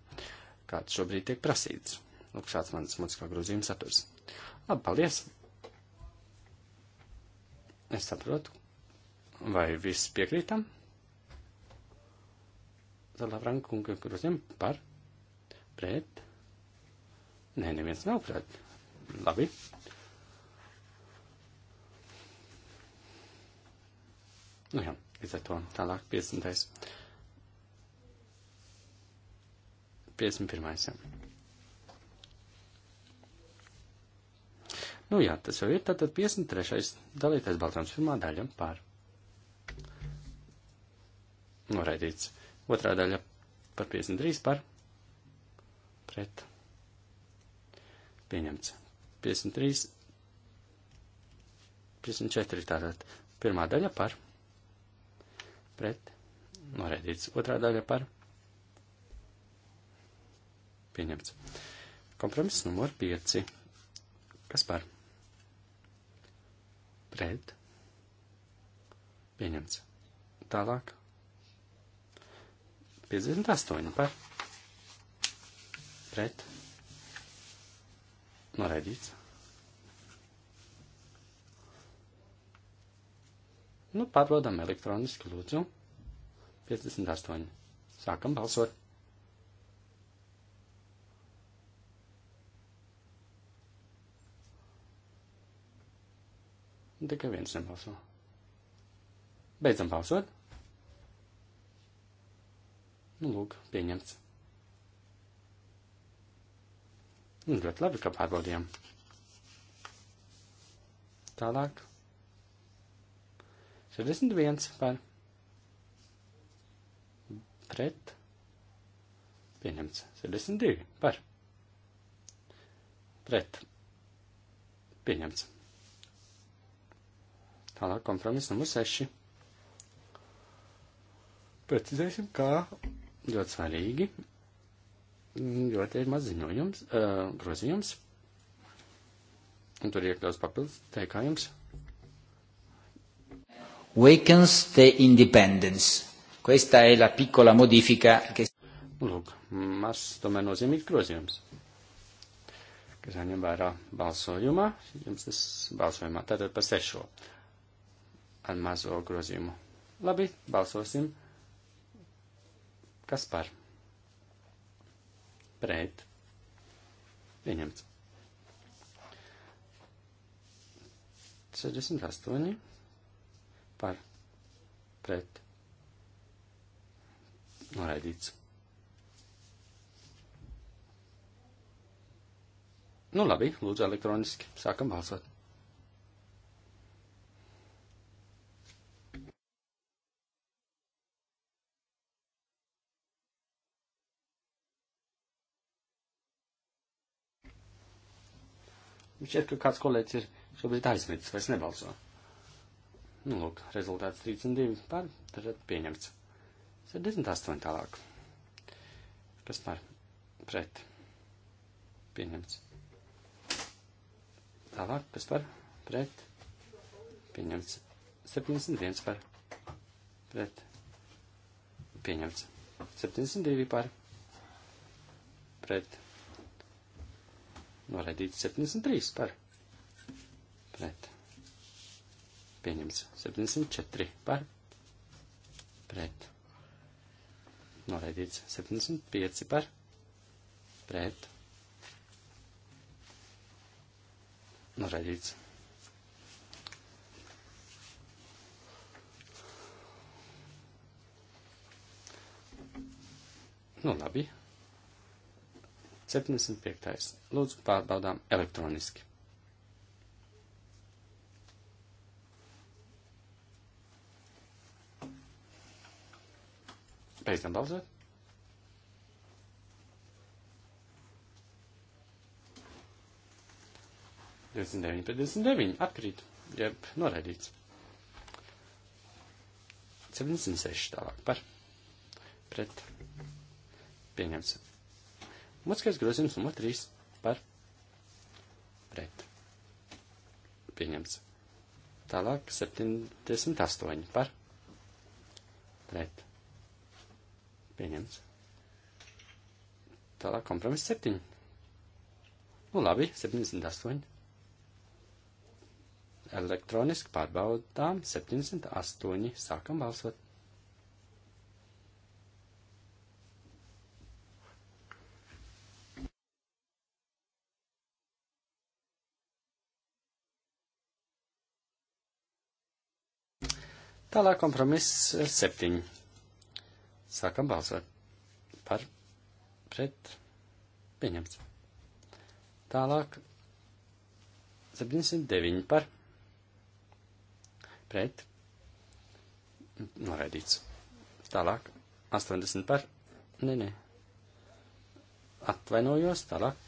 kāds šobrīd tiek prasīts. Lūk, šāds mans mutiskā grozījuma saturs. Labi, paldies! Es saprotu, Vai viss piekrītam? Zalavrankunga groziem par? Pret? Nē, neviens nav pret. Labi. Nu jā, līdz ar to tālāk 50. 51. Jā. Nu jā, tas jau ir tātad 53. dalītais balsojums pirmā daļa par. Noraidīts. Otrā daļa par 53 par pret. Pieņemts. 53, 54 tātad. Pirmā daļa par pret. Noraidīts. Otrā daļa par pieņemts. Kompromiss numur 5. Kas par? Pret. Pieņemts. Tālāk. 58 nu, par pret noraidīts. Nu, pārbaudām elektroniski, lūdzu. 58. Sākam balsot. Tikai viens nebalso. Beidzam balsot. Nu, lūk, pieņemts. Nu, ļoti labi, ka pārbaudījām. Tālāk. 61 par pret. Pieņemts. 62 par pret. Pieņemts. Tālāk kompromiss numur 6. Precizēsim, kā ļoti svarīgi, ļoti ir maz ziņojums, uh, grozījums, un tur iekļaus papildus teikājums. Wakens the independence. Questa è la piccola modifica che... Lūk, mazs tomēr nozīmīgs grozījums, kas jāņem vērā balsojumā, jums tas balsojumā, tātad par sešo ar mazo grozījumu. Labi, balsosim Kas par? Pret. Pieņemts. 68 par pret noraidīts. Nu labi, lūdzu elektroniski sākam balsot. Šķiet, ka kāds kolēģis ir šobrīd aizmirsis, vairs nebalso. Nu, lūk, rezultāts 32 par, tad pieņemts. 78 tālāk. Kas par? Pret. Pieņemts. Tālāk, kas par? Pret. Pieņemts. 71 par. Pret. Pieņemts. 72 par. Pret. Noraidīts 73 par. Pret. Pieņemts 74 par. Pret. Noraidīts 75 par. Pret. Noraidīts. Nu, labi, 75. Lūdzu, pārbaudām elektroniski. Beidzam balsot. Divdesmit deviņi pret divdesmit deviņi atkrīt, jeb noraidīts. 76 tālāk par pret pieņemts. Mutiskais grozījums numur 3 par pret. Pieņemts. Tālāk 78 par pret. Pieņemts. Tālāk kompromiss 7. Nu labi, 78. Elektroniski pārbaudām 78. Sākam balsot. Tālāk kompromiss septiņi. Sākam balsot par pret pieņemts. Tālāk 79 par pret noraidīts. Tālāk 80 par nē, nē. Atvainojos, tālāk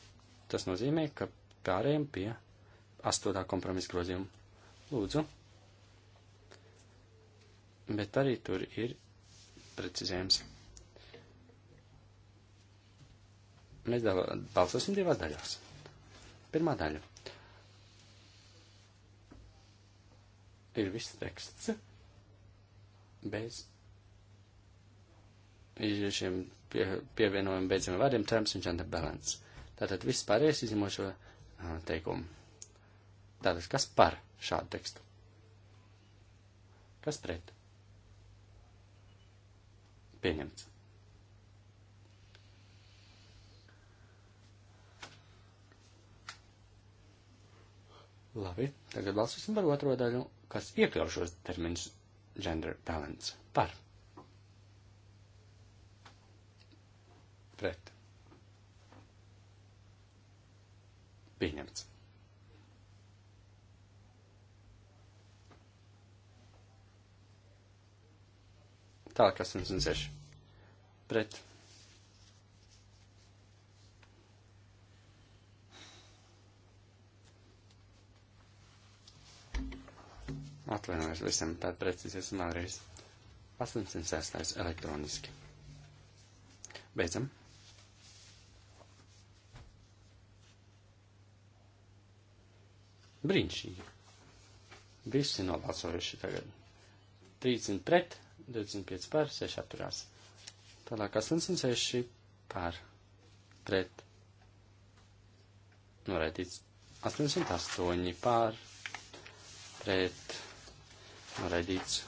tas nozīmē, ka pārējiem pie astotā kompromisa grozījuma. Lūdzu bet arī tur ir precizējums. Mēs balsosim divās daļās. Pirmā daļa ir viss teksts bez šiem pie, pievienojumiem beidzamiem vārdiem terms un gender balance. Tātad viss pārējais izņemot šo teikumu. Tātad kas par šādu tekstu? Kas pret? Pieņemts. Labi, tagad balsosim par otro daļu, kas iekļauj šos terminus gender balance. Par. Pret. Pieņemts. Tālāk 86. Pret. Atvainojos visam, tā precīzi esam vēlreiz. 806. elektroniski. Beidzam. Brīnišķīgi. Visi nobalsojuši tagad. 30 pret, 25 pār, 6 atturās. Tālāk 806 pār, pret, noraidīts. 808 pār, pret, noraidīts.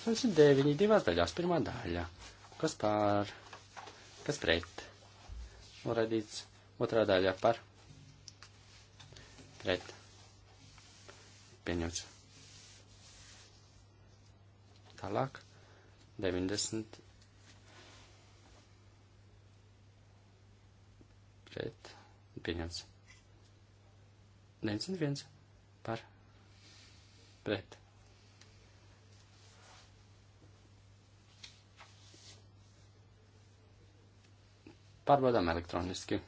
809 divās daļās, pirmā daļa. Kas pār, kas pret, noraidīts. Otrā daļa par, pret, pieņemts. Tālāk, 90 pret pieņemts. 91 par pret. Pārbaudām elektroniski.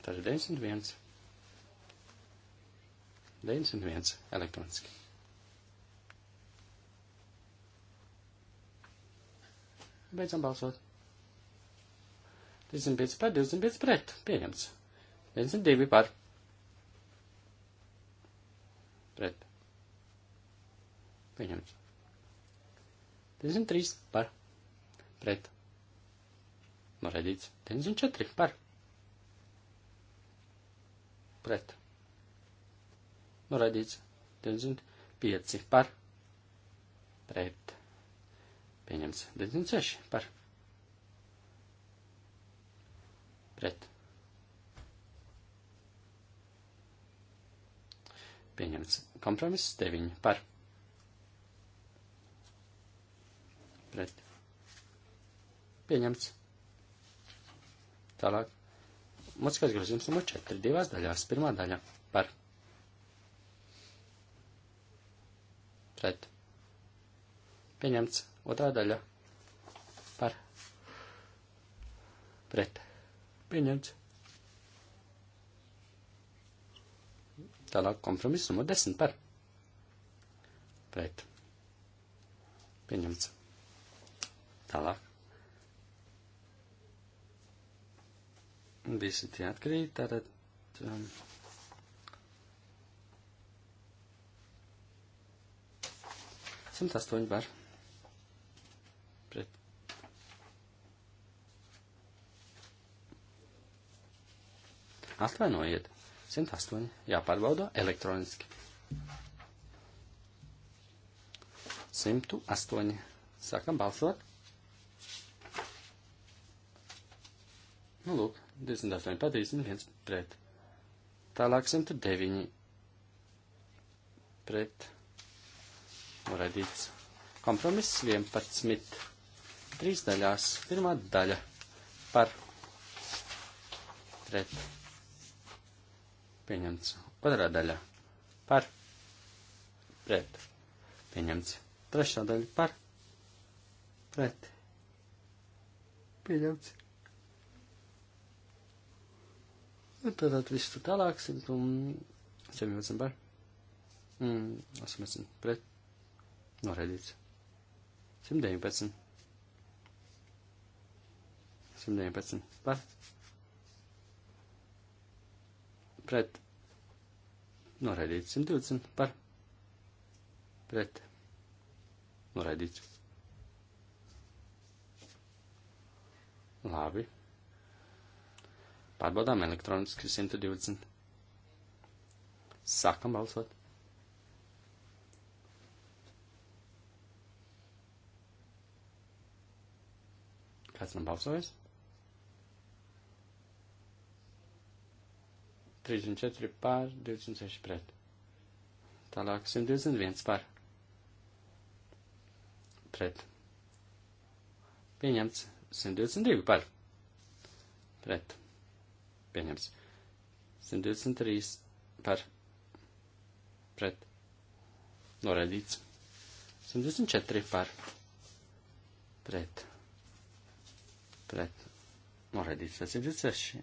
Tas ir 91. 91 elektroniski. Beidzam balsot. 35 par, 25 pret. Pieņemts. 52 par. Pret. Pieņemts. 93 par. Pret. Noraidīts. 94 par. Pret. Noraidīts. 95 par. Pret. Pieņemts 96 par. Pret. Pieņemts kompromiss 9 par. Pret. Pieņemts. Tālāk. Mūtiskais grozījums numur 4 divās daļās. Pirmā daļa par. Pret. Pieņemts Otrā daļa par pret. Pieņemts. Tālāk kompromiss numur 10 par. Pret. Pieņemts. Tālāk. Visi tie atkrīt, tātad. Um, Simt astoņi var. Atvainojiet, 108 jāpārbauda elektroniski. 108. Sākam balsot. Nu, lūk, 28 pat 31 pret. Tālāk 109 pret. Noraidīts. Kompromiss 11. Trīs daļās. Pirmā daļa par pret Pieņemts. Otrā daļa par. Pret. Pieņemts. Trešā daļa par. Pret. Pieņemts. Un nu, tad viss tur tālāk, 117 par. Mm, 18 pret. Noraidīts. 119. 119 par pret noraidīt 120 par pret noraidīt. Labi. Pārbaudām elektroniski 120. Sākam balsot. Kāds nav balsojis? 34 pār, 26 pret. Tālāk 121 pār. Pret. Pieņemts 122 pār. Pret. Pieņemts 123 pār. Pret. Noraidīts 124 pār. Pret. Pret. Noraidīts 126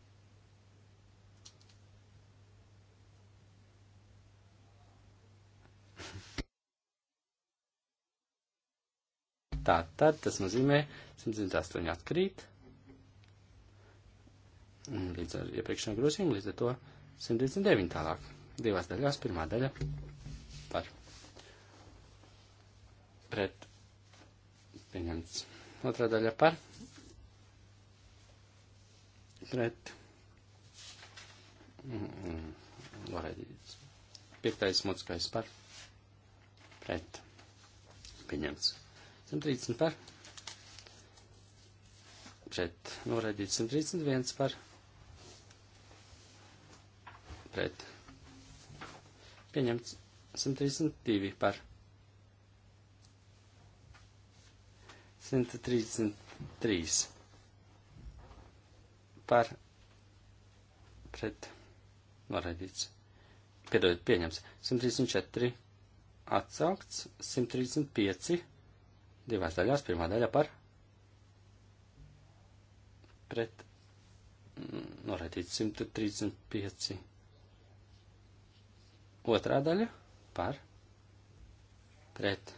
Tā tad tas nozīmē 108 atkrīt līdz ar iepriekšējo grozījumu, līdz ar to 129 tālāk. Divās daļās, pirmā daļa par pret pieņemts. Otrā daļa par pret noraidīts. Mm, mm, piektais mutiskais par pret pieņemts. 130 par. Šeit noraidīts 131 par. Pret. Pieņemts 132 par. 133 par. Pret. Noraidīts. Piedodiet, pieņemts. 134 atsaukts. 135 divās daļās. Pirmā daļa par pret mm, noraidīt 135. Otrā daļa par pret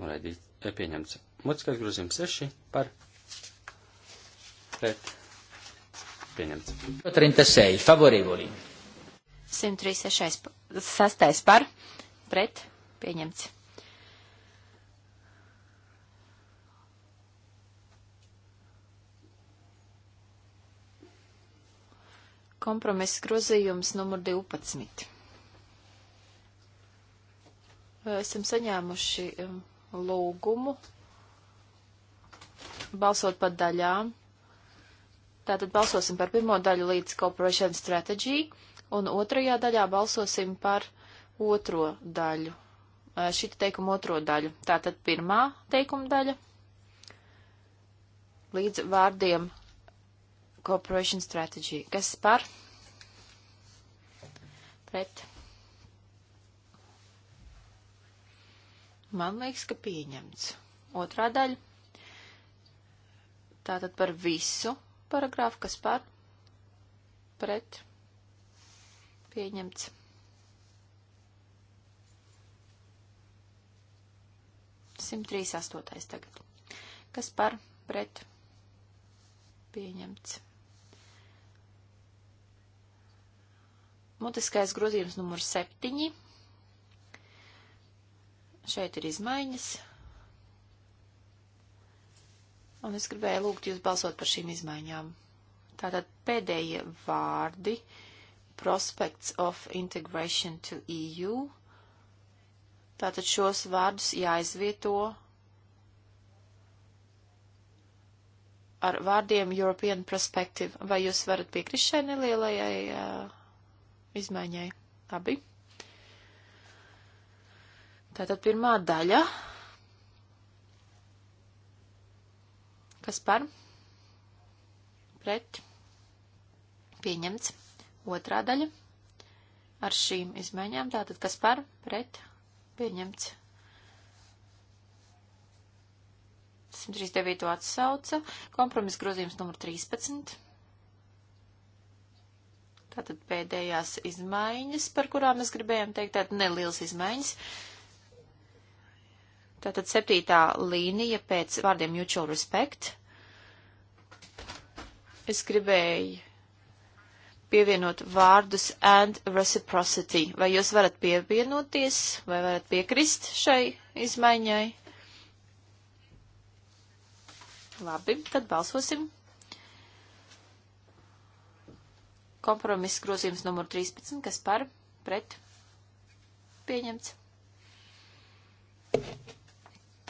noraidīt e, pieņemts. Mutiskais grozījums 6 par pret pieņemts. 136 favorevoli. 136 sastais par pret pieņemts. Kompromiss grozījums numur 12. Esam saņēmuši um, lūgumu balsot par daļām. Tātad balsosim par pirmo daļu līdz Corporation Strategy, un otrajā daļā balsosim par otro daļu, uh, šita teikuma otro daļu. Tātad pirmā teikuma daļa līdz vārdiem Cooperation Strategy. Kas par? Pret. Man liekas, ka pieņemts. Otrā daļa. Tātad par visu paragrāfu, kas par? Pret. Pieņemts. 138. tagad. Kas par pret pieņemts? Mutiskais grozījums numur 7. Šeit ir izmaiņas. Un es gribēju lūgt jūs balsot par šīm izmaiņām. Tātad pēdējie vārdi Prospects of Integration to EU. Tātad šos vārdus jāizvieto ar vārdiem European Perspective. Vai jūs varat piekrist šai nelielajai uh, izmaiņai. Labi. Tātad pirmā daļa. Kas par? Pret. Pieņemts. Otrā daļa. Ar šīm izmaiņām. Tātad kas par? Pret. Pieņemts. 139. atsauca. Kompromis grozījums numur 13. Tātad pēdējās izmaiņas, par kurām mēs gribējām teikt, tātad nelielas izmaiņas. Tātad septītā līnija pēc vārdiem mutual respect. Es gribēju pievienot vārdus and reciprocity. Vai jūs varat pievienoties vai varat piekrist šai izmaiņai? Labi, tad balsosim. Kompromiss grozījums numur 13, kas par pret pieņemts.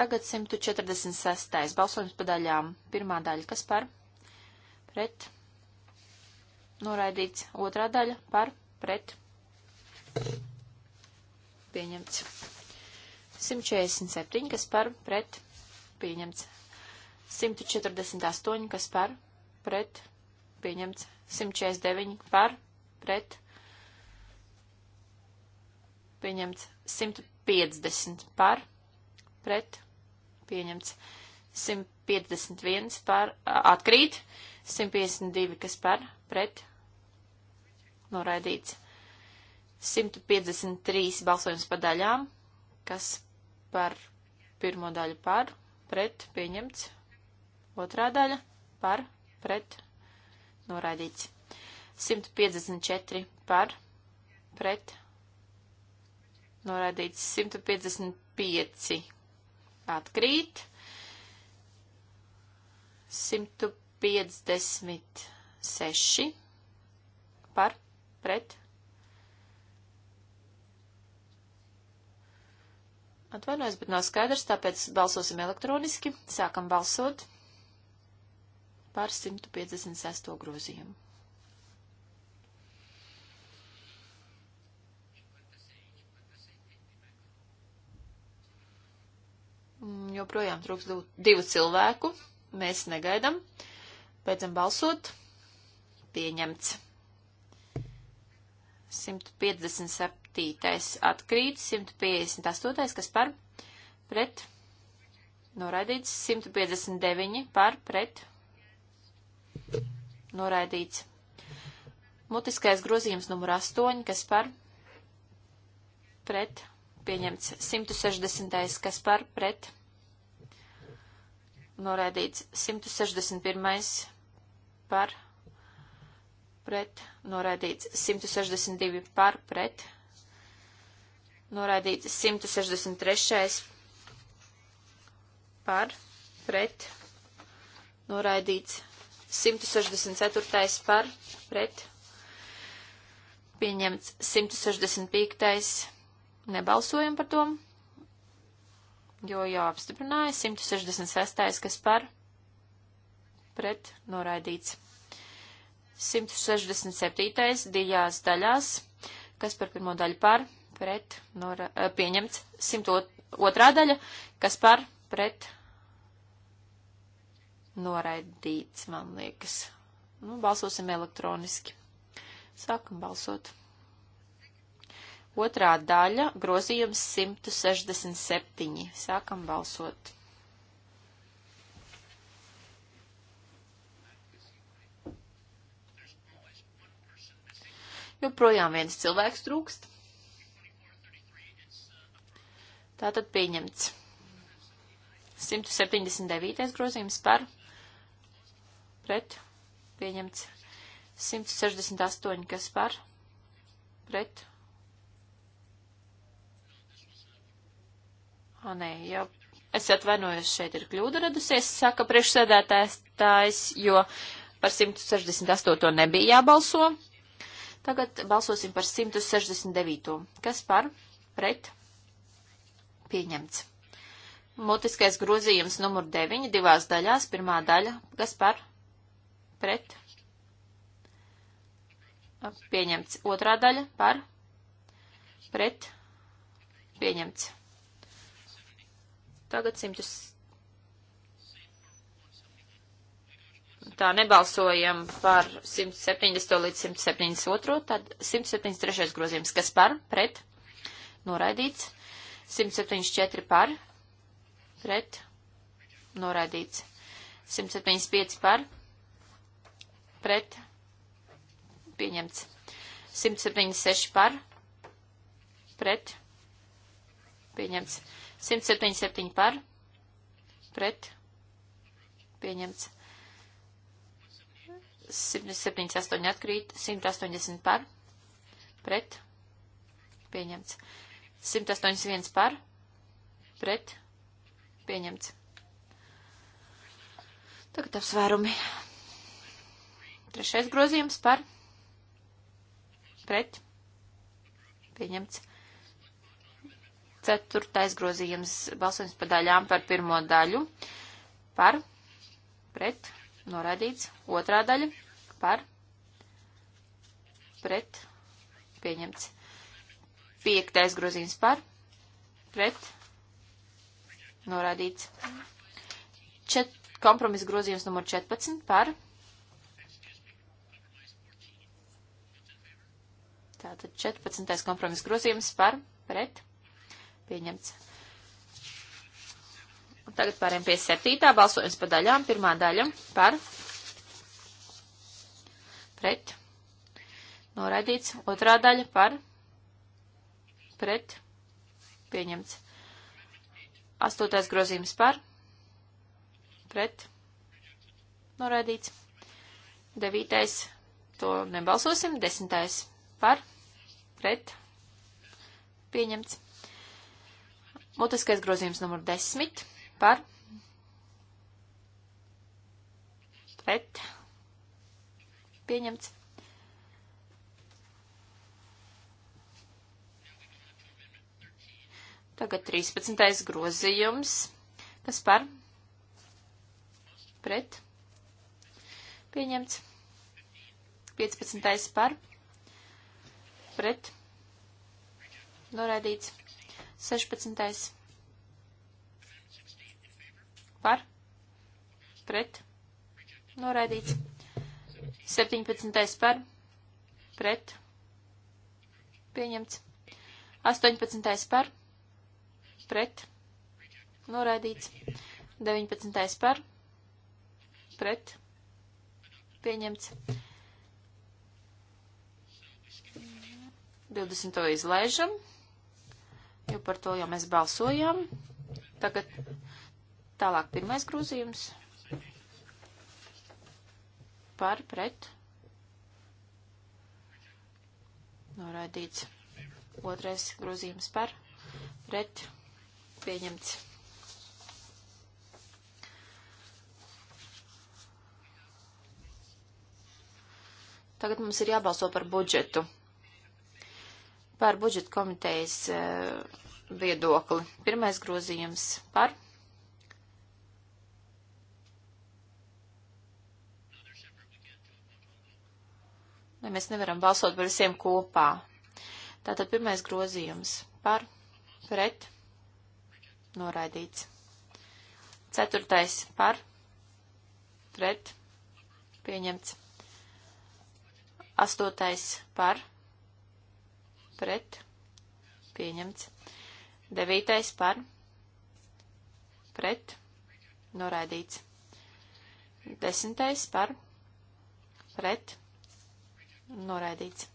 Tagad 146. balsojums pa daļām. Pirmā daļa, kas par pret noraidīts. Otrā daļa par pret pieņemts. 147, kas par pret pieņemts. 148, kas par pret pieņemts. 149 par pret pieņemts 150 par pret pieņemts 151 par atkrīt 152 kas par pret noraidīts 153 balsojums pa daļām kas par pirmo daļu par pret pieņemts otrā daļa par pret pieņemts Noraidīts. 154 par, pret, noraidīts 155 atkrīt, 156 par, pret, Atvainojos, bet nav skaidrs, tāpēc balsosim elektroniski. Sākam balsot par 156. grozījumu. Mm, joprojām trūks divu cilvēku. Mēs negaidam. Beidzam balsot. Pieņemts. 157. atkrīt, 158. kas par pret noraidīts, 159 par pret Noraidīts. Mutiskais grozījums numur 8, kas par pret pieņemts 160. kas par pret noraidīts 161. par pret noraidīts 162. par pret noraidīts 163. par pret noraidīts 164. par pret pieņemts 165. Nebalsojam par to, jo jau apstiprināja 166. kas par pret noraidīts. 167. divās daļās, kas par pirmo daļu par pret nora, pieņemts. 102. daļa, kas par pret noraidīts, man liekas. Nu, balsosim elektroniski. Sākam balsot. Otrā daļa - grozījums 167. Sākam balsot. Joprojām viens cilvēks trūkst. Tātad pieņemts. 179. grozījums par pret, pieņemts 168, kas par, pret. O, nē, jau es atvainojos, šeit ir kļūda radusies, saka priekšsēdētājs tājs, jo par 168 nebija jābalso. Tagad balsosim par 169. Kas par, pret, pieņemts. Mutiskais grozījums numur 9 divās daļās. Pirmā daļa, kas par pret, pieņemts. Otrā daļa par, pret, pieņemts. Tagad simtus. Tā nebalsojam par 170 līdz 172, tad 173 grozījums, kas par, pret, noraidīts, 174 par, pret, noraidīts, 175 par, pret pieņemts. 176 par pret pieņemts. 177 par pret pieņemts. 178 atkrīt, 180 par pret pieņemts. 181 par pret pieņemts. Tagad apsvērumi. Trešais grozījums par pret pieņemts. Ceturtais grozījums balsojums par daļām par pirmo daļu par pret norādīts. Otrā daļa par pret pieņemts. Piektais grozījums par pret norādīts. Čet, kompromis grozījums numur 14 par pret Tātad 14. kompromiss grozījums par pret pieņemts. Un tagad pāriem pie 7. balsojums pa daļām. Pirmā daļa par pret noraidīts. Otrā daļa par pret pieņemts. 8. grozījums par pret noraidīts. 9. to nebalsosim. 10. par pret pieņemts. Mutiskais grozījums numur 10 par pret pieņemts. Tagad 13. grozījums. Kas par? Pret. Pieņemts. 15. par pret. Noraidīts. 16. Par. Pret. Noraidīts. 17. par. Pret. Pieņemts. 18. par. Pret. Noraidīts. 19. par. Pret. Pieņemts. 20. izlaižam, jo par to jau mēs balsojām. Tagad tālāk pirmais grozījums par pret noraidīts. Otrais grozījums par pret pieņemts. Tagad mums ir jābalso par budžetu par budžeta komitejas eh, viedokli. Pirmais grozījums par. Vai ja mēs nevaram balsot par visiem kopā? Tātad pirmais grozījums par, pret, noraidīts. Ceturtais par, pret, pieņemts. Astotais par, pret pret, pieņemts. Devītais par, pret, noraidīts. Desmitais par, pret, noraidīts.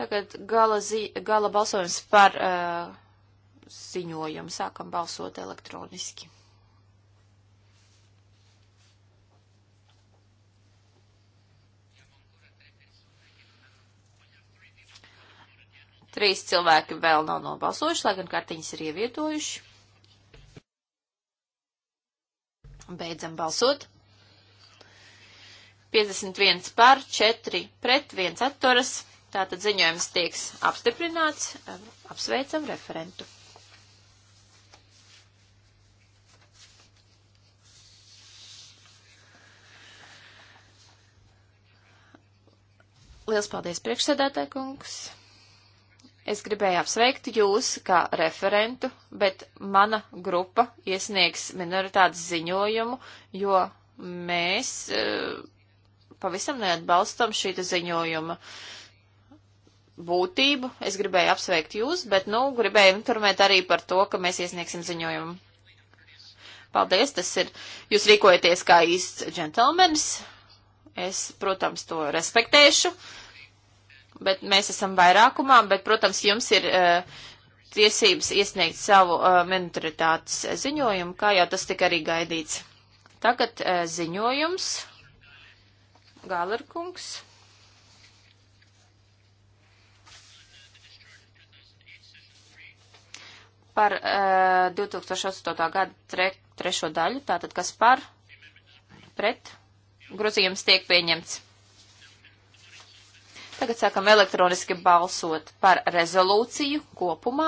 Tagad gala, zi, gala balsojums par uh, ziņojumu. Sākam balsot elektroniski. Trīs cilvēki vēl nav nobalsojuši, lai gan kartiņas ir ievietojuši. Beidzam balsot. 51 par, 4 pret, 1 atturas. Tātad ziņojums tieks apstiprināts. Apsveicam referentu. Liels paldies priekšsēdētāj kungs! Es gribēju apsveikt jūs kā referentu, bet mana grupa iesniegs minoritātes ziņojumu, jo mēs e, pavisam neatbalstam šīta ziņojuma būtību. Es gribēju apsveikt jūs, bet, nu, gribēju informēt arī par to, ka mēs iesniegsim ziņojumu. Paldies, tas ir, jūs rīkojaties kā īsts džentelmenis. Es, protams, to respektēšu. Uh, bet mēs esam vairākumā, bet, protams, jums ir uh, tiesības iesniegt savu uh, minoritātes ziņojumu, kā jau tas tika arī gaidīts. Tagad uh, ziņojums. Galerkungs. Par uh, 2008. gada tre, trešo daļu, tātad kas par, pret, grozījums tiek pieņemts. Tagad sākam elektroniski balsot par rezolūciju kopumā.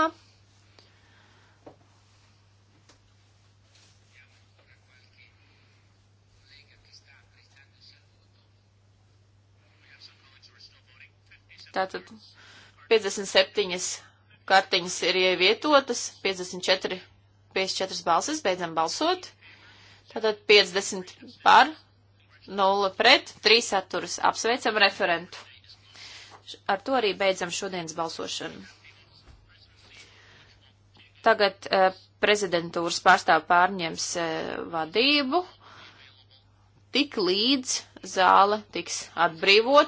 Tātad 57 kartiņas ir ievietotas, 54, 54 balsis, beidzam balsot. Tātad 50 par, 0 pret, 3 atturas. Apsveicam referentu. Ar to arī beidzam šodienas balsošanu. Tagad eh, prezidentūras pārstāv pārņems eh, vadību, tik līdz zāle tiks atbrīvot.